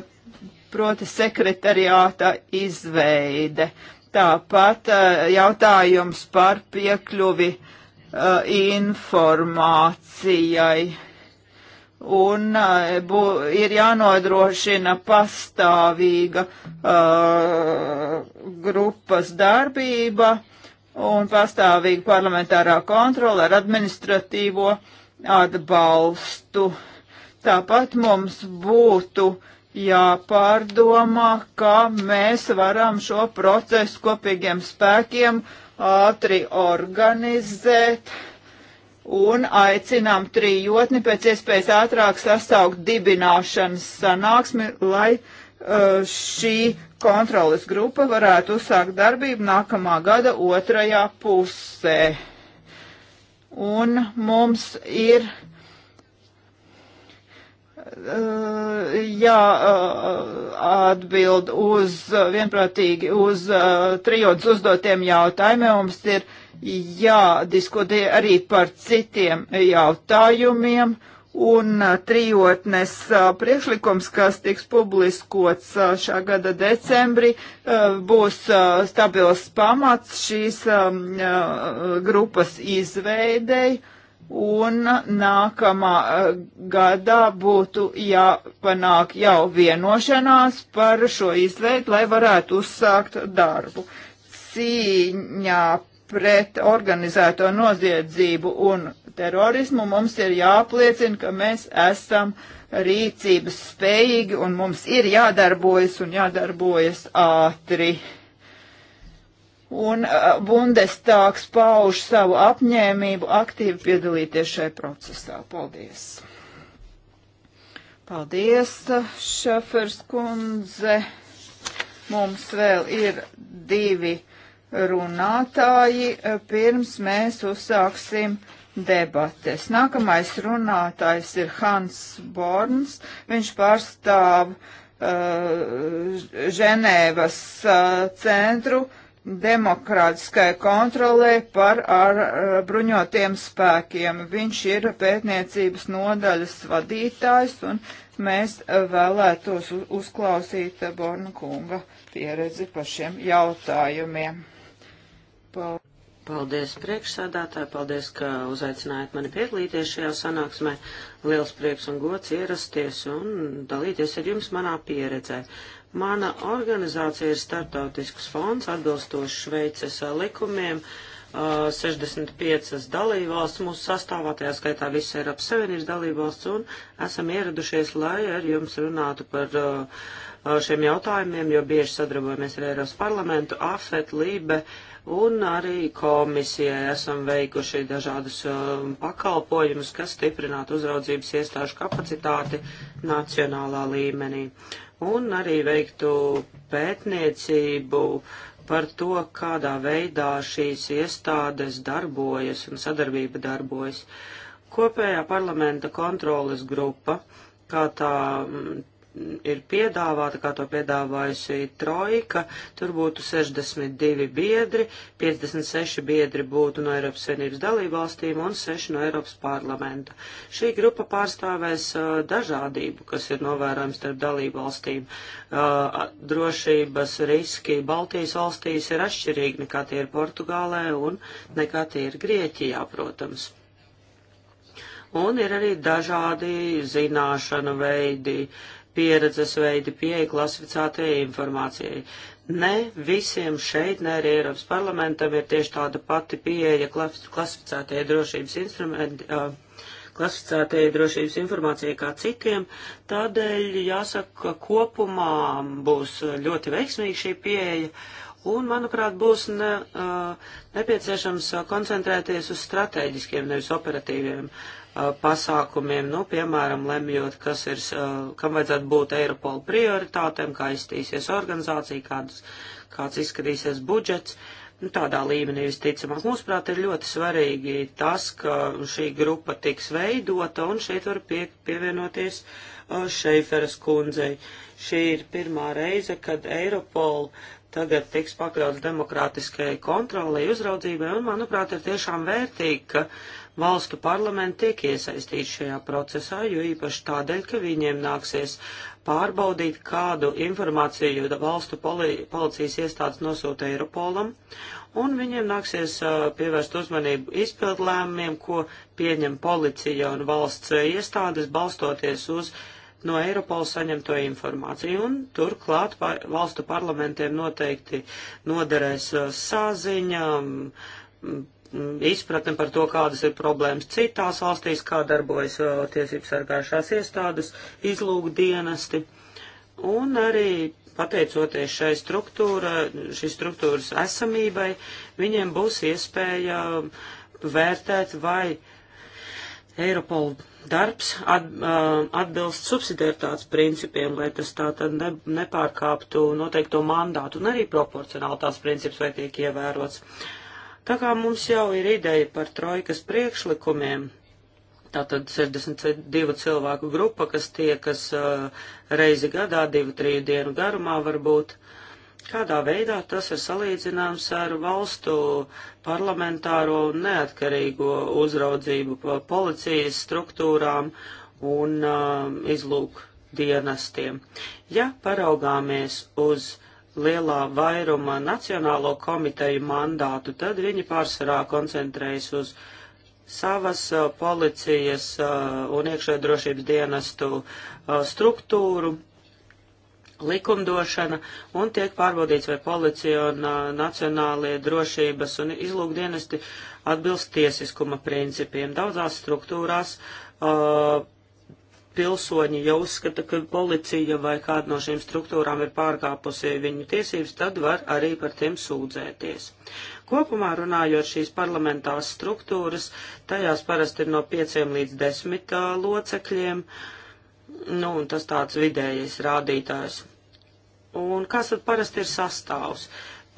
proti sekretariāta izveide. Tāpat eh, jautājums par piekļuvi eh, informācijai. Un eh, bū, ir jānodrošina pastāvīga uh, grupas darbība un pastāvīga parlamentārā kontrola ar administratīvo atbalstu. Tāpat mums būtu uh, jāpārdomā, kā mēs varam šo procesu kopīgiem spēkiem ātri organizēt un aicinām trijotni pēc iespējas ātrāk sasaukt dibināšanas sanāksmi, lai uh, šī kontrolas grupa varētu uzsākt darbību nākamā gada otrajā pusē. Un mums ir uh, Uh, jā, uh, atbild uz uh, vienprātīgi uz trijots uzdotiem jautājumiem. Mums ir jādiskutē arī par citiem jautājumiem. Un trijotnes priekšlikums, kas tiks publiskots šā gada decembrī, būs stabils pamats šīs um, grupas izveidei un nākamā eh, gadā būtu jāpanāk jau vienošanās par šo izveidu, lai varētu uzsākt darbu. Cīņā pret organizēto noziedzību un terorismu mums ir jāpliecina, ka mēs esam rīcības spējīgi un mums ir jādarbojas un jādarbojas ātri un uh, Bundestāgs pauž savu apņēmību aktīvi piedalīties šajā procesā. Paldies! Paldies, Šafers kundze! Mums vēl ir divi runātāji, pirms mēs uzsāksim debates. Nākamais runātājs ir Hans Borns. Viņš pārstāv uh, Ženēvas uh, centru uh, demokrātiskai kontrolē par ar, ar eh, bruņotiem spēkiem. Viņš ir pētniecības nodaļas vadītājs, un mēs eh, vēlētos uzklausīt eh, Borna kunga pieredzi par šiem jautājumiem. Paldies, paldies priekšsādātāji, paldies, ka uzaicinājāt mani piedalīties šajā sanāksmē. Liels prieks un gods ierasties un dalīties ar jums manā pieredzē. Uh, Mana organizācija ir startautisks fonds atbilstoši Šveices eh, likumiem. 65 eh, dalībvalsts mūsu sastāvā, tajā skaitā visa Eiropas Savienības dalībvalsts, un esam ieradušies, lai ar jums runātu par eh, šiem jautājumiem, jo bieži sadarbojamies ar Eiropas parlamentu, AFET, LIBE, un arī komisijai esam veikuši dažādus um, pakalpojumus, kas stiprinātu uzraudzības iestāžu kapacitāti nacionālā līmenī un arī veiktu pētniecību par to, kādā veidā šīs iestādes darbojas un sadarbība darbojas. Kopējā parlamenta kontroles grupa, kā tā ir piedāvāta, kā to piedāvājusi Trojka, tur būtu 62 biedri, 56 biedri būtu no Eiropas Savienības dalībvalstīm un 6 no Eiropas parlamenta. Šī grupa pārstāvēs uh, dažādību, kas ir novērojams starp dalībvalstīm. Uh, drošības riski Baltijas valstīs ir atšķirīgi nekā tie ir Portugālē un nekā tie ir Grieķijā, protams un ir arī dažādi zināšanu veidi, pieredzes veidi, pieeja klasificētajai informācijai. Ne visiem šeit, ne arī Eiropas parlamentam ir tieši tāda pati pieeja klasificētajai drošības instrumenti, klasificētajai drošības informācijai kā citiem. Tādēļ jāsaka, ka kopumā būs ļoti veiksmīga šī pieeja. Un, manuprāt, būs ne, uh, nepieciešams koncentrēties uz strateģiskiem, nevis operatīviem uh, pasākumiem, nu, piemēram, lemjot, kas ir, kam vajadzētu būt Eiropola prioritātēm, kā izstīsies organizācija, kādus, kāds izskatīsies budžets. Nu, tādā līmenī visticamāk, mūsuprāt, ir ļoti svarīgi tas, ka šī grupa tiks veidota, un šeit var pie, pievienoties Šeiferas kundzei. Šī ir pirmā reize, kad Eiropola tagad tiks pakļauts demokrātiskajai kontrolei, uzraudzībai, un, manuprāt, ir tiešām vērtīgi, ka uh, valstu parlamenti tiek iesaistīti šajā procesā, jo īpaši tādēļ, ka viņiem nāksies pārbaudīt, kādu informāciju valstu poli policijas iestādes nosūta Eiropolam, un viņiem nāksies uh, pievērst uzmanību izpildlēmumiem, ko pieņem policija un valsts iestādes, balstoties uz no Eiropola saņemto informāciju, un turklāt par, valstu parlamentiem noteikti noderēs uh, sāziņa, um, izpratni par to, kādas ir problēmas citās valstīs, kā darbojas uh, tiesības sargājušās iestādes, izlūgu dienesti. Un arī pateicoties šai struktūra, šīs struktūras esamībai, viņiem būs iespēja vērtēt, vai Eiropola darbs at, uh, atbilst subsidiaritātes principiem, lai tas tā tad ne, nepārkāptu noteikto mandātu un arī proporcionālitātes princips, vai tiek ievērots. Uh, Tā kā mums jau ir ideja par trojkas priekšlikumiem, tātad 62 cilvēku grupa, kas tiekas uh, reizi gadā, divu, trīs dienu garumā varbūt, kādā veidā tas ir salīdzināms ar valstu parlamentāro un neatkarīgo uzraudzību pa policijas struktūrām un uh, izlūk dienestiem. Ja paraugāmies uz uh, lielā vairuma nacionālo komiteju mandātu, tad viņi pārsvarā koncentrējas uz savas uh, policijas uh, un iekšējā drošības dienestu uh, struktūru, likumdošana un tiek pārbaudīts, vai policija un nacionālie drošības un izlūkdienesti atbilst tiesiskuma principiem. Daudzās struktūrās uh, pilsoņi jau uzskata, ka policija vai kāda no šīm struktūrām ir pārkāpusi viņu tiesības, tad var arī par tiem sūdzēties. Kopumā runājot šīs parlamentās struktūras, tajās parasti ir no 5 līdz 10 uh, locekļiem, nu, un tas tāds vidējais rādītājs. Un kas tad parasti ir sastāvs?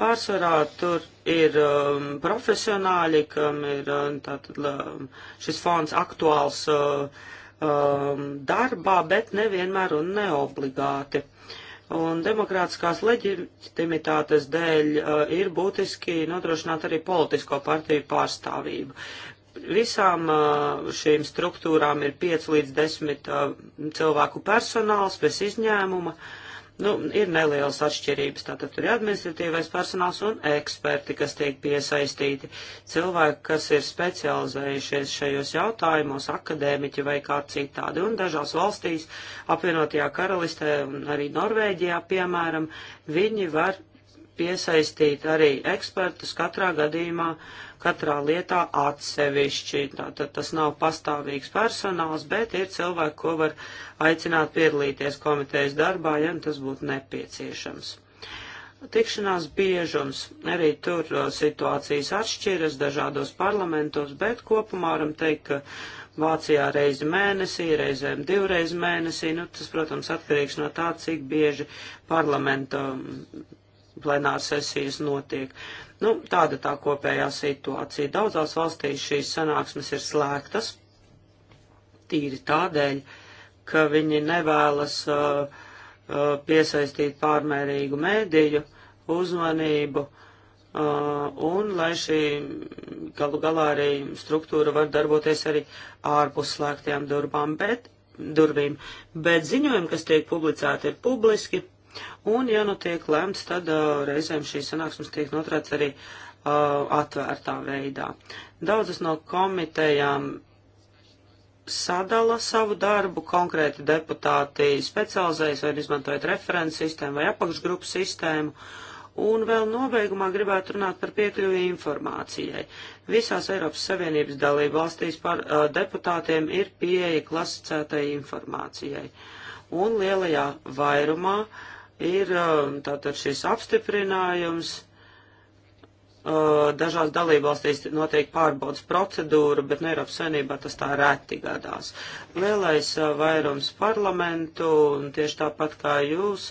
Pārsvarā tur ir um, profesionāļi, kam ir um, tātad, um, šis fonds aktuāls. Uh, um, darbā, bet nevienmēr un neobligāti. Un demokrātiskās leģitimitātes dēļ uh, ir būtiski nodrošināt arī politisko partiju pārstāvību. Visām uh, šīm struktūrām ir 5 līdz 10 uh, cilvēku personāls bez izņēmuma. Uh, Nu, ir nelielas atšķirības, tātad tur ir administratīvais personāls un eksperti, kas tiek piesaistīti. Cilvēki, kas ir specializējušies šajos jautājumos, akadēmiķi vai kā citādi. Un dažās valstīs, apvienotajā karalistē un arī Norvēģijā, piemēram, viņi var piesaistīt arī ekspertus katrā gadījumā uh, katrā lietā atsevišķi. Tātad tas nav pastāvīgs personāls, bet ir cilvēki, ko var aicināt piedalīties komitejas darbā, ja tas būtu nepieciešams. Tikšanās biežums, arī tur uh, situācijas atšķiras dažādos parlamentos, bet kopumā varam teikt, ka Vācijā reizi mēnesī, reizēm divreiz mēnesī. Nu, tas, protams, atkarīgs no tā, cik bieži parlamenta plenāra sesijas notiek. Nu, tāda tā kopējā situācija. Daudzās valstīs šīs sanāksmes ir slēgtas tīri tādēļ, ka viņi nevēlas uh, uh, piesaistīt pārmērīgu mēdīju uzmanību. Uh, un lai šī galu galā arī struktūra var darboties arī ārpus slēgtajām durvām, bet durvīm, bet ziņojumi, kas tiek publicēti, ir publiski, Un, ja nu tiek lemts, tad uh, reizēm šīs sanāksmes tiek noturēts arī uh, atvērtā veidā. Daudzas no komitejām sadala savu darbu, konkrēti deputāti specializējas vai izmantojot referents sistēmu vai apakšgrupu sistēmu. Un vēl nobeigumā gribētu runāt par piekļuvi informācijai. Visās Eiropas Savienības dalību valstīs par uh, deputātiem ir pieeja klasificētai informācijai. Un lielajā vairumā uh, ir um, tātad šis apstiprinājums. Uh, dažās dalībvalstīs notiek pārbaudas procedūra, bet nu, Eiropas Savienībā tas tā reti gadās. Lielais uh, vairums parlamentu, un tieši tāpat kā jūs,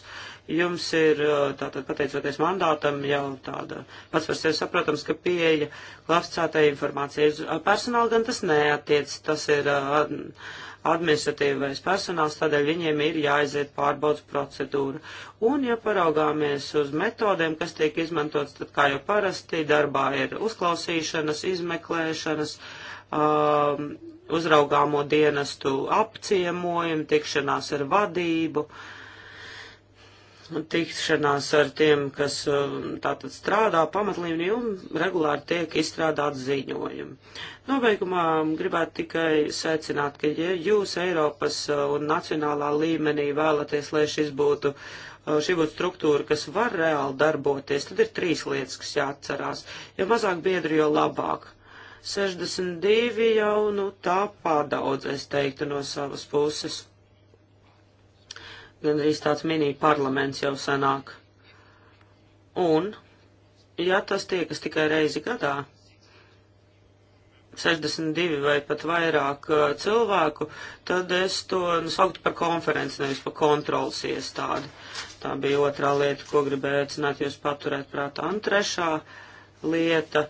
jums ir, uh, tātad pateicoties mandātam, jau tāda pats par sevi saprotams, ka pieeja klasificētai informācijai. Personāli gan tas neatiec, tas ir. Uh, administratīvais personāls, tādēļ viņiem ir jāaiziet pārbaudas procedūra. Un, ja paraugāmies uz metodēm, kas tiek izmantotas, tad kā jau parasti darbā ir uzklausīšanas, izmeklēšanas, um, uzraugāmo dienestu apciemojumi, tikšanās ar vadību. Uh, tikšanās ar tiem, kas um, tātad strādā pamatlīmenī un regulāri tiek izstrādāt ziņojumi. Nobeigumā gribētu tikai secināt, ka ja jūs Eiropas uh, un nacionālā līmenī vēlaties, lai šis būtu, uh, šī būtu struktūra, kas var reāli darboties, tad ir trīs lietas, kas jāatcerās. Jo mazāk biedri, jo labāk. 62 jau, nu, tā pārdaudz, es teiktu, no savas puses gandrīz tāds mini parlaments jau sanāk. Un, ja tas tiekas tikai reizi gadā, 62 vai pat vairāk uh, cilvēku, tad es to nu, sauktu par konferenci, nevis par kontrols iestādi. Tā bija otrā lieta, ko gribēju aicināt jūs paturēt prātā. Un trešā lieta,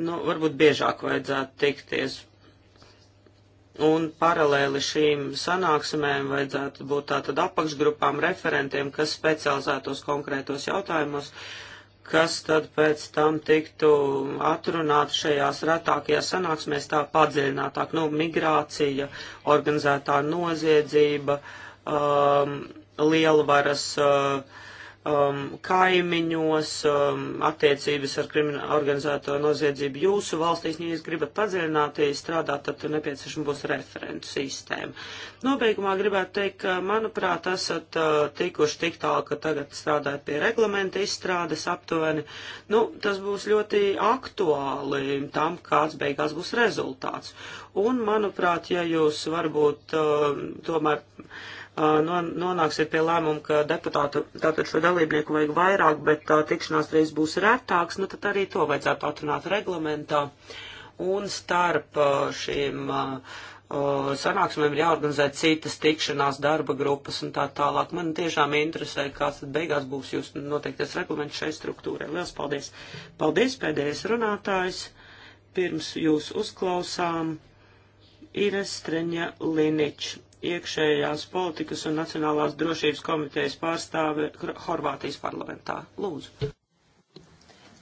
nu, varbūt biežāk vajadzētu tikties Un paralēli šīm sanāksmēm vajadzētu būt tātad apakšgrupām referentiem, kas specializētos konkrētos jautājumos, kas tad pēc tam tiktu atrunāt šajās retākajās sanāksmēs tā padziļinātāk. Nu, migrācija, organizētā noziedzība, um, lielvaras. Uh, um, kaimiņos, um, attiecības ar kriminālu organizēto noziedzību jūsu valstīs, ja jūs gribat padziļināties, strādāt, tad nepieciešama būs referentu sistēma. Nobeigumā gribētu teikt, ka, manuprāt, esat uh, tikuši tik tālu, ka tagad strādājat pie reglamenta izstrādes aptuveni. Nu, tas būs ļoti aktuāli tam, kāds beigās būs rezultāts. Un, manuprāt, ja jūs varbūt uh, tomēr nonāksiet pie lēmuma, ka deputātu, tātad šo dalībnieku vajag vairāk, bet tā tikšanās reiz būs retāks, nu tad arī to vajadzētu atrunāt reglamentā. Un starp šīm sanāksmēm ir jāorganizē citas tikšanās darba grupas un tā tālāk. Man tiešām interesē, kāds tad beigās būs jūs noteikties reglaments šai struktūrai. Lielas paldies! Paldies, pēdējais runātājs! Pirms jūs uzklausām Ires Treņa Liniča iekšējās politikas un nacionālās drošības komitejas pārstāve Horvātijas parlamentā. Lūdzu.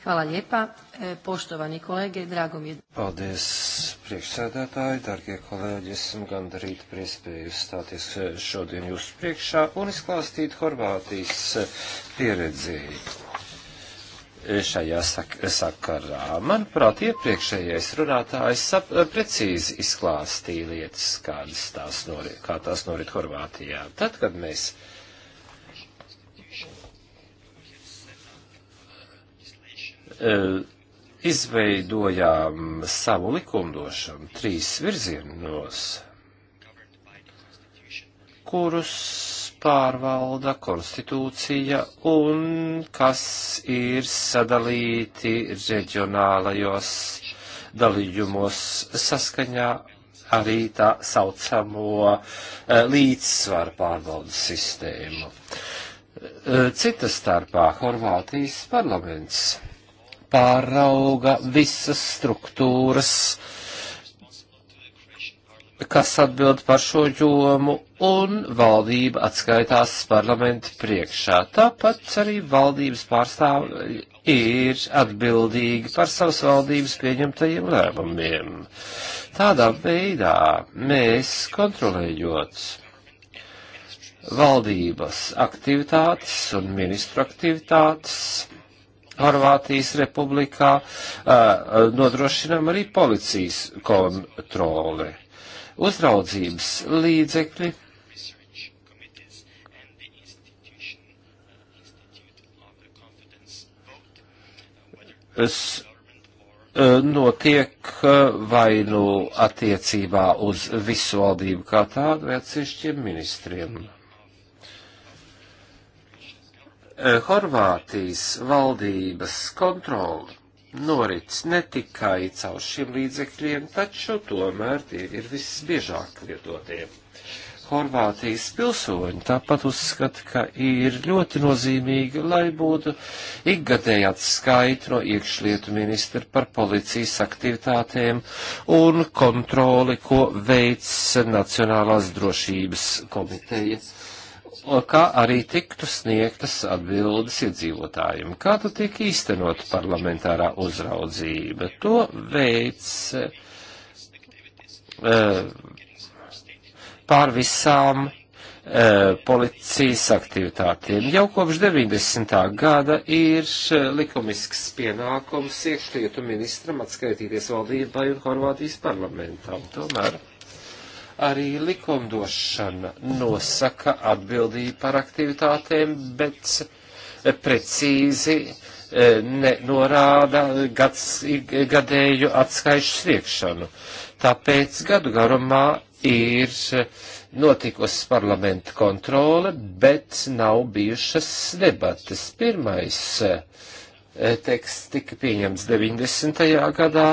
Hvala lijepa. E, poštovani kolege, drago mi je... Paldies, priekšsēdētāji, dargie kolēģi, esmu gandarīti par iespēju stāties e, šodien jūsu priekšā un izklāstīt Horvātijas e, pieredzi šajā sak sakarā. Manuprāt, iepriekšējais runātājs precīzi izklāstīja lietas, kādas tās norit, kā tās norit Horvātijā. Tad, kad mēs uh, izveidojām savu likumdošanu trīs virzienos, kurus pārvalda konstitūcija un kas ir sadalīti reģionālajos dalījumos saskaņā arī tā saucamo eh, līdzsvaru pārvaldes sistēmu. Eh, cita starpā Horvātijas parlaments pārauga visas struktūras, uh, kas atbild par šo jomu, un valdība atskaitās parlamentu priekšā. Tāpat arī valdības pārstāvji ir atbildīgi par savas valdības pieņemtajiem lēmumiem. Tādā veidā mēs kontrolējot valdības aktivitātes un ministru aktivitātes Horvātijas republikā eh, nodrošinām arī policijas kontroli uzraudzības līdzekļi. Es e, notiek e, vai nu attiecībā uz visu valdību kā tādu vai atsevišķiem ministriem. E, Horvātijas valdības kontroli norit ne tikai caur šiem līdzekļiem, taču tomēr tie ir visbiežāk lietotie. Horvātijas pilsoņi tāpat uzskata, ka ir ļoti nozīmīgi, lai būtu ikgadēji atskaita no iekšlietu ministra par policijas aktivitātēm un kontroli, ko veids Nacionālās drošības komitejas kā arī tiktu sniegtas atbildes iedzīvotājiem. Kā tu tiek īstenot parlamentārā uzraudzība? To veids eh, pār visām eh, policijas aktivitātiem. Jau kopš 90. gada ir eh, likumisks pienākums iekšlietu ministram atskaitīties valdībai un Horvātijas parlamentam. Tomēr Arī likumdošana nosaka atbildību par aktivitātēm, bet eh, precīzi eh, norāda gads, gadēju atskaišu sniegšanu. Tāpēc gadu garumā ir eh, notikusi parlamenta kontrole, bet nav bijušas debates. Pirmais teksts tika pieņemts 90. gadā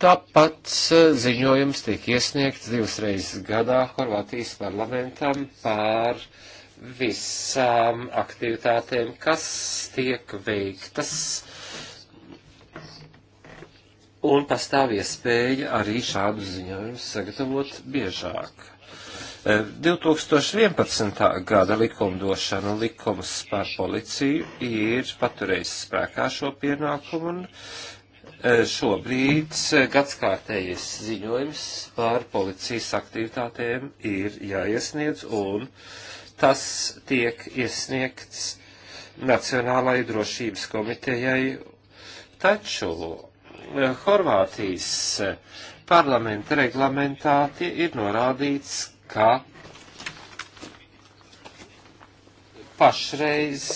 Tāpat eh, ziņojums tiek iesniegts divas reizes gadā Horvātijas parlamentam par visām aktivitātēm, kas tiek veiktas. Un pastāv iespēja arī šādu ziņojumu sagatavot biežāk. 2011. Eh, gada likumdošana likums par policiju ir paturējis spēkā šo pienākumu un Eh, šobrīd eh, gadskārtējais ziņojums par policijas aktivitātēm ir jāiesniedz, un tas tiek iesniegts Nacionālajai drošības komitejai. Taču eh, Horvātijas parlamenta reglamentā ir norādīts, ka pašreiz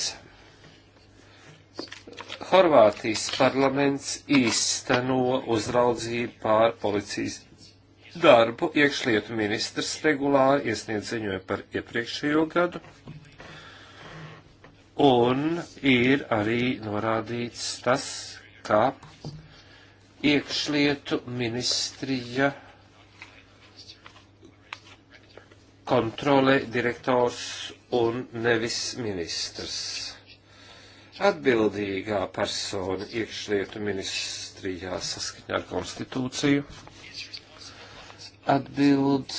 Horvātijas parlaments īsteno uzraudzību pār policijas darbu. Iekšlietu ministrs regulāri iesniedz ziņoja par iepriekšējo gadu. Un ir arī norādīts tas, kā iekšlietu ministrija kontrolē direktors un nevis ministrs atbildīgā persona iekšlietu ministrijā saskaņā ar konstitūciju atbild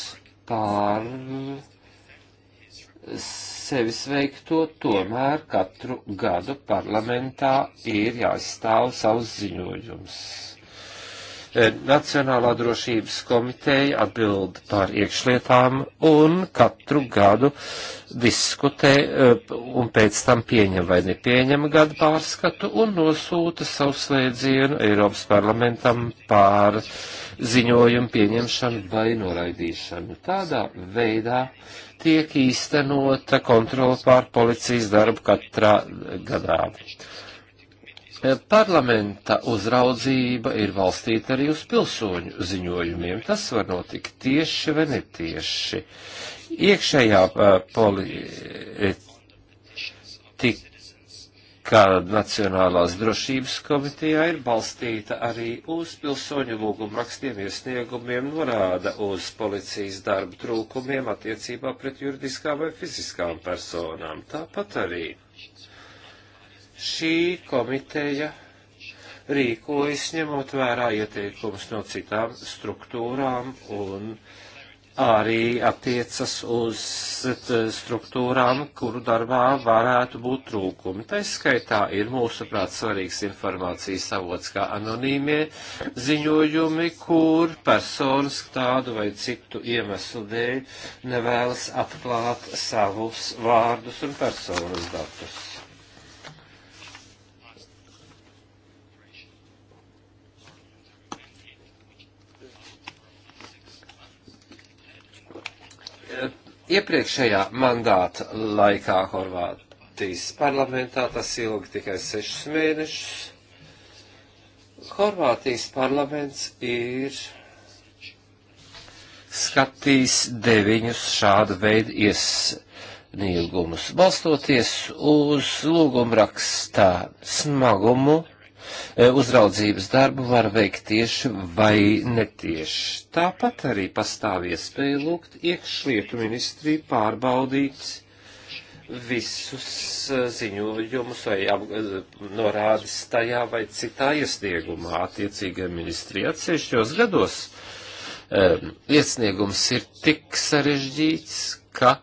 pār sevis veikto, tomēr katru gadu parlamentā ir jāizstāv savs ziņojums. Nacionālā drošības komiteja atbild par iekšlietām un katru gadu diskutē eh, un pēc tam pieņem vai nepieņem gadu pārskatu un nosūta savu slēdzienu Eiropas parlamentam pār ziņojumu pieņemšanu vai noraidīšanu. Tādā veidā tiek īstenota kontrola pār policijas darbu katrā gadā. Parlamenta uzraudzība ir valstīta arī uz pilsoņu ziņojumiem. Tas var notikt tieši vai netieši. Iekšējā uh, politika Nacionālās drošības komitejā ir balstīta arī uz pilsoņu lūgumrakstiem iesniegumiem, norāda uz policijas darba trūkumiem attiecībā pret juridiskām vai fiziskām personām. Tāpat arī Šī komiteja rīkojas ņemot vērā ieteikumus no citām struktūrām un arī attiecas uz struktūrām, kuru darbā varētu būt trūkumi. Tā skaitā ir mūsuprāt svarīgs informācijas avots kā anonīmie ziņojumi, kur personas tādu vai citu iemeslu dēļ nevēlas atklāt savus vārdus un personas datus. Iepriekšējā mandāta laikā Horvātijas parlamentā tas ilga tikai sešus mēnešus. Horvātijas parlaments ir skatījis deviņus šādu veidu iesniegumus, balstoties uz lūgumrakstā smagumu Eh, uzraudzības darbu var veikt tieši vai netieši. Tāpat arī pastāv iespēja lūgt iekšlietu ministriju pārbaudīt visus eh, ziņojumus vai eh, norādes tajā vai citā iesniegumā attiecīgajai ministrijai atsevišķos gados. Um, iesniegums ir tik sarežģīts, ka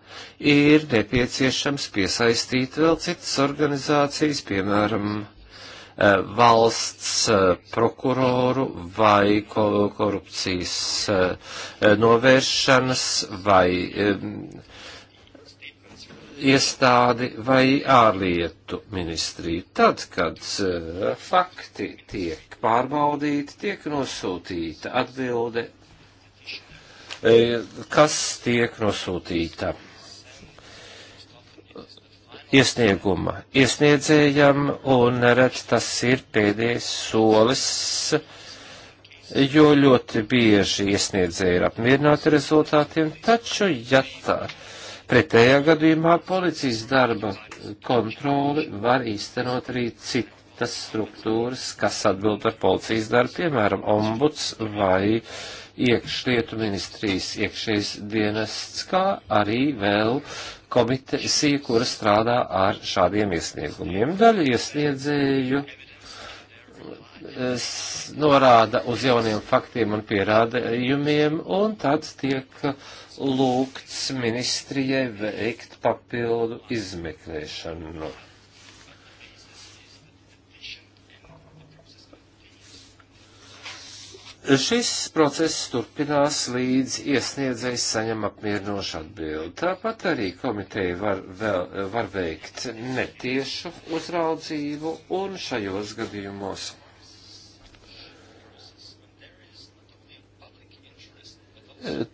ir nepieciešams piesaistīt vēl citas organizācijas, piemēram, Eh, valsts eh, prokuroru vai korupcijas eh, novēršanas vai iestādi vai ārlietu ministriju. Tad, kad fakti tiek pārbaudīti, tiek nosūtīta atbilde, kas tiek nosūtīta iesnieguma iesniedzējam, un redz, tas ir pēdējais solis, jo ļoti bieži iesniedzēji ir apmierināti rezultātiem, taču, ja tā pretējā gadījumā policijas darba kontroli var īstenot arī citas struktūras, kas atbild par policijas darbu, piemēram, ombuds vai iekšlietu ministrijas iekšējais dienests, kā arī vēl komiteja, kura strādā ar šādiem iesniegumiem. Daļa iesniedzēju norāda uz jauniem faktiem un pierādījumiem, un tad tiek lūgts ministrijai veikt papildu izmeklēšanu. Šis process turpinās līdz iesniedzējs saņem apmierinošu atbildi. Tāpat arī komiteja var, vēl, var veikt netiešu uzraudzību un šajos gadījumos.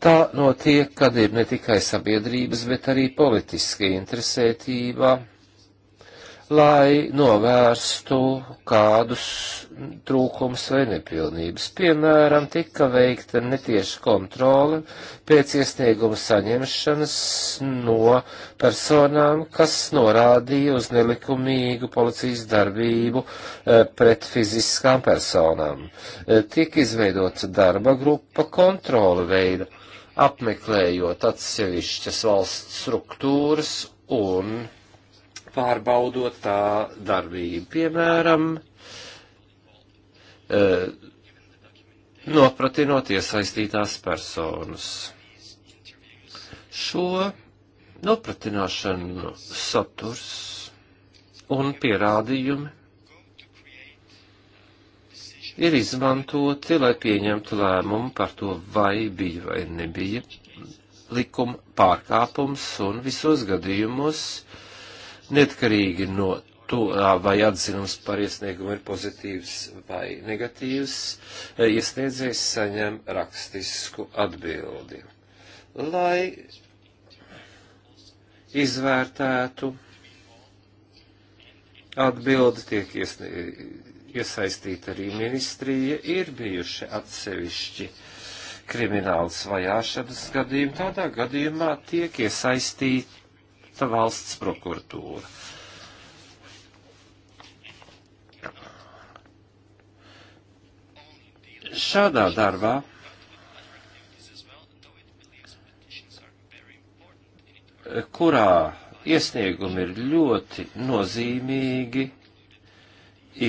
Tā notiek, kad ir ne tikai sabiedrības, bet arī politiska interesētība lai novērstu kādus trūkums vai nepilnības. Piemēram, tika veikta netieša kontrole pēc iesnieguma saņemšanas no personām, kas norādīja uz nelikumīgu policijas darbību eh, pret fiziskām personām. Eh, tika izveidota darba grupa kontrole veida, apmeklējot atsevišķas valsts struktūras un pārbaudot tā darbību. Piemēram, e, nopratinot iesaistītās personas. Šo nopratināšanu saturs un pierādījumi ir izmantoti, lai pieņemtu lēmumu par to, vai bija vai nebija likuma pārkāpums, un visos gadījumos uh, Netkarīgi no to, vai atzinums par iesniegumu ir pozitīvs vai negatīvs, iesniedzējs saņem rakstisku atbildi. Lai izvērtētu atbildi, tiek iesaistīta arī ministrija, ir bijuši atsevišķi krimināls vajāšanas gadījumi. Tādā gadījumā tiek iesaistīti atbalsta valsts prokuratūra. Šādā darbā kurā iesniegumi ir ļoti nozīmīgi,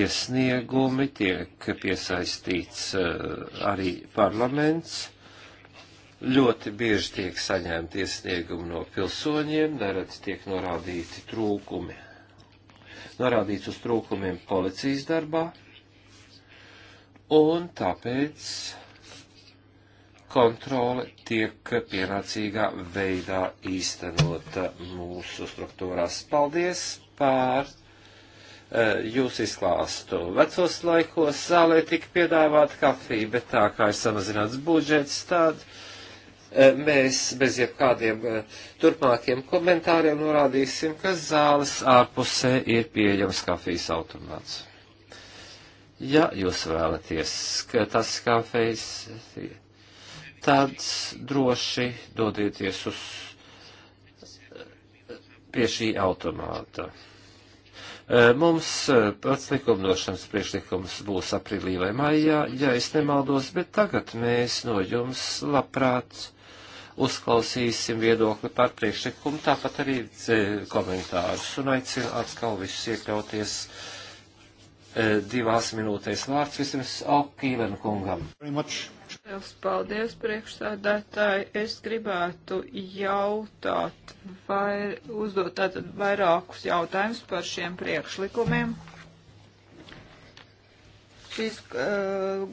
iesniegumi tiek piesaistīts eh, arī parlaments, Ļoti bieži tiek saņemti iesniegumi no pilsoņiem, neredz tiek norādīti trūkumi. Norādīts uz trūkumiem policijas darbā, un tāpēc kontrole tiek pienācīgā veidā īstenota mūsu struktūrās. Paldies pār eh, jūs izklāstu. Vecos laikos zālē tika piedāvāta kafija, bet tā kā ir samazināts budžets, tad. Tād Eh, mēs bez jebkādiem eh, turpmākiem komentāriem norādīsim, ka zāles ārpusē ir pieejams kafijas automāts. Ja jūs vēlaties, ka tas kafejs, tad droši dodieties uz eh, pie šī automāta. Mums pats likumdošanas priekšlikums būs aprīlī vai maijā, ja es nemaldos, bet tagad mēs no jums labprāt uzklausīsim viedokli par priekšlikumu, tāpat arī komentārus un aicinu atkal visus iekļauties e, divās minūtēs vārds vismaz Okīven kungam. Liels paldies, priekšsēdētāji. Es gribētu jautāt, vai uzdot tātad vairākus jautājumus par šiem priekšlikumiem. Šis uh,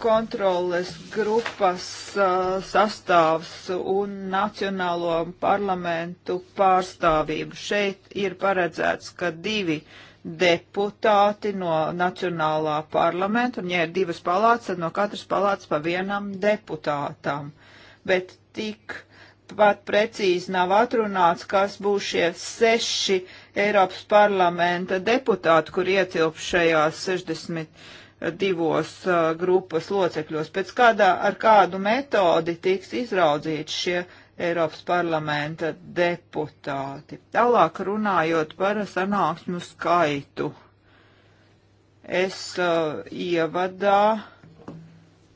kontroles grupas uh, sastāvs un nacionālo parlamentu pārstāvību. Šeit ir paredzēts, ka divi deputāti no nacionālā parlamenta, un ja ir divas palātas, tad no katras palātas pa vienam deputātam. Bet tik pat precīzi nav atrunāts, kas būs šie seši Eiropas parlamenta deputāti, kur ietilp šajās 60 divos uh, grupas locekļos, pēc kādā ar kādu metodi tiks izraudzīti šie Eiropas parlamenta deputāti. Tālāk runājot par sanāksmu skaitu. Es uh, ievadā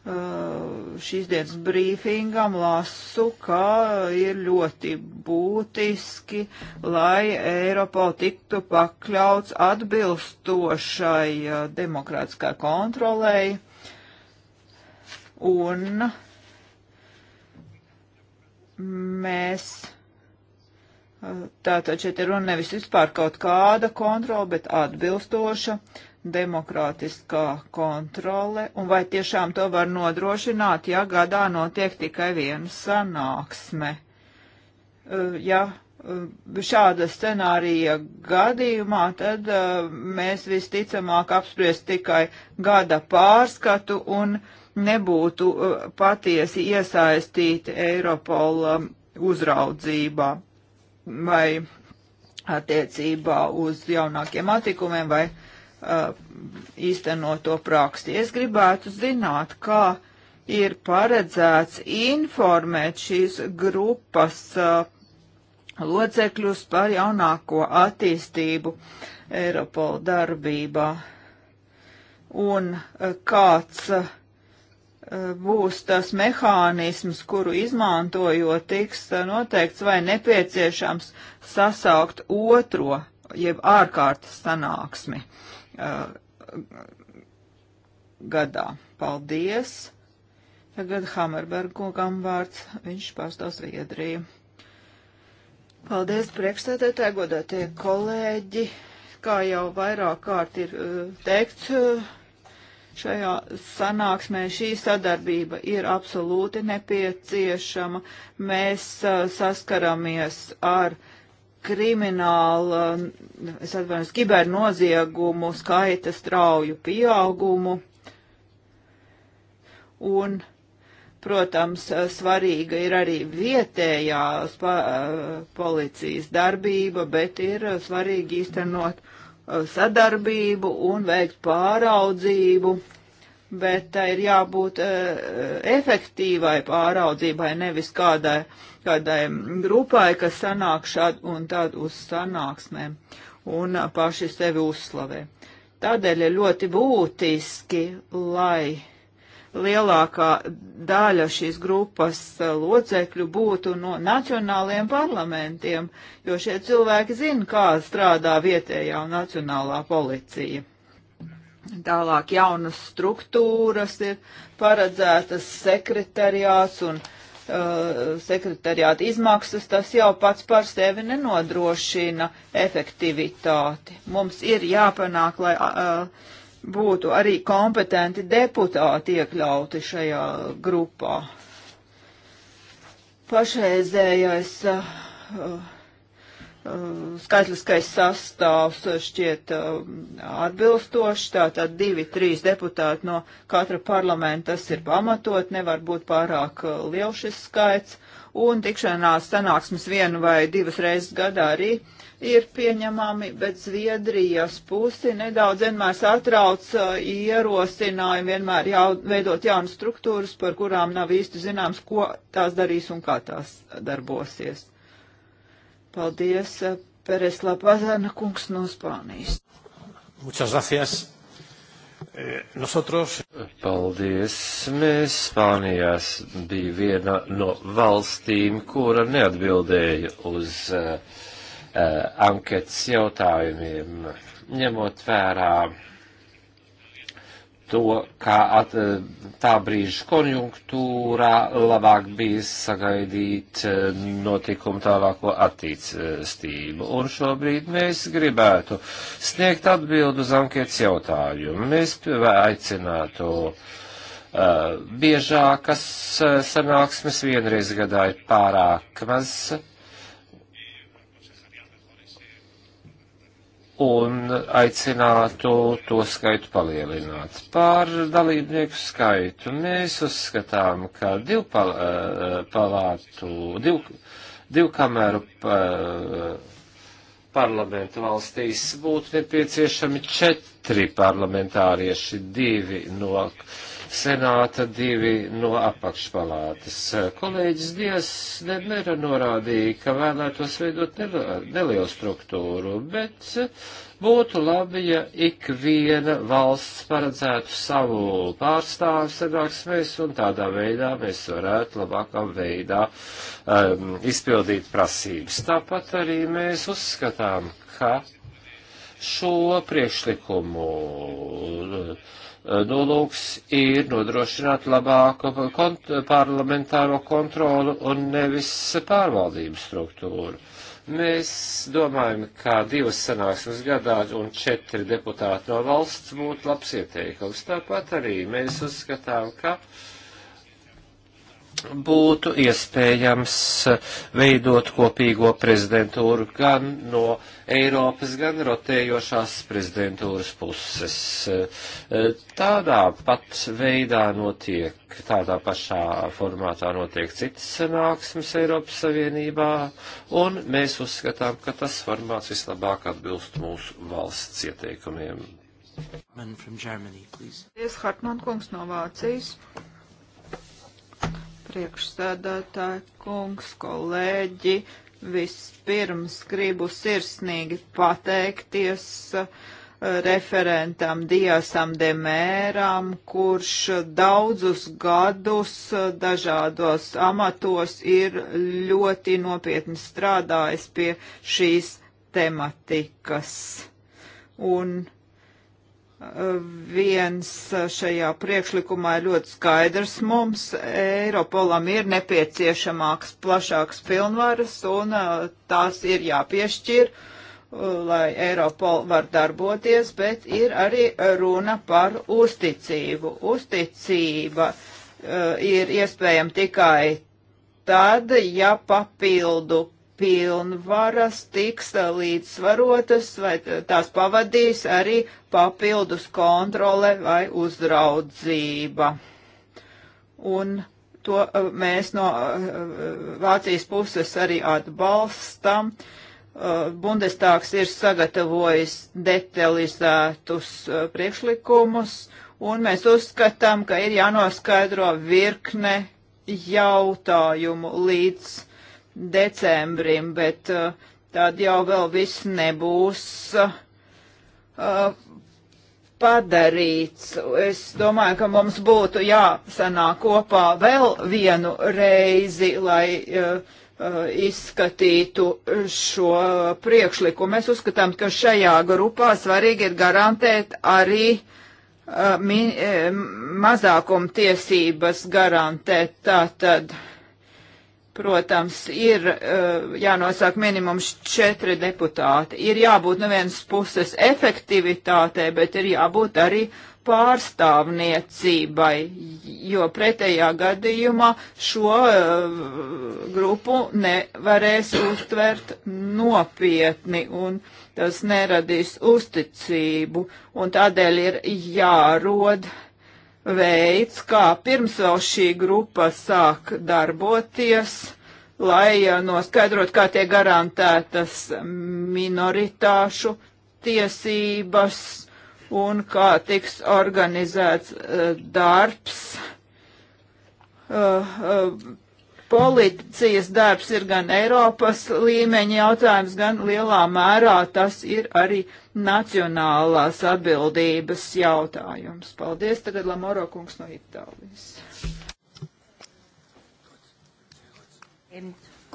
Eh, šīs dienas brīfingam lasu, ka ir ļoti būtiski, lai Eiropol tiktu pakļauts atbilstošai eh, demokrātiskā kontrolei un mēs eh, tātad šeit ir runa nevis vispār kaut kāda kontrola, bet atbilstoša demokrātiskā kontrole, un vai tiešām to var nodrošināt, ja gadā notiek tikai viena sanāksme. Eh, ja eh, šāda scenārija gadījumā, tad eh, mēs visticamāk apspriest tikai gada pārskatu un nebūtu patiesi iesaistīti Eiropola uzraudzībā vai attiecībā uz jaunākiem attikumiem vai Uh, īstenoto praksi. Es gribētu zināt, kā ir paredzēts informēt šīs grupas uh, locekļus par jaunāko attīstību Eiropola darbībā un uh, kāds būs tas mehānisms, kuru izmantojot tiks noteikts vai nepieciešams sasaukt otro, jeb ārkārtas sanāksmi. Uh, uh, gadā. Paldies! Tagad Hamerberga kungam vārds, viņš pārstāv Zviedriju. Paldies, priekšstādētāji, godātie kolēģi! Kā jau vairāk kārt ir uh, teikts, uh, šajā sanāksmē šī sadarbība ir absolūti nepieciešama. Mēs a, uh, saskaramies ar uh, krimināla, es atvainojos, kibernoziegumu skaita strauju pieaugumu. Un, protams, svarīga ir arī vietējā policijas darbība, bet ir svarīgi īstenot uh, sadarbību un veikt pāraudzību bet tai ir jābūt uh, efektīvai pāraudzībai, nevis kādai, kādai grupai, kas sanāk šād un tad uz sanāksmēm un uh, paši sevi uzslavē. Tādēļ ir ļoti būtiski, lai lielākā daļa šīs grupas eh, locekļu būtu no nacionāliem parlamentiem, jo šie cilvēki zina, kā strādā vietējā un nacionālā policija. Tālāk jaunas struktūras ir paredzētas sekretariāts un uh, sekretariāta izmaksas, tas jau pats par sevi nenodrošina efektivitāti. Mums ir jāpanāk, lai uh, būtu arī kompetenti deputāti iekļauti šajā grupā. Pašreizējais uh, Eh, skaitliskais sastāvs šķiet eh, atbilstošs, tātad divi, trīs deputāti no katra parlamenta, tas ir pamatot, nevar būt pārāk eh, liels šis skaits, un tikšanās sanāksmes vienu vai divas reizes gadā arī ir pieņemami, bet Zviedrijas pusi nedaudz vienmēr satrauc ierosinājumi, vienmēr jau, veidot jaunas struktūras, par kurām nav īsti zināms, ko tās darīs un kā tās darbosies. Paldies, eh, Pērēs Lapazana kungs no Spānijas. Muchas gracias. Eh, nosotros. Paldies. Mēs Spānijās bija viena no valstīm, kura neatbildēja uz uh, uh, anketas jautājumiem, ņemot vērā uh, to, ka at, tā brīža konjunktūrā labāk bija sagaidīt eh, notikumu tālāko attīstību. Un šobrīd mēs gribētu sniegt atbildu uz anketas jautājumu. Mēs aicinātu uh, biežākas eh, sanāksmes, vienreiz gadā ir pārāk maz un aicinātu to skaitu palielināt. Par dalībnieku skaitu mēs uzskatām, ka divpalātu, eh, div, divkameru eh, parlamentu valstīs būtu nepieciešami četri parlamentārieši, divi no uh, senāta, divi no apakšpalātas. Kolēģis Dievs Demera norādīja, ka vēlētos veidot nelielu struktūru, bet būtu labi, ja ik viena valsts paredzētu savu pārstāvu sanāksmēs, un tādā veidā mēs varētu labākā veidā um, izpildīt prasības. Tāpat arī mēs uzskatām, ka šo priekšlikumu Eh, nolūks ir nodrošināt labāku kont parlamentāro kontrolu un nevis pārvaldības struktūru. Mēs domājam, ka divas sanāksmes gadā un četri deputāti no valsts būtu labs ieteikums. Tāpat arī mēs uzskatām, ka uh, būtu iespējams veidot kopīgo prezidentūru gan no Eiropas, gan rotējošās prezidentūras puses. Tādā pat veidā notiek, tādā pašā formātā notiek citas sanāksmes Eiropas Savienībā, un mēs uzskatām, ka tas formāts vislabāk atbilst mūsu valsts ieteikumiem. Man from Germany, please. Yes, Hartmann kungs no Vācijas priekšsēdētāji, kungs, kolēģi. Vispirms gribu sirsnīgi pateikties uh, referentam Diasam Demēram, kurš daudzus gadus uh, dažādos amatos ir ļoti nopietni strādājis pie šīs tematikas. Un viens šajā priekšlikumā ir ļoti skaidrs. Mums Eiropolam ir nepieciešamāks, plašāks pilnvaras, un uh, tās ir jāpiešķir, uh, lai Eiropol var darboties, bet ir arī runa par uzticību. Uzticība uh, ir iespējama tikai tad, ja papildu pilnvaras tiks līdzsvarotas vai tās pavadīs arī papildus kontrole vai uzraudzība. Un to uh, mēs no uh, uh, Vācijas puses arī atbalstam. Bundestāgs ir sagatavojis detalizētus priekšlikumus, un mēs uzskatām, ka ir jānoskaidro virkne jautājumu līdz decembrim, bet uh, tad jau vēl viss nebūs uh, padarīts. Es domāju, ka mums būtu jāsanāk kopā vēl vienu reizi, lai uh, uh izskatītu šo priekšlikumu. Mēs uzskatām, ka šajā grupā svarīgi ir garantēt arī uh, eh, mazākumtiesības garantēt tātad. Uh, protams, ir uh, eh, jānosāk minimums četri deputāti. Ir jābūt no vienas puses efektivitātei, bet ir jābūt arī pārstāvniecībai, jo pretējā gadījumā šo uh, grupu nevarēs uztvert nopietni un tas neradīs uzticību, un tādēļ ir jārod uh, veids, kā pirms vēl šī grupa sāk darboties, lai eh, noskaidrot, kā tiek garantētas minoritāšu tiesības un kā tiks organizēts eh, darbs eh, policijas darbs ir gan Eiropas līmeņa jautājums, gan lielā mērā tas ir arī nacionālās atbildības jautājums. Paldies, tagad Lamoro kungs no Itālijas.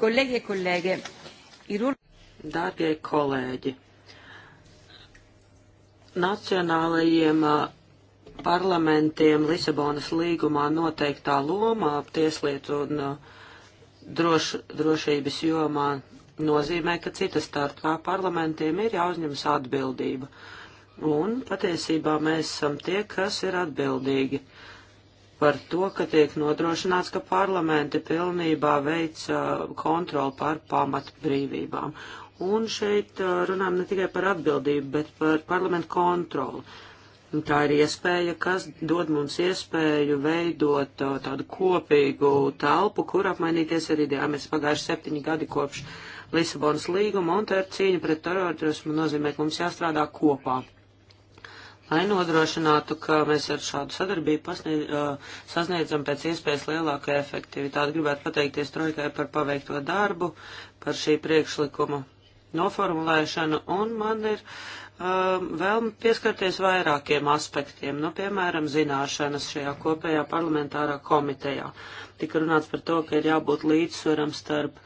Kolēģi, kolēģi, ir un... Dārgie kolēģi, nacionālajiem parlamentiem Lisabonas līgumā noteiktā loma tieslietu un uh, droš, drošības jomā nozīmē, ka citas starpā parlamentiem ir jāuzņemas atbildība. Un patiesībā mēs esam tie, kas ir atbildīgi par to, ka tiek nodrošināts, ka parlamenti pilnībā veic uh, kontroli pār pamatbrīvībām. Un šeit uh, runājam ne tikai par atbildību, bet par parlamentu kontroli. Uh, Un tā ir iespēja, kas dod mums iespēju veidot uh, tādu kopīgu telpu, kur apmainīties ar idejām. Mēs pagājuši septiņi gadi kopš Lisabonas līguma, un tā ir cīņa pret terorismu nozīmē, ka mums jāstrādā kopā. Lai nodrošinātu, ka mēs ar šādu sadarbību pasniedz, uh, sasniedzam pēc iespējas lielāku efektivitāti, gribētu pateikties Trojkai par paveikto darbu, par šī priekšlikuma noformulēšanu, un man ir uh, um, vēlme pieskarties vairākiem aspektiem, nu, piemēram, zināšanas šajā kopējā parlamentārā komitejā. Tika runāts par to, ka ir jābūt līdzsvaram starp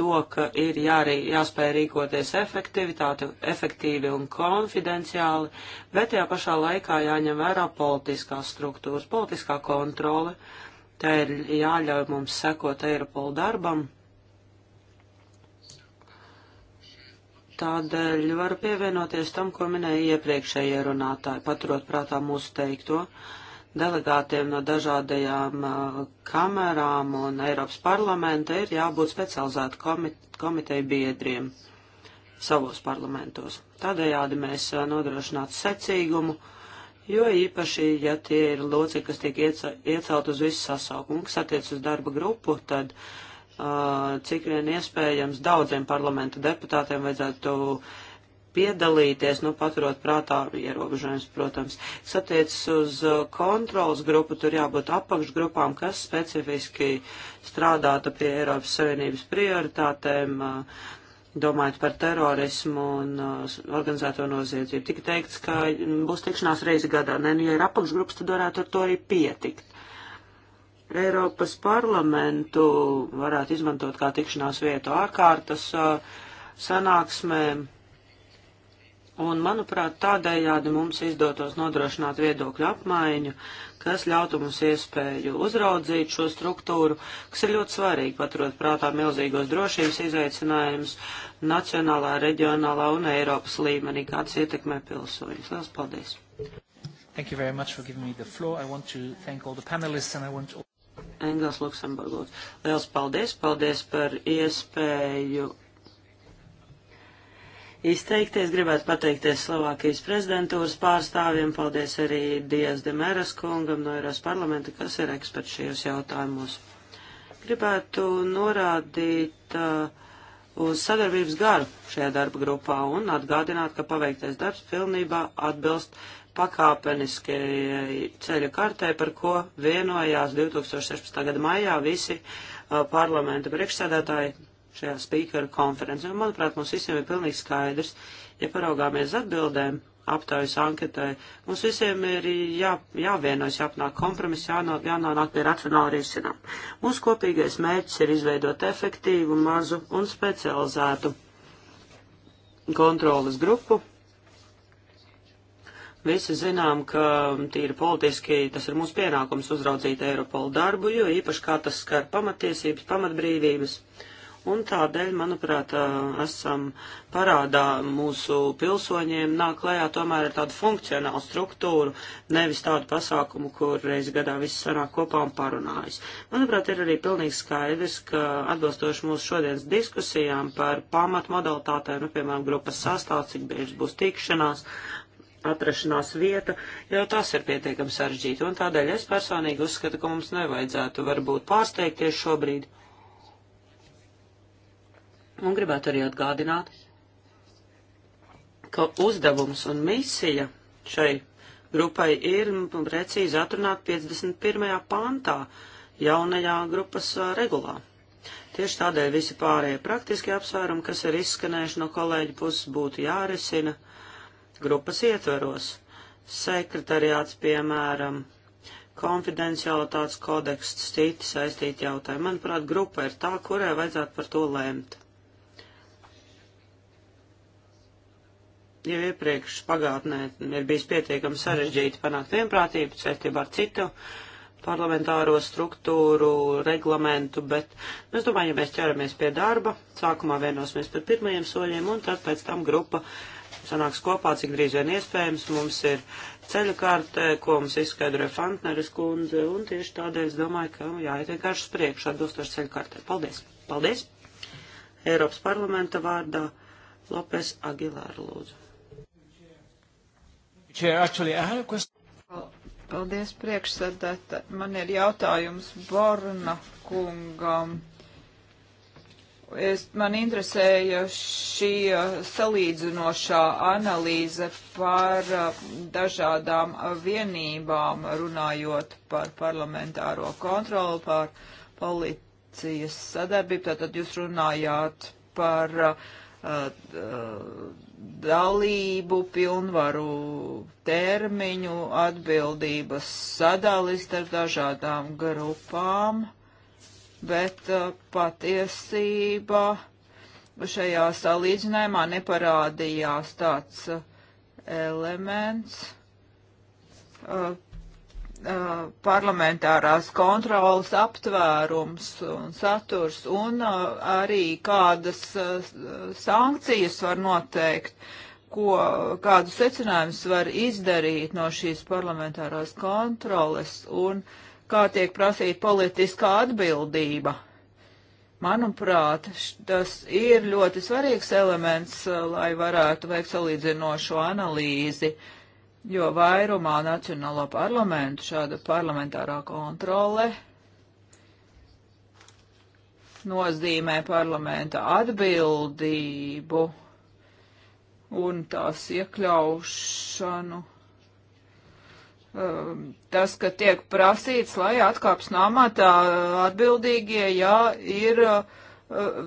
to, ka ir jārī, jāspēj rīkoties efektivitāti, efektīvi un konfidenciāli, bet tajā pašā laikā jāņem vērā politiskās struktūras, politiskā kontrole. Tā ir jāļauj mums sekot Eiropola darbam Tādēļ varu pievienoties tam, ko minēja iepriekšējie runātāji, paturot prātā mūsu teikto. Delegātiem no dažādajām uh, kamerām un Eiropas parlamenta ir jābūt specializētu komite, komiteju biedriem savos parlamentos. Tādējādi mēs uh, nodrošinātu secīgumu, jo īpaši, ja tie ir locekļi, kas tiek iecelt uz visu sasaukumu, kas attiec uz darba grupu, tad uh, cik vien iespējams daudziem parlamenta deputātiem vajadzētu piedalīties, nu, paturot prātā ierobežojums, protams. Kas attiecas uz kontrolas grupu, tur jābūt apakšgrupām, kas specifiski strādātu pie Eiropas Savienības prioritātēm, domājot par terorismu un organizēto noziedzību. Tika teikts, ka būs tikšanās reizi gadā. Nē, nu, ja ir apakšgrupas, tad varētu ar to arī pietikt. Eiropas parlamentu varētu izmantot kā tikšanās vietu ārkārtas uh, sanāksmēm. Un, manuprāt, tādējādi mums izdotos nodrošināt viedokļu apmaiņu, kas ļautu mums iespēju uzraudzīt šo struktūru, kas ir ļoti svarīgi, paturot prātā milzīgos drošības izaicinājumus nacionālā, reģionālā un Eiropas līmenī, kāds ietekmē pilsoņus. Lielas paldies! Thank you very much for giving me the floor. I want to thank all the panelists and I want to... Engels Luksemburgos. Liels paldies, paldies par iespēju izteikties. Gribētu pateikties Slovākijas prezidentūras pārstāvjiem, paldies arī Dievs Demeras kungam no Eiropas parlamenta, kas ir eksperts šajos jautājumos. Gribētu norādīt uh, uz sadarbības garu šajā darba grupā un atgādināt, ka paveiktais darbs pilnībā atbilst pakāpeniskajai ceļa kartē, par ko vienojās 2016. gada maijā visi uh, parlamenta priekšsēdētāji šajā speaker konferencē. Un, manuprāt, mums visiem ir pilnīgi skaidrs, ja paraugāmies atbildēm aptaujas anketai, mums visiem ir jā, jāvienojas, jāpanāk kompromiss, jāno, jānonāk pie racionāla risinājuma. Mūsu kopīgais mērķis ir izveidot efektīvu, mazu un specializētu kontrolas grupu Visi zinām, ka tīri politiski tas ir mūsu pienākums uzraudzīt Eiropolu darbu, jo īpaši kā tas skar pamatiesības, pamatbrīvības. Un tādēļ, manuprāt, esam parādā mūsu pilsoņiem nāk klējā tomēr ar tādu funkcionālu struktūru, nevis tādu pasākumu, kur reiz gadā viss sanāk kopā un parunājas. Manuprāt, ir arī pilnīgi skaidrs, ka atbilstoši mūsu šodienas diskusijām par pamatmodalitātēm, nu, piemēram, grupas sastāvs, cik bieži būs tikšanās, atrašanās vieta, jau tas ir pietiekami sarežģīti, un tādēļ es personīgi uzskatu, ka mums nevajadzētu varbūt pārsteigties šobrīd. Un gribētu arī atgādināt, ka uzdevums un misija šai grupai ir precīzi atrunāt 51. pantā jaunajā grupas regulā. Tieši tādēļ visi pārējie praktiski apsvērumi, kas ir izskanējuši no kolēģi puses, būtu jārisina. Uh, grupas ietveros. Sekretariāts, piemēram, konfidencialitātes kodeksts, citi saistīti jautājumi. Manuprāt, grupa ir tā, kurai vajadzētu par to lēmt. Jau iepriekš pagātnē ir bijis pietiekami sarežģīti panākt vienprātību saistībā ar citu parlamentāro struktūru, reglamentu, bet es domāju, ja mēs ķeramies pie darba, sākumā vienosimies par pirmajiem soļiem un tad pēc tam grupa uh, sanāks kopā, cik drīz vien iespējams. Mums ir ceļa kārta, ko mums izskaidroja Fantneres kundze, un tieši tādēļ es domāju, ka jāiet vienkārši uz priekšu atbilstoši ceļa kārtai. Paldies! Paldies! Eiropas parlamenta vārdā Lopes Agilāra lūdzu. Paldies priekšsēdētāji. Man ir jautājums Borna kungam. Es, man interesēja šī uh, salīdzinošā analīze par uh, dažādām uh, vienībām, runājot par parlamentāro kontroli, par policijas sadarbību. Tātad jūs runājāt par uh, dalību, pilnvaru termiņu, atbildības sadali starp dažādām grupām. Uh, bet uh, patiesībā šajā salīdzinājumā neparādījās tāds uh, elements. Uh, uh parlamentārās kontrolas aptvērums un saturs un uh, arī kādas uh, sankcijas var noteikt, ko, kādu secinājumus var izdarīt no šīs parlamentārās kontroles un uh, kā tiek prasīta politiskā atbildība. Manuprāt, tas ir ļoti svarīgs elements, uh, lai varētu veikt salīdzinošo analīzi, jo vairumā Nacionālo parlamentu šāda parlamentārā kontrole nozīmē parlamenta atbildību un tās iekļaušanu Um, tas, ka tiek prasīts, lai atkāps no amatā uh, atbildīgie, ja ir uh, uh,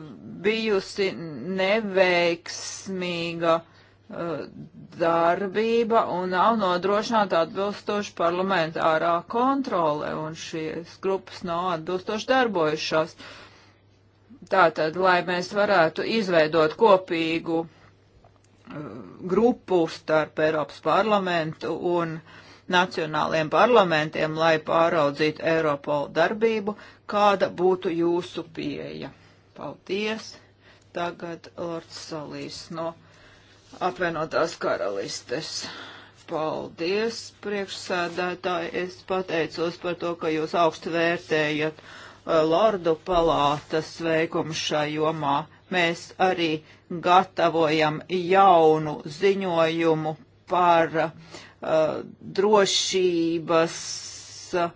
bijusi neveiksmīga darbība un nav nodrošināta atbilstoši parlamentārā kontrole, un šīs grupas nav atbilstoši darbojušās. Tātad, lai mēs varētu izveidot kopīgu grupu starp Eiropas parlamentu un uh, nacionāliem parlamentiem, lai pāraudzītu Eiropolu darbību, kāda būtu jūsu pieeja? Paldies! Tagad Lords Salīs no apvienotās karalistes. Paldies, priekšsēdētāji. Es pateicos par to, ka jūs augstu vērtējat uh, Lordu palātas veikumu šajā jomā. Mēs arī gatavojam jaunu ziņojumu par uh, Uh, drošības uh,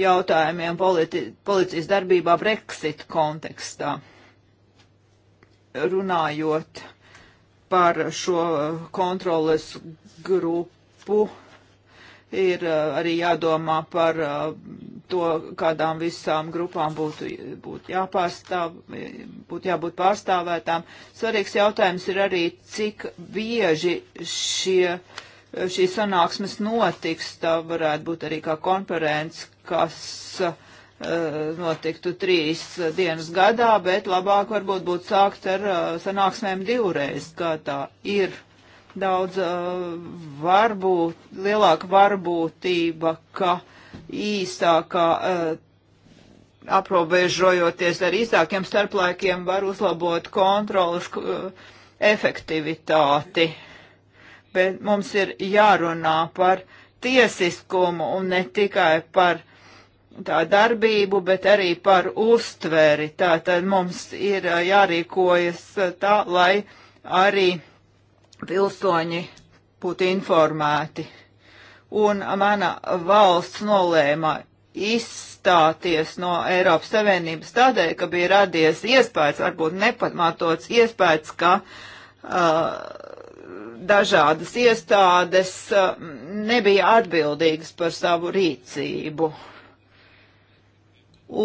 jautājumiem politi policijas darbībā Brexit kontekstā. Runājot par šo kontroles grupu, ir uh, arī jādomā par to, kādām visām grupām būtu, būtu, jāpārstāv, būtu jābūt pārstāvētām. Svarīgs jautājums ir arī, cik bieži šie uh, šīs sanāksmes notiks. Tā varētu būt arī kā konference, kas uh, notiktu trīs dienas gadā, bet labāk varbūt būtu sākt ar uh, sanāksmēm divreiz, kā tā ir. Daudz uh, varbūt, lielāka varbūtība, ka īsākā aprobežojoties ar īsākiem starplaikiem, var uzlabot kontrolu efektivitāti bet mums ir jārunā par tiesiskumu un ne tikai par tā darbību, bet arī par uztveri. Tātad mums ir jārīkojas tā, lai arī pilsoņi būtu informēti. Un mana valsts nolēma izstāties no Eiropas Savienības tādēļ, ka bija radies iespējas, varbūt nepatmātots iespējas, ka uh, dažādas iestādes nebija atbildīgas par savu rīcību.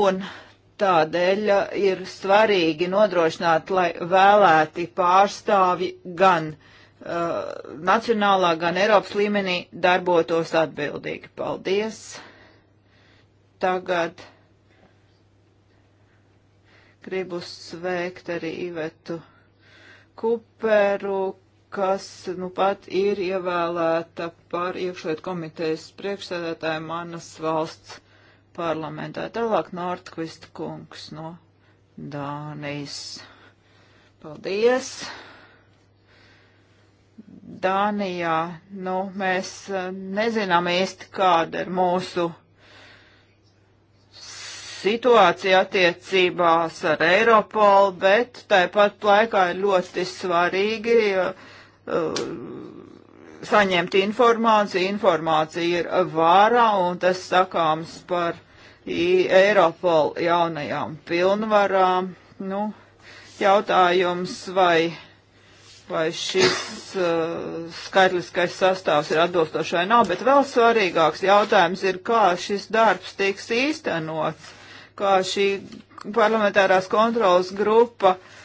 Un tādēļ ir svarīgi nodrošināt, lai vēlēti pārstāvi gan uh, nacionālā, gan Eiropas līmenī darbotos atbildīgi. Paldies! Tagad gribu sveikt arī Ivetu Kuperu, kas nu pat ir ievēlēta par iekšlietu komitejas priekšsēdētāju manas valsts parlamentā. Tālāk Nordkvist kungs no Dānijas. Paldies! Dānijā, nu, mēs eh, nezinām īsti, kāda ir mūsu situācija attiecībās ar Eiropolu, bet tāpat laikā ir ļoti svarīgi uh, Uh, saņemt informāciju, informācija ir vārā un tas sakāms par Eiropol jaunajām pilnvarām. Nu, jautājums, vai, vai šis uh, skaitliskais sastāvs ir atbilstošs vai nav, bet vēl svarīgāks jautājums ir, kā šis darbs tiks īstenots, kā šī parlamentārās kontrolas grupa uh,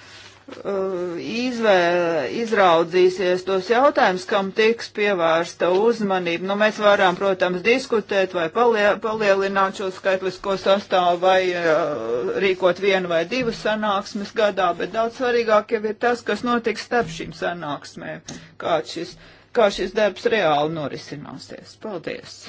Uh, izvēle, izraudzīsies tos jautājumus, kam tiks pievērsta uzmanība. Nu, mēs varam, protams, diskutēt vai palie, palielināt šo skaitlisko sastāvu vai uh, rīkot vienu vai divas sanāksmes gadā, bet daudz svarīgāk jau ir tas, kas notiks starp šīm sanāksmēm, kā šis, kā šis darbs reāli norisināsies. Paldies!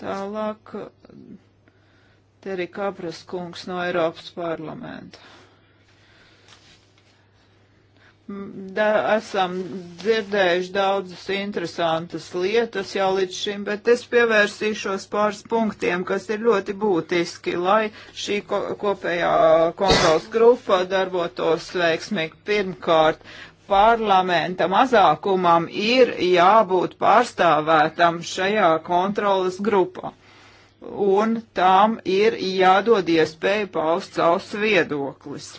Tālāk te arī Kabras kungs no Eiropas parlamenta. Da, esam dzirdējuši daudzas interesantas lietas jau līdz šim, bet es pievērsīšos pāris punktiem, kas ir ļoti būtiski, lai šī ko, kopējā kontrols grupa darbotos veiksmīgi. Pirmkārt, parlamenta mazākumam ir jābūt pārstāvētam šajā kontrolas grupā. Un tām ir jādod iespēju paust savus viedoklis.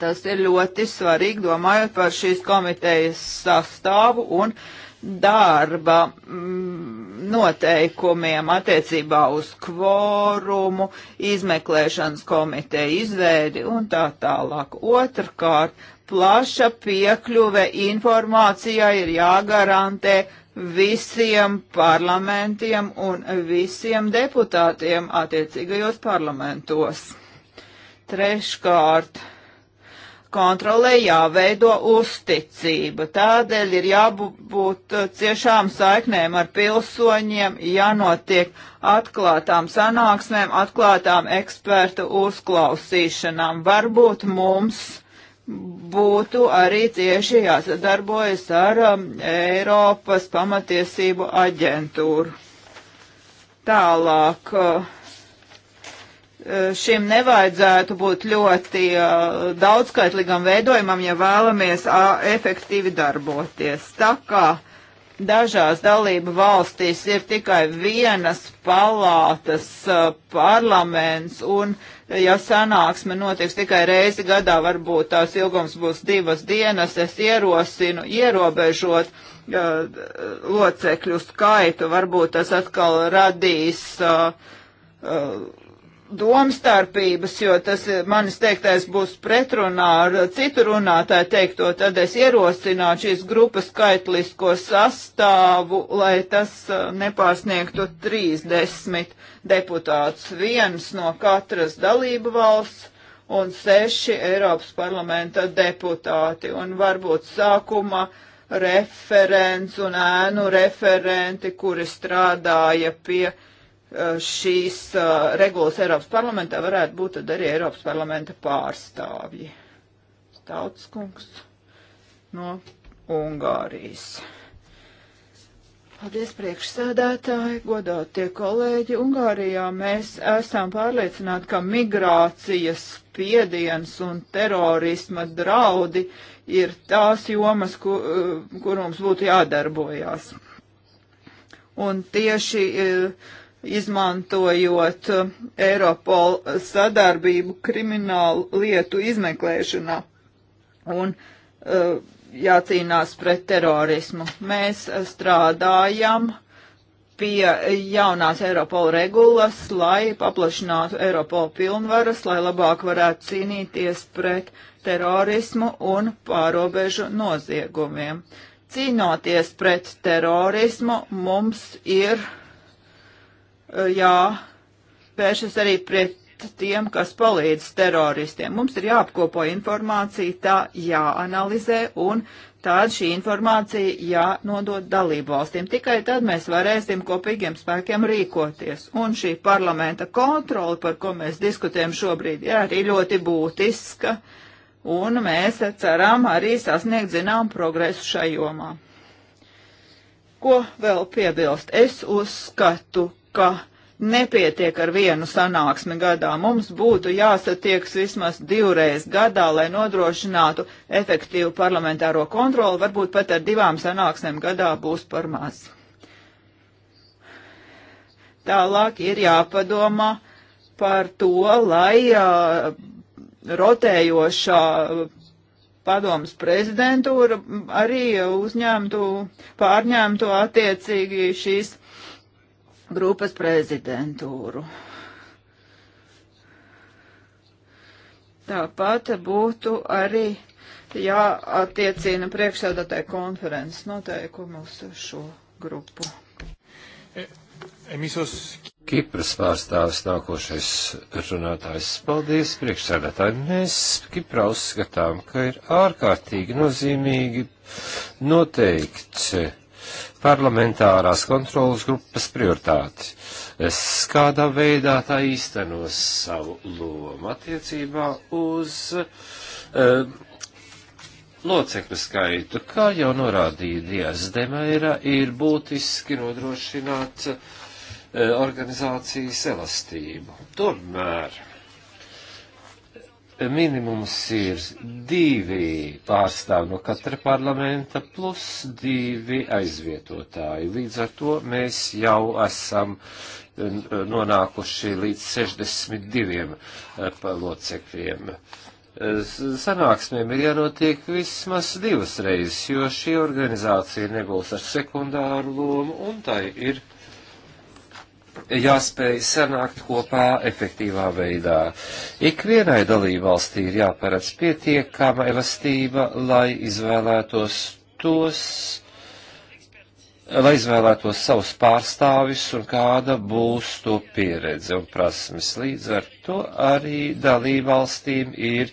Tas ir ļoti svarīgi, domājot par šīs komitejas sastāvu un darba mm, noteikumiem attiecībā uz kvorumu, izmeklēšanas komiteju izveidi un tā tālāk. Otrkārt, plaša piekļuve informācijai ir jāgarantē visiem parlamentiem un visiem deputātiem attiecīgajos parlamentos. Treškārt, kontrolē jāveido uzticība. Tādēļ ir jābūt ciešām saiknēm ar pilsoņiem, jānotiek atklātām sanāksmēm, atklātām ekspertu uzklausīšanām. Varbūt mums būtu arī cieši jāsadarbojas ar um, Eiropas pamatiesību aģentūru. Tālāk. Uh, šim nevajadzētu būt ļoti uh, daudzskaitlīgam veidojumam, ja vēlamies uh, efektīvi darboties. Tā kā uh, Dažās dalība valstīs ir tikai vienas palātas uh, parlaments, un uh, ja sanāksme notiks tikai reizi gadā, varbūt tās ilgums būs divas dienas, es ierosinu ierobežot uh, locekļu skaitu, varbūt tas atkal radīs uh, uh domstarpības, jo tas eh, manis teiktais būs pretrunā ar citu runātāju teikto, tad es ierosinātu šīs grupas skaitlisko sastāvu, lai tas eh, nepārsniegtu 30 deputātus, viens no katras dalību valsts un seši Eiropas parlamenta deputāti. Un varbūt sākuma referents un ēnu referenti, kuri strādāja pie Eh, šīs eh, regulas Eiropas parlamentā varētu būt tad arī Eiropas parlamenta pārstāvji. Tautskungs no Ungārijas. Paldies priekšsēdētāji, godātie kolēģi. Ungārijā mēs esam pārliecināti, ka migrācijas spiediens un terorisma draudi ir tās jomas, kur, eh, kur mums būtu jādarbojās. Un tieši uh, izmantojot uh, Eiropol sadarbību kriminālu lietu izmeklēšanā un uh, jācīnās pret terorismu. Mēs strādājam pie jaunās Eiropola regulas, lai paplašinātu Eiropola pilnvaras, lai labāk varētu cīnīties pret terorismu un pārobežu noziegumiem. Cīnoties pret terorismu, mums ir Eh, jā, vēršas arī pret tiem, kas palīdz teroristiem. Mums ir jāapkopo informācija, tā jāanalizē un tāda šī informācija jānodod dalību valstīm. Tikai tad mēs varēsim kopīgiem spēkiem rīkoties. Un šī parlamenta kontrola, par ko mēs diskutējam šobrīd, ir arī ļoti būtiska. Un mēs ceram arī sasniegt zinām progresu šajā jomā. Ko vēl piebilst? Es uzskatu, ka nepietiek ar vienu sanāksmi gadā. Mums būtu jāsatieks vismaz divreiz gadā, lai nodrošinātu efektīvu parlamentāro kontroli. Varbūt pat ar divām sanāksmēm gadā būs par maz. Tālāk ir jāpadomā par to, lai uh, rotējošā padomas prezidentūra arī uzņemtu, pārņemtu attiecīgi šīs grupas prezidentūru. Tāpat būtu arī jāattiecina priekšsēdētāja konferences noteikumi uz šo grupu. E, Emisos Kipras pārstāvis nākošais runātājs. Paldies, priekšsēdētāji. Mēs Kiprā uzskatām, ka ir ārkārtīgi nozīmīgi noteikt parlamentārās kontrolas grupas prioritāti. Es kādā veidā tā īstenos savu lomu attiecībā uz um, locekļu skaitu, kā jau norādīja Dijas Demēra, ir būtiski nodrošināt uh, organizācijas elastību. Tomēr minimums ir divi pārstāvi no katra parlamenta plus divi aizvietotāji. Līdz ar to mēs jau esam nonākuši līdz 62 eh, locekļiem. Sanāksmēm ir jānotiek vismaz divas reizes, jo šī organizācija nebūs ar sekundāru lomu un tai ir jāspēj sanākt kopā efektīvā veidā. Ikvienai dalībvalstī ir jāparedz pietiekama elastība, lai izvēlētos tos, lai izvēlētos savus pārstāvis un kāda būs to pieredze un prasmes. Līdz ar to arī dalībvalstīm ir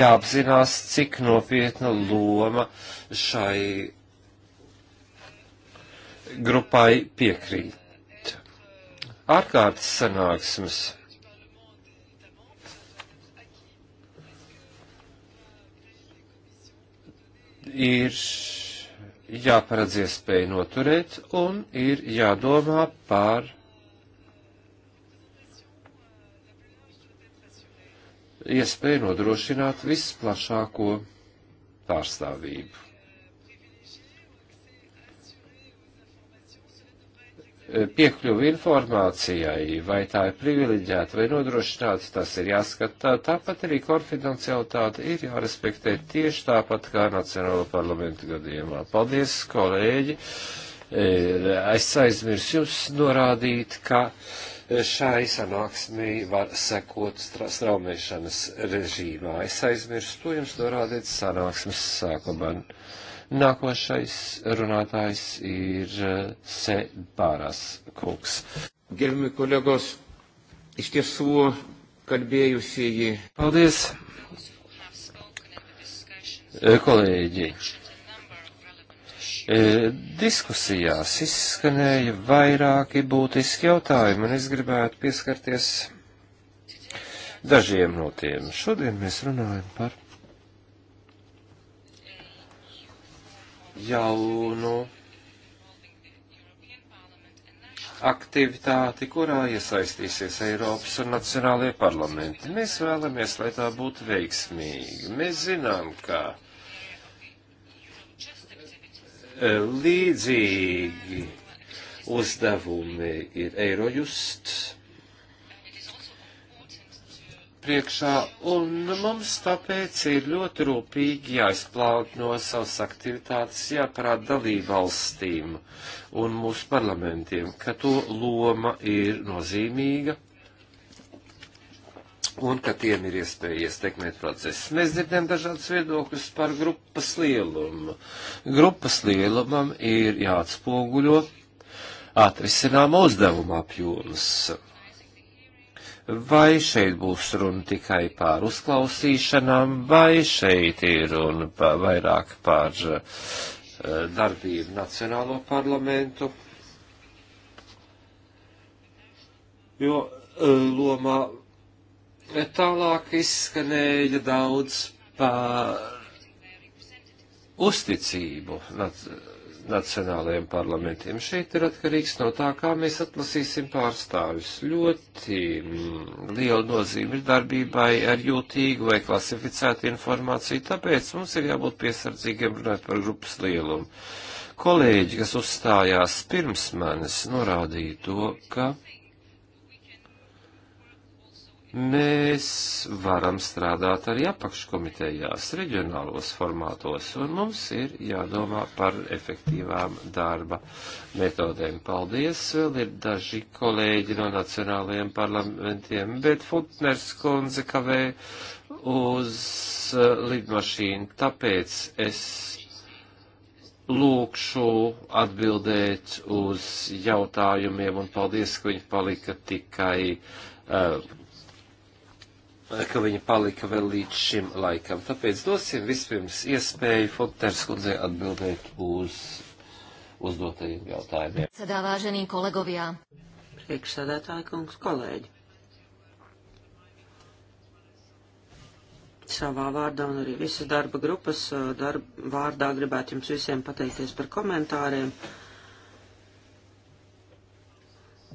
jāapzinās, cik nopietna loma šai grupai piekrīt ārkārtas sanāksmes. Ir jāparedz iespēja noturēt un ir jādomā par iespēju nodrošināt visplašāko pārstāvību. piekļuvi informācijai, vai tā ir privileģēta vai nodrošināta, tas ir jāskatā. Tāpat arī konfidencialitāte ir jārespektē tieši tāpat kā Nacionālo parlamentu gadījumā. Paldies, kolēģi! E, es aizmirsu jums norādīt, ka šai sanāksmī var sekot stra straumēšanas režīmā. Es aizmirsu to jums norādīt sanāksmes sākumā. Nākošais runātājs ir eh, Sebāras kungs. Gerbimi kolegos, iš tiesų kalbėjusieji. Paldies, eh, kolēģi. Eh, diskusijās izskanēja vairāki būtiski jautājumi, un es gribētu pieskarties dažiem no tiem. Šodien mēs runājam par jaunu aktivitāti, kurā iesaistīsies Eiropas un Nacionālajie parlamenti. Mēs vēlamies, lai tā būtu veiksmīga. Mēs zinām, ka e, līdzīgi uzdevumi ir Eirojusts priekšā, un mums tāpēc ir ļoti rūpīgi jāizplaut no savas aktivitātes, jāparāda dalībvalstīm un mūsu parlamentiem, ka to loma ir nozīmīga un ka tiem ir iespēja iestekmēt procesu. Mēs dzirdējam dažādas viedokļas par grupas lielumu. Grupas lielumam ir jāatspoguļo atrisinām uzdevuma apjoms vai šeit būs runa tikai pār uzklausīšanām, vai šeit ir runa pa, vairāk par eh, darbību Nacionālo parlamentu. Jo eh, lomā e tālāk izskanēja daudz par uzticību. Nac nacionālajiem parlamentiem. Šeit ir atkarīgs no tā, kā mēs atlasīsim pārstāvis. Ļoti mm, liela nozīme ir darbībai ar jūtīgu vai klasificētu informāciju, tāpēc mums ir jābūt piesardzīgiem runāt par grupas lielumu. Kolēģi, kas uzstājās pirms manis, norādīja to, ka Mēs varam strādāt arī apakškomitejās, reģionālos formātos, un mums ir jādomā par efektīvām darba metodēm. Paldies, vēl ir daži kolēģi no nacionālajiem parlamentiem, bet Futners kundze kavē uz uh, lidmašīnu, tāpēc es lūkšu atbildēt uz jautājumiem, un paldies, ka viņi palika tikai. Uh, ka viņa palika vēl līdz šim laikam. Tāpēc dosim vispirms iespēju Fontērs kundzei atbildēt uz uzdotajiem jautājumiem. Sadāvā ženī kolegovijā. Priekšsādātāja kungs kolēģi. Savā vārdā un arī visas darba grupas uh, darb, vārdā gribētu jums visiem pateikties par komentāriem.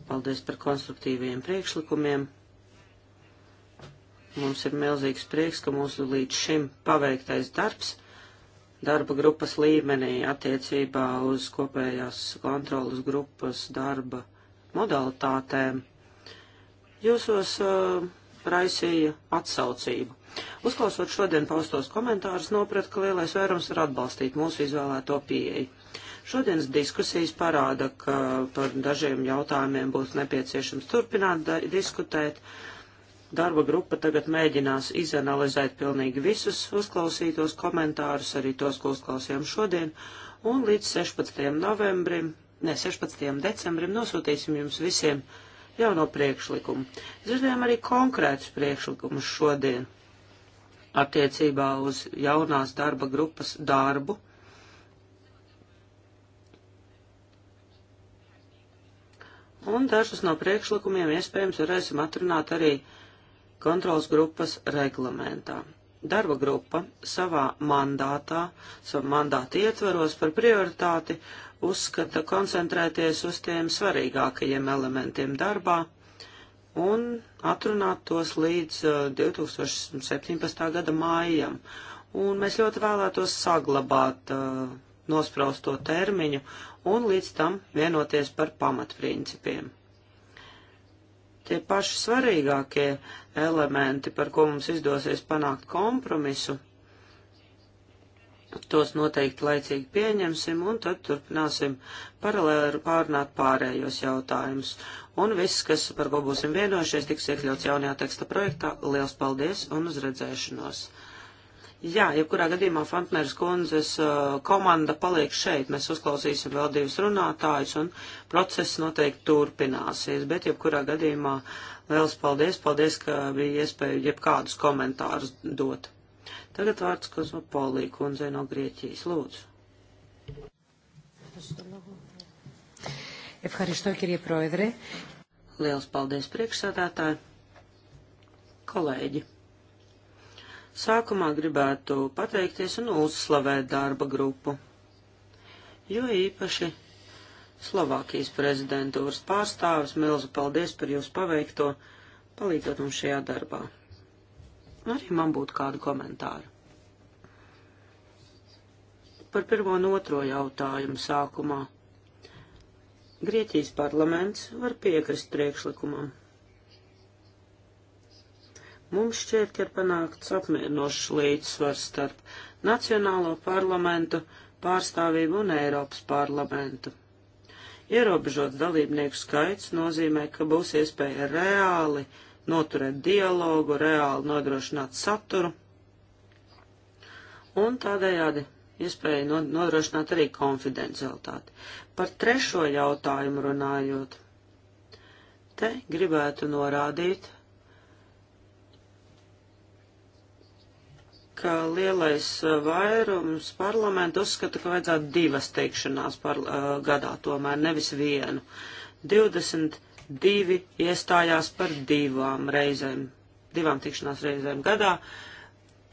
Paldies par konstruktīviem priekšlikumiem. Mums ir milzīgs prieks, ka mūsu līdz šim paveiktais darbs darba grupas līmenī attiecībā uz kopējās kontrolas grupas darba modalitātēm jūsos uh, raisīja atsaucību. Uzklausot šodien paustos komentārus, noprat, ka lielais vairums var atbalstīt mūsu izvēlēto pieeju. Šodienas diskusijas parāda, ka par dažiem jautājumiem būs nepieciešams turpināt diskutēt, Darba grupa tagad mēģinās izanalizēt pilnīgi visus uzklausītos komentārus, arī tos, ko uzklausījām šodien, un līdz 16. novembrim, ne 16. decembrim nosūtīsim jums visiem jauno priekšlikumu. Dzirdējām arī konkrētus priekšlikumus šodien attiecībā uz jaunās darba grupas darbu. Un dažus no priekšlikumiem iespējams varēsim atrunāt arī kontrols grupas reglamentā. Darba grupa savā mandātā, savā mandāta ietvaros par prioritāti uzskata koncentrēties uz tiem svarīgākajiem elementiem darbā un atrunāt tos līdz 2017. Uh, gada mājam. Un mēs ļoti vēlētos saglabāt uh, nospraustu termiņu un līdz tam vienoties par pamatprincipiem tie paši svarīgākie elementi, par ko mums izdosies panākt kompromisu, tos noteikti laicīgi pieņemsim un tad turpināsim paralēli pārnāt pārējos jautājumus. Un viss, kas par ko būsim vienojušies, tiks iekļauts jaunajā teksta projektā. Liels paldies un uz redzēšanos! Jā, jebkurā gadījumā Fantneres kundzes uh, komanda paliek šeit. Mēs uzklausīsim vēl divus runātājus un process noteikti turpināsies. Bet jebkurā gadījumā liels paldies. Paldies, ka bija iespēja jebkādus komentārus dot. Tagad vārds Kozmopolī kundzei no Grieķijas. Lūdzu. Liels paldies priekšsādātāji. Kolēģi. Sākumā gribētu pateikties un uzslavēt darba grupu, jo īpaši Slovākijas prezidentūras pārstāvis milzu paldies par jūsu paveikto, palīdzot mums šajā darbā. Arī man būtu kādi komentāri. Par pirmo un otro jautājumu sākumā. Grieķijas parlaments var piekrist priekšlikumam. Mums šķiet, ka ir panākts apmierinošs līdzsvars starp Nacionālo parlamentu pārstāvību un Eiropas parlamentu. Ierobežots dalībnieku skaits nozīmē, ka būs iespēja reāli noturēt dialogu, reāli nodrošināt saturu un tādējādi iespēja nodrošināt arī konfidencialitāti. Par trešo jautājumu runājot, te gribētu norādīt, ka lielais uh, vairums parlamentu uzskata, ka vajadzētu divas teikšanās par, uh, gadā, tomēr nevis vienu. 22 iestājās par divām reizēm, divām tikšanās reizēm gadā,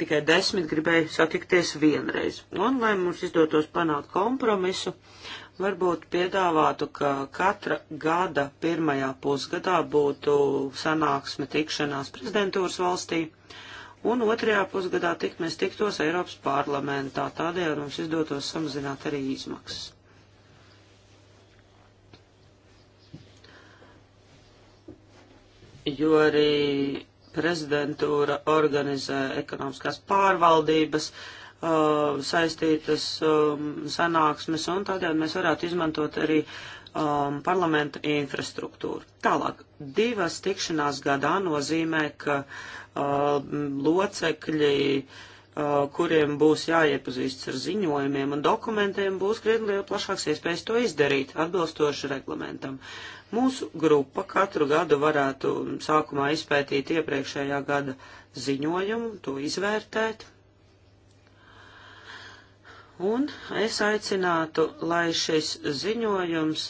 tikai desmit gribēja satikties vienreiz. Un, lai mums izdotos panākt kompromisu, varbūt piedāvātu, ka katra gada pirmajā pusgadā būtu sanāksme tikšanās prezidentūras valstī. Uh, un otrajā pusgadā tik mēs tiktos Eiropas parlamentā, tādējādi mums izdotos samazināt arī izmaksas. Jo arī prezidentūra organizē ekonomiskās pārvaldības uh, saistītas um, sanāksmes, un tādēļ mēs varētu izmantot arī um, parlamenta infrastruktūru. Tālāk, divas tikšanās gadā nozīmē, ka uh, Uh, locekļi, uh, kuriem būs jāiepazīstas ar ziņojumiem un dokumentiem, būs krietni plašāks iespējas to izdarīt atbilstoši reglamentam. Mūsu grupa katru gadu varētu sākumā izpētīt iepriekšējā gada ziņojumu, to izvērtēt. Un es aicinātu, lai šis ziņojums,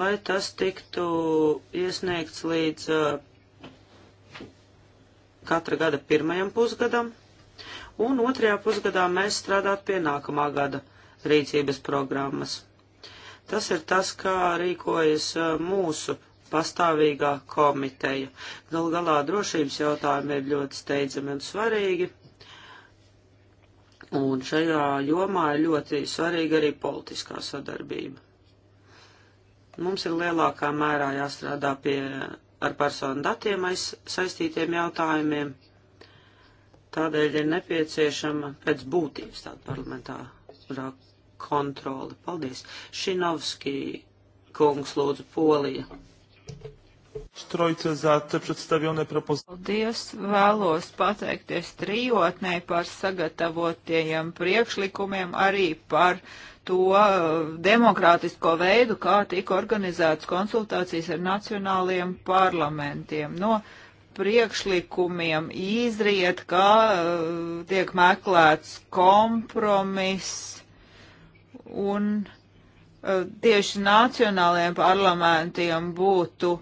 lai tas tiktu iesniegts līdz uh, katra gada pirmajam pusgadam, un otrajā pusgadā mēs strādāt pie nākamā gada rīcības programmas. Tas ir tas, kā rīkojas mūsu pastāvīgā komiteja. Gal galā drošības jautājumi ir ļoti steidzami un svarīgi, un šajā jomā ir ļoti svarīga arī politiskā sadarbība. Mums ir lielākā mērā jāstrādā pie ar personu datiem aiz, saistītiem jautājumiem. Tādēļ ir nepieciešama pēc būtības tāda parlamentārā kontrole. Paldies. Šinovski kungs lūdzu Polija. Štrojce za te predstavione propozīcijas. Paldies, vēlos pateikties trijotnē par sagatavotajiem priekšlikumiem, arī par to eh, demokrātisko veidu, kā tika organizētas konsultācijas ar nacionāliem parlamentiem. No priekšlikumiem izriet, kā eh, tiek meklēts kompromiss un eh, tieši nacionālajiem parlamentiem būtu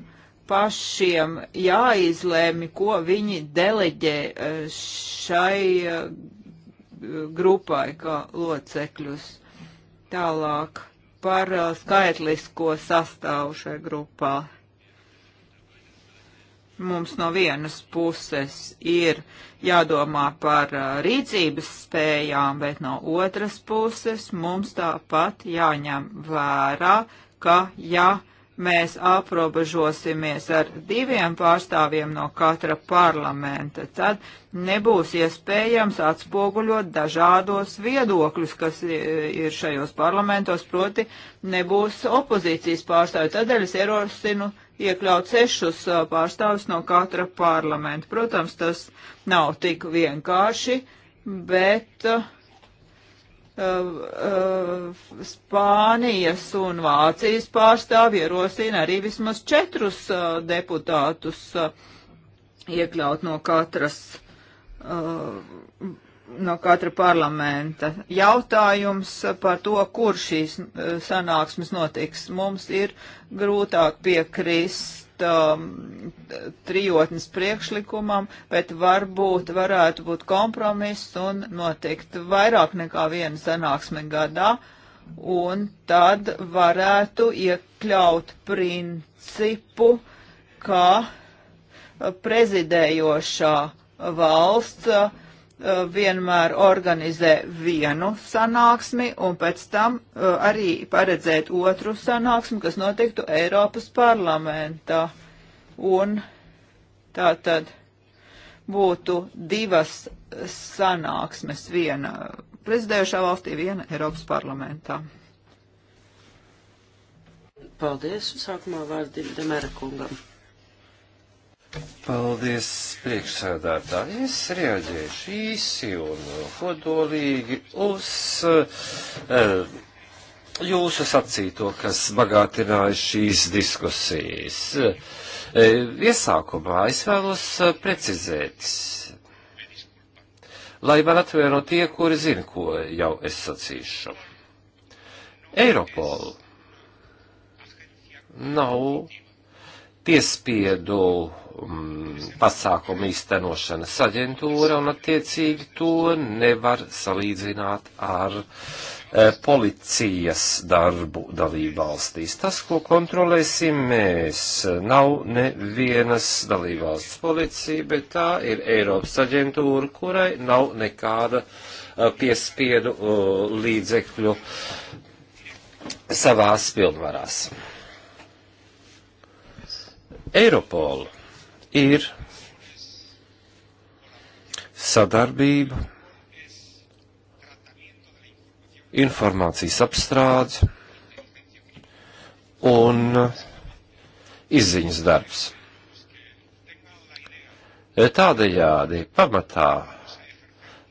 pašiem jāizlēmi, ko viņi deleģē šai grupai kā locekļus. Tālāk par uh, skaitlisko sastāvu šajā grupā. Mums no vienas puses ir jādomā par uh, rīcības spējām, bet no otras puses mums tāpat jāņem vērā, ka ja uh, mēs aprobežosimies ar diviem pārstāvjiem no katra parlamenta, tad nebūs iespējams atspoguļot dažādos viedokļus, kas ir šajos parlamentos, proti nebūs opozīcijas pārstāvju. Tādēļ es ierosinu iekļaut sešus pārstāvjus no katra parlamenta. Protams, tas nav tik vienkārši, bet uh, Uh, uh, Spānijas un Vācijas pārstāvji ierosina arī vismaz četrus uh, deputātus iekļaut no katras no katra parlamenta. Jautājums par to, kur šīs sanāksmes notiks, mums ir grūtāk piekrist nonākt um, trijotnes priekšlikumam, bet varbūt varētu būt kompromiss un notikt vairāk nekā viena sanāksme gadā, un tad varētu iekļaut principu, ka prezidējošā valsts uh, Uh, vienmēr organizē vienu sanāksmi un pēc tam uh, arī paredzēt otru sanāksmi, kas notiktu Eiropas parlamentā. Un tā tad būtu divas sanāksmes, viena prezidējušā valstī, viena Eiropas parlamentā. Paldies, sākumā vārdi Demēra kungam. Paldies, priekšsēdētāji. Es reaģēšu īsi un kodolīgi uz uh, jūsu sacīto, kas bagātināja šīs diskusijas. Uh, iesākumā es vēlos eh, precizēt, lai man atvēro tie, kuri zina, ko jau es sacīšu. Eiropolu nav piespiedu Mm, pasākumu īstenošanas aģentūra, un attiecīgi to nevar salīdzināt ar e, policijas darbu dalībvalstīs. Tas, ko kontrolēsim mēs, nav nevienas dalībvalsts policija, bet tā ir Eiropas aģentūra, kurai nav nekāda e, piespiedu e, līdzekļu savās pilnvarās. Eiropolu ir sadarbība, informācijas apstrāde un izziņas darbs. Tādējādi pamatā,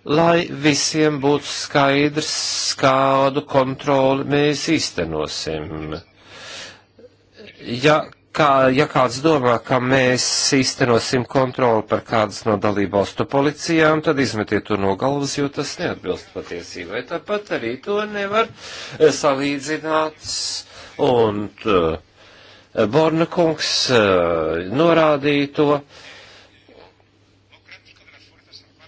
lai visiem būtu skaidrs, kādu kontroli mēs īstenosim. Ja kā, ja kāds domā, ka mēs īstenosim kontroli par kādas no dalībvalstu policijām, tad izmetiet to no galvas, jo tas neatbilst patiesībai. Tāpat arī to nevar eh, salīdzināt. Un uh, Borna kungs uh, norādīja to.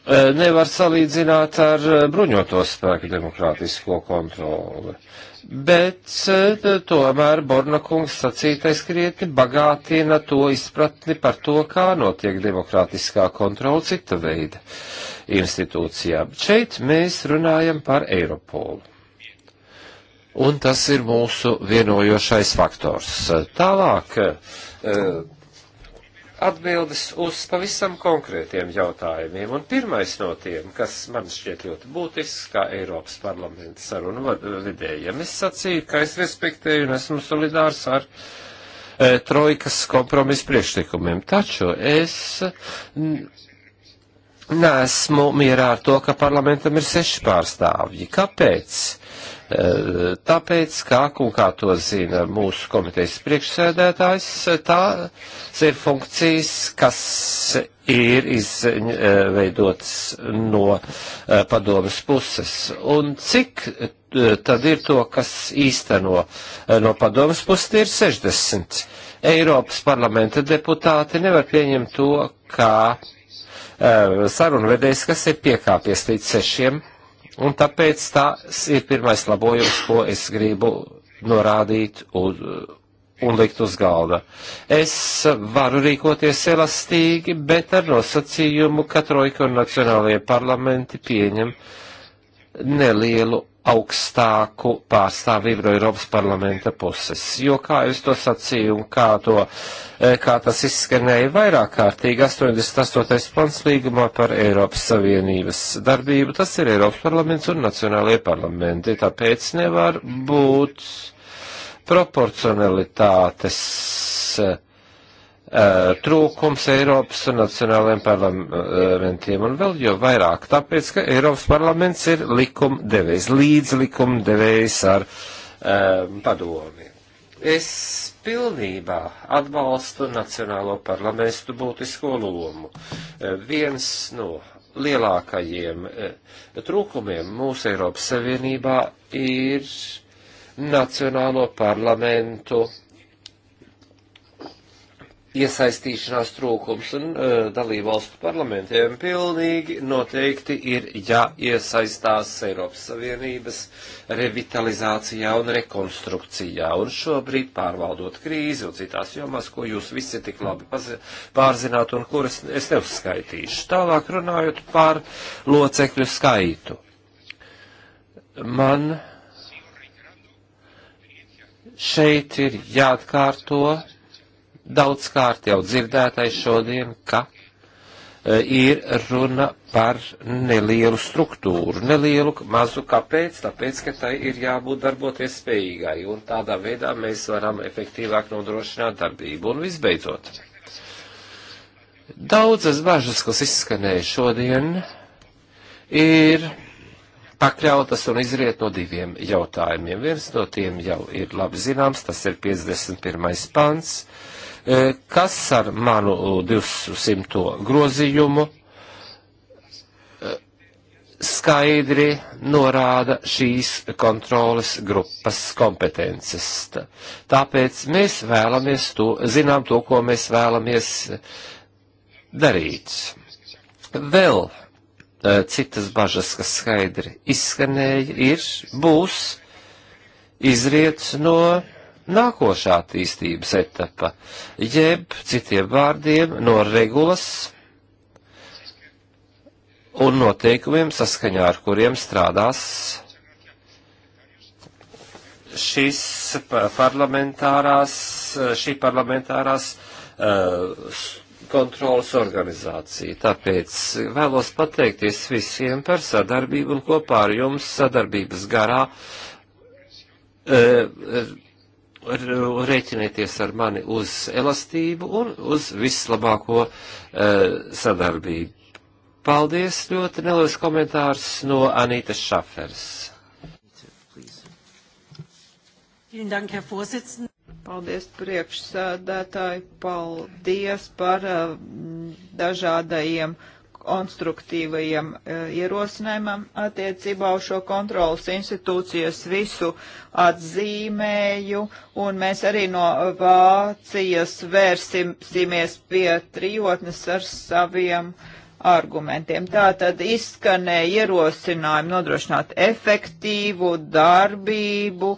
Uh, nevar salīdzināt ar bruņoto spēku demokrātisko kontroli bet eh, tomēr Borna kungs sacītais krietni bagātina to izpratni par to, kā notiek demokrātiskā kontrola cita veida institūcijām. Šeit mēs runājam par Eiropolu. Un tas ir mūsu vienojošais faktors. Tālāk. Uh, atbildes uz pavisam konkrētiem jautājumiem. Un pirmais no tiem, kas man šķiet ļoti būtisks, kā Eiropas parlamenta sarunu vidējiem, es sacīju, ka es respektēju un esmu solidārs ar e, trojkas kompromisu priekšlikumiem. Taču es nesmu mierā ar to, ka parlamentam ir seši pārstāvji. Kāpēc? Tāpēc, kā un kā to zina mūsu komitejas priekšsēdētājs, tās ir funkcijas, kas ir izveidotas no eh, padomas puses. Un cik eh, tad ir to, kas īsteno eh, no padomas puses, ir 60. Eiropas parlamenta deputāti nevar pieņemt to, kā sarunvedējs, kas ir piekāpies līdz sešiem Un tāpēc tas ir pirmais labojums, ko es gribu norādīt uz, un likt uz galda. Es varu rīkoties elastīgi, bet ar nosacījumu, ka trojka un nacionālajie parlamenti pieņem nelielu augstāku pārstāvību no Eiropas parlamenta puses. Jo, kā es to sacīju un kā, to, eh, kā tas izskanēja vairāk kārtīgi, 88. pants līgumā par Eiropas Savienības darbību, tas ir Eiropas parlaments un nacionālajie parlamenti, tāpēc nevar būt proporcionalitātes eh, Uh, trūkums Eiropas un nacionālajiem parlamentiem un vēl jau vairāk, tāpēc, ka Eiropas parlaments ir likumdevējs, līdz likumdevējs ar um, padomi. Es pilnībā atbalstu Nacionālo parlamentu būtisko lomu. Uh, viens no lielākajiem uh, trūkumiem mūsu Eiropas Savienībā ir Nacionālo parlamentu uh, iesaistīšanās trūkums un uh, dalībvalstu parlamentiem pilnīgi noteikti ir jāiesaistās ja Eiropas Savienības revitalizācijā un rekonstrukcijā. Un šobrīd pārvaldot krīzi un citās jomās, ko jūs visi tik labi pārzināt un kuras es neuzskaitīšu. Tālāk runājot par locekļu skaitu. Man šeit ir jāatkārto daudzkārt jau dzirdētais šodien, ka e, ir runa par nelielu struktūru, nelielu mazu kāpēc, tāpēc, ka tai ir jābūt darboties spējīgai, un tādā veidā mēs varam efektīvāk nodrošināt darbību. Un visbeidzot, daudzas bažas, kas izskanēja šodien, ir pakļautas un izriet no diviem jautājumiem. Viens no tiem jau ir labi zināms, tas ir 51. pants E, kas ar manu 200. grozījumu e, skaidri norāda šīs kontroles grupas kompetences. Tāpēc mēs vēlamies to, zinām to, ko mēs vēlamies darīt. Vēl e, citas bažas, kas skaidri izskanēja, ir, būs, izriet no nākošā attīstības etapa, jeb citiem vārdiem no regulas un noteikumiem saskaņā ar kuriem strādās šis parlamentārās, šī parlamentārās uh, kontrolas organizācija. Tāpēc vēlos pateikties visiem par sadarbību un kopā ar jums sadarbības garā uh, rēķinieties ar mani uz elastību un uz vislabāko uh, sadarbību. Paldies, ļoti neliels komentārs no Anītas Šafers. Paldies priekšsēdētāji, paldies par uh, dažādajiem uh, konstruktīvajiem e, ierosinājumam attiecībā uz šo kontrolas institūcijas visu atzīmēju, un mēs arī no Vācijas vērsīsimies pie trijotnes ar saviem argumentiem. Tā tad izskanēja ierosinājumi nodrošināt efektīvu darbību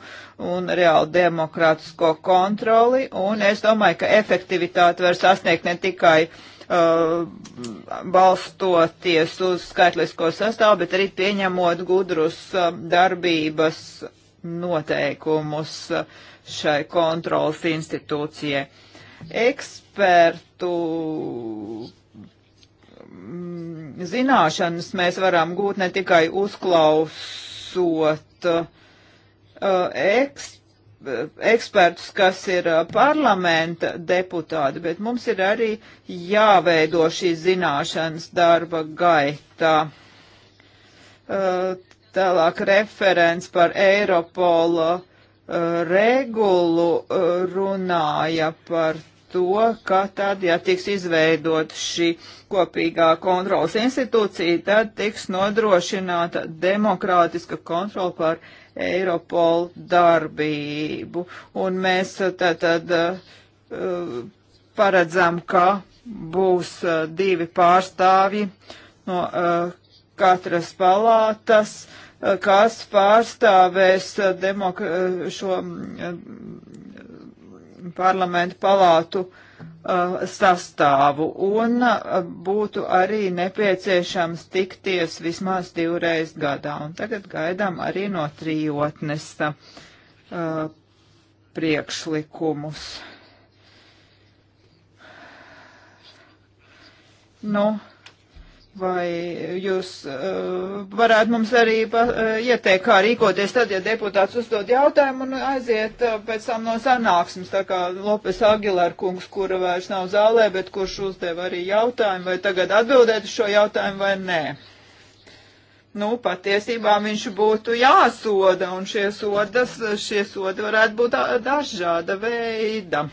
un reāli demokrātisko kontroli, un es domāju, ka efektivitāti var sasniegt ne tikai uh, Uh, balstoties uz skaitlisko sastāvu, bet arī pieņemot gudrus uh, darbības noteikumus uh, šai kontrolas institūcijai. Ekspertu mm, zināšanas mēs varam gūt ne tikai uzklausot uh, ekspertu, ekspertus, kas ir parlamenta deputāti, bet mums ir arī jāveido šīs zināšanas darba gaitā. Tālāk referents par Eiropola regulu runāja par to, ka tad, ja tiks izveidot šī kopīgā kontrolas institūcija, tad tiks nodrošināta demokrātiska kontrola par Eiropola Eiropol darbību. Un mēs tātad uh, paredzam, ka būs uh, divi pārstāvji no uh, katras palātas, kas pārstāvēs demok šo mm, parlamentu palātu uh, Uh, sastāvu un uh, būtu arī nepieciešams tikties vismaz divreiz gadā. Un tagad gaidām arī no trijotnes uh, priekšlikumus. Nu, Vai jūs uh, varētu mums arī pa, uh, ieteikt, kā rīkoties tad, ja deputāts uzdod jautājumu un aiziet uh, pēc tam no sanāksmes, tā kā Lopes Agilēr kungs, kura vairs nav zālē, bet kurš uzdev arī jautājumu, vai tagad atbildēt uz šo jautājumu vai nē? Nu, patiesībā viņš būtu jāsoda, un šie, sodas, šie soda varētu būt dažāda veida.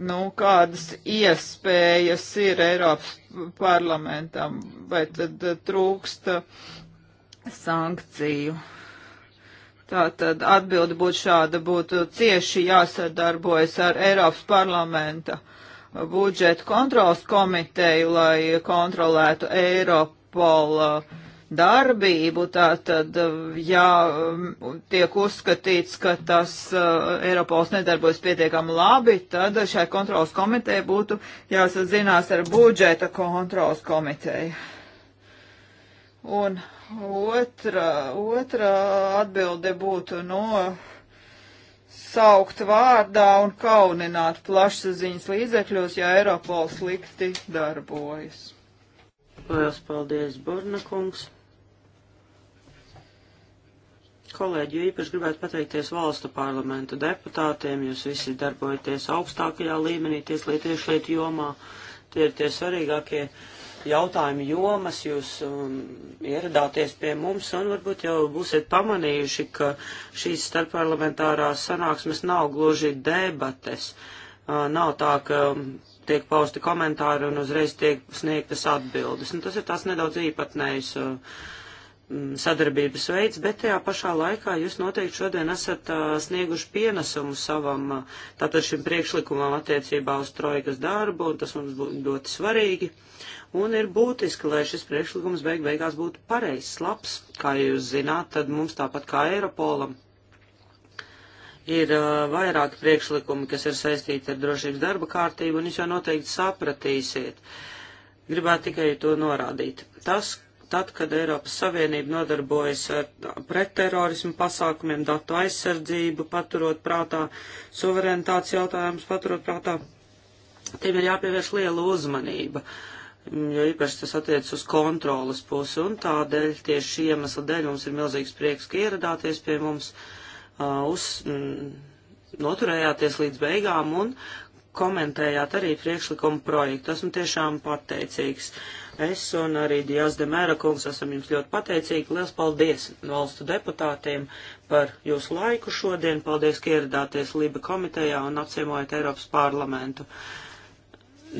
nu, kādas iespējas ir Eiropas parlamentam, vai tad eh, trūkst eh, sankciju. Tā tad atbildi būtu šāda, būtu cieši jāsadarbojas ar Eiropas parlamenta budžeta kontrols komiteju, lai kontrolētu Eiropola uh, darbību, tātad, ja um, tiek uzskatīts, ka tas uh, Eiropols nedarbojas pietiekami labi, tad šai kontrolas komiteja būtu jāsazinās ar budžeta kontrolas komiteju. Un otra, otra atbilde būtu no saukt vārdā un kaunināt plašsaziņas līdzekļos, ja Eiropols slikti darbojas. Lielas paldies, Burna kungs! kolēģi, jo īpaši gribētu pateikties valstu parlamentu deputātiem. Jūs visi darbojaties augstākajā līmenī tieslietu iešlietu jomā. Tie ir tie svarīgākie jautājumi jomas. Jūs um, ieradāties pie mums un varbūt jau būsiet pamanījuši, ka šīs starpparlamentārās sanāksmes nav gluži debates. Uh, nav tā, ka um, tiek pausti komentāri un uzreiz tiek sniegtas atbildes. Un nu, tas ir tās nedaudz īpatnējs. Uh, Mm, sadarbības veids, bet tajā pašā laikā jūs noteikti šodien esat uh, snieguši pienesumu savam uh, tātad šim priekšlikumam attiecībā uz trojkas darbu, un tas mums būtu ļoti svarīgi. Un ir būtiski, lai šis priekšlikums beig beigās būtu pareizs, labs, kā jūs zināt, tad mums tāpat kā Eiropolam ir uh, vairāki priekšlikumi, kas ir saistīti ar drošības darba kārtību, un jūs jau noteikti sapratīsiet. Gribētu tikai to norādīt. Tas, tad, kad Eiropas Savienība nodarbojas ar pretterorismu pasākumiem, datu aizsardzību, paturot prātā suverenitātes jautājumus, paturot prātā, tiem ir jāpievērš liela uzmanība. Jo īpaši tas attiec uz kontrolas pusi, un tādēļ tieši šī iemesla dēļ mums ir milzīgs prieks, ka ieradāties pie mums, uh, uz, m, mm, noturējāties līdz beigām un komentējāt arī priekšlikumu projektu. Esmu tiešām pateicīgs. Uh, Es un arī Dijas Demēra kungs esam jums ļoti pateicīgi. Liels paldies valstu deputātiem par jūsu laiku šodien. Paldies, ka ieradāties Lība komitejā un apciemojat Eiropas parlamentu.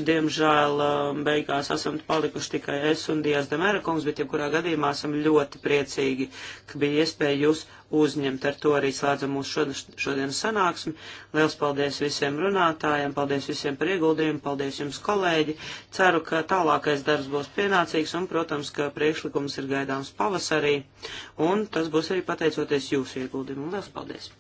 Diemžēl um, beigās esam palikuši tikai es un Dijas Demēra kungs, bet jebkurā gadījumā esam ļoti priecīgi, ka bija iespēja jūs uzņemt. Ar to arī slēdzam mūsu šodienas sanāksmi. Liels paldies visiem runātājiem, paldies visiem par ieguldījumu, paldies jums kolēģi. Ceru, ka tālākais darbs būs pienācīgs un, protams, ka priekšlikums ir gaidāms pavasarī. Un tas būs arī pateicoties jūsu ieguldījumu. Liels paldies!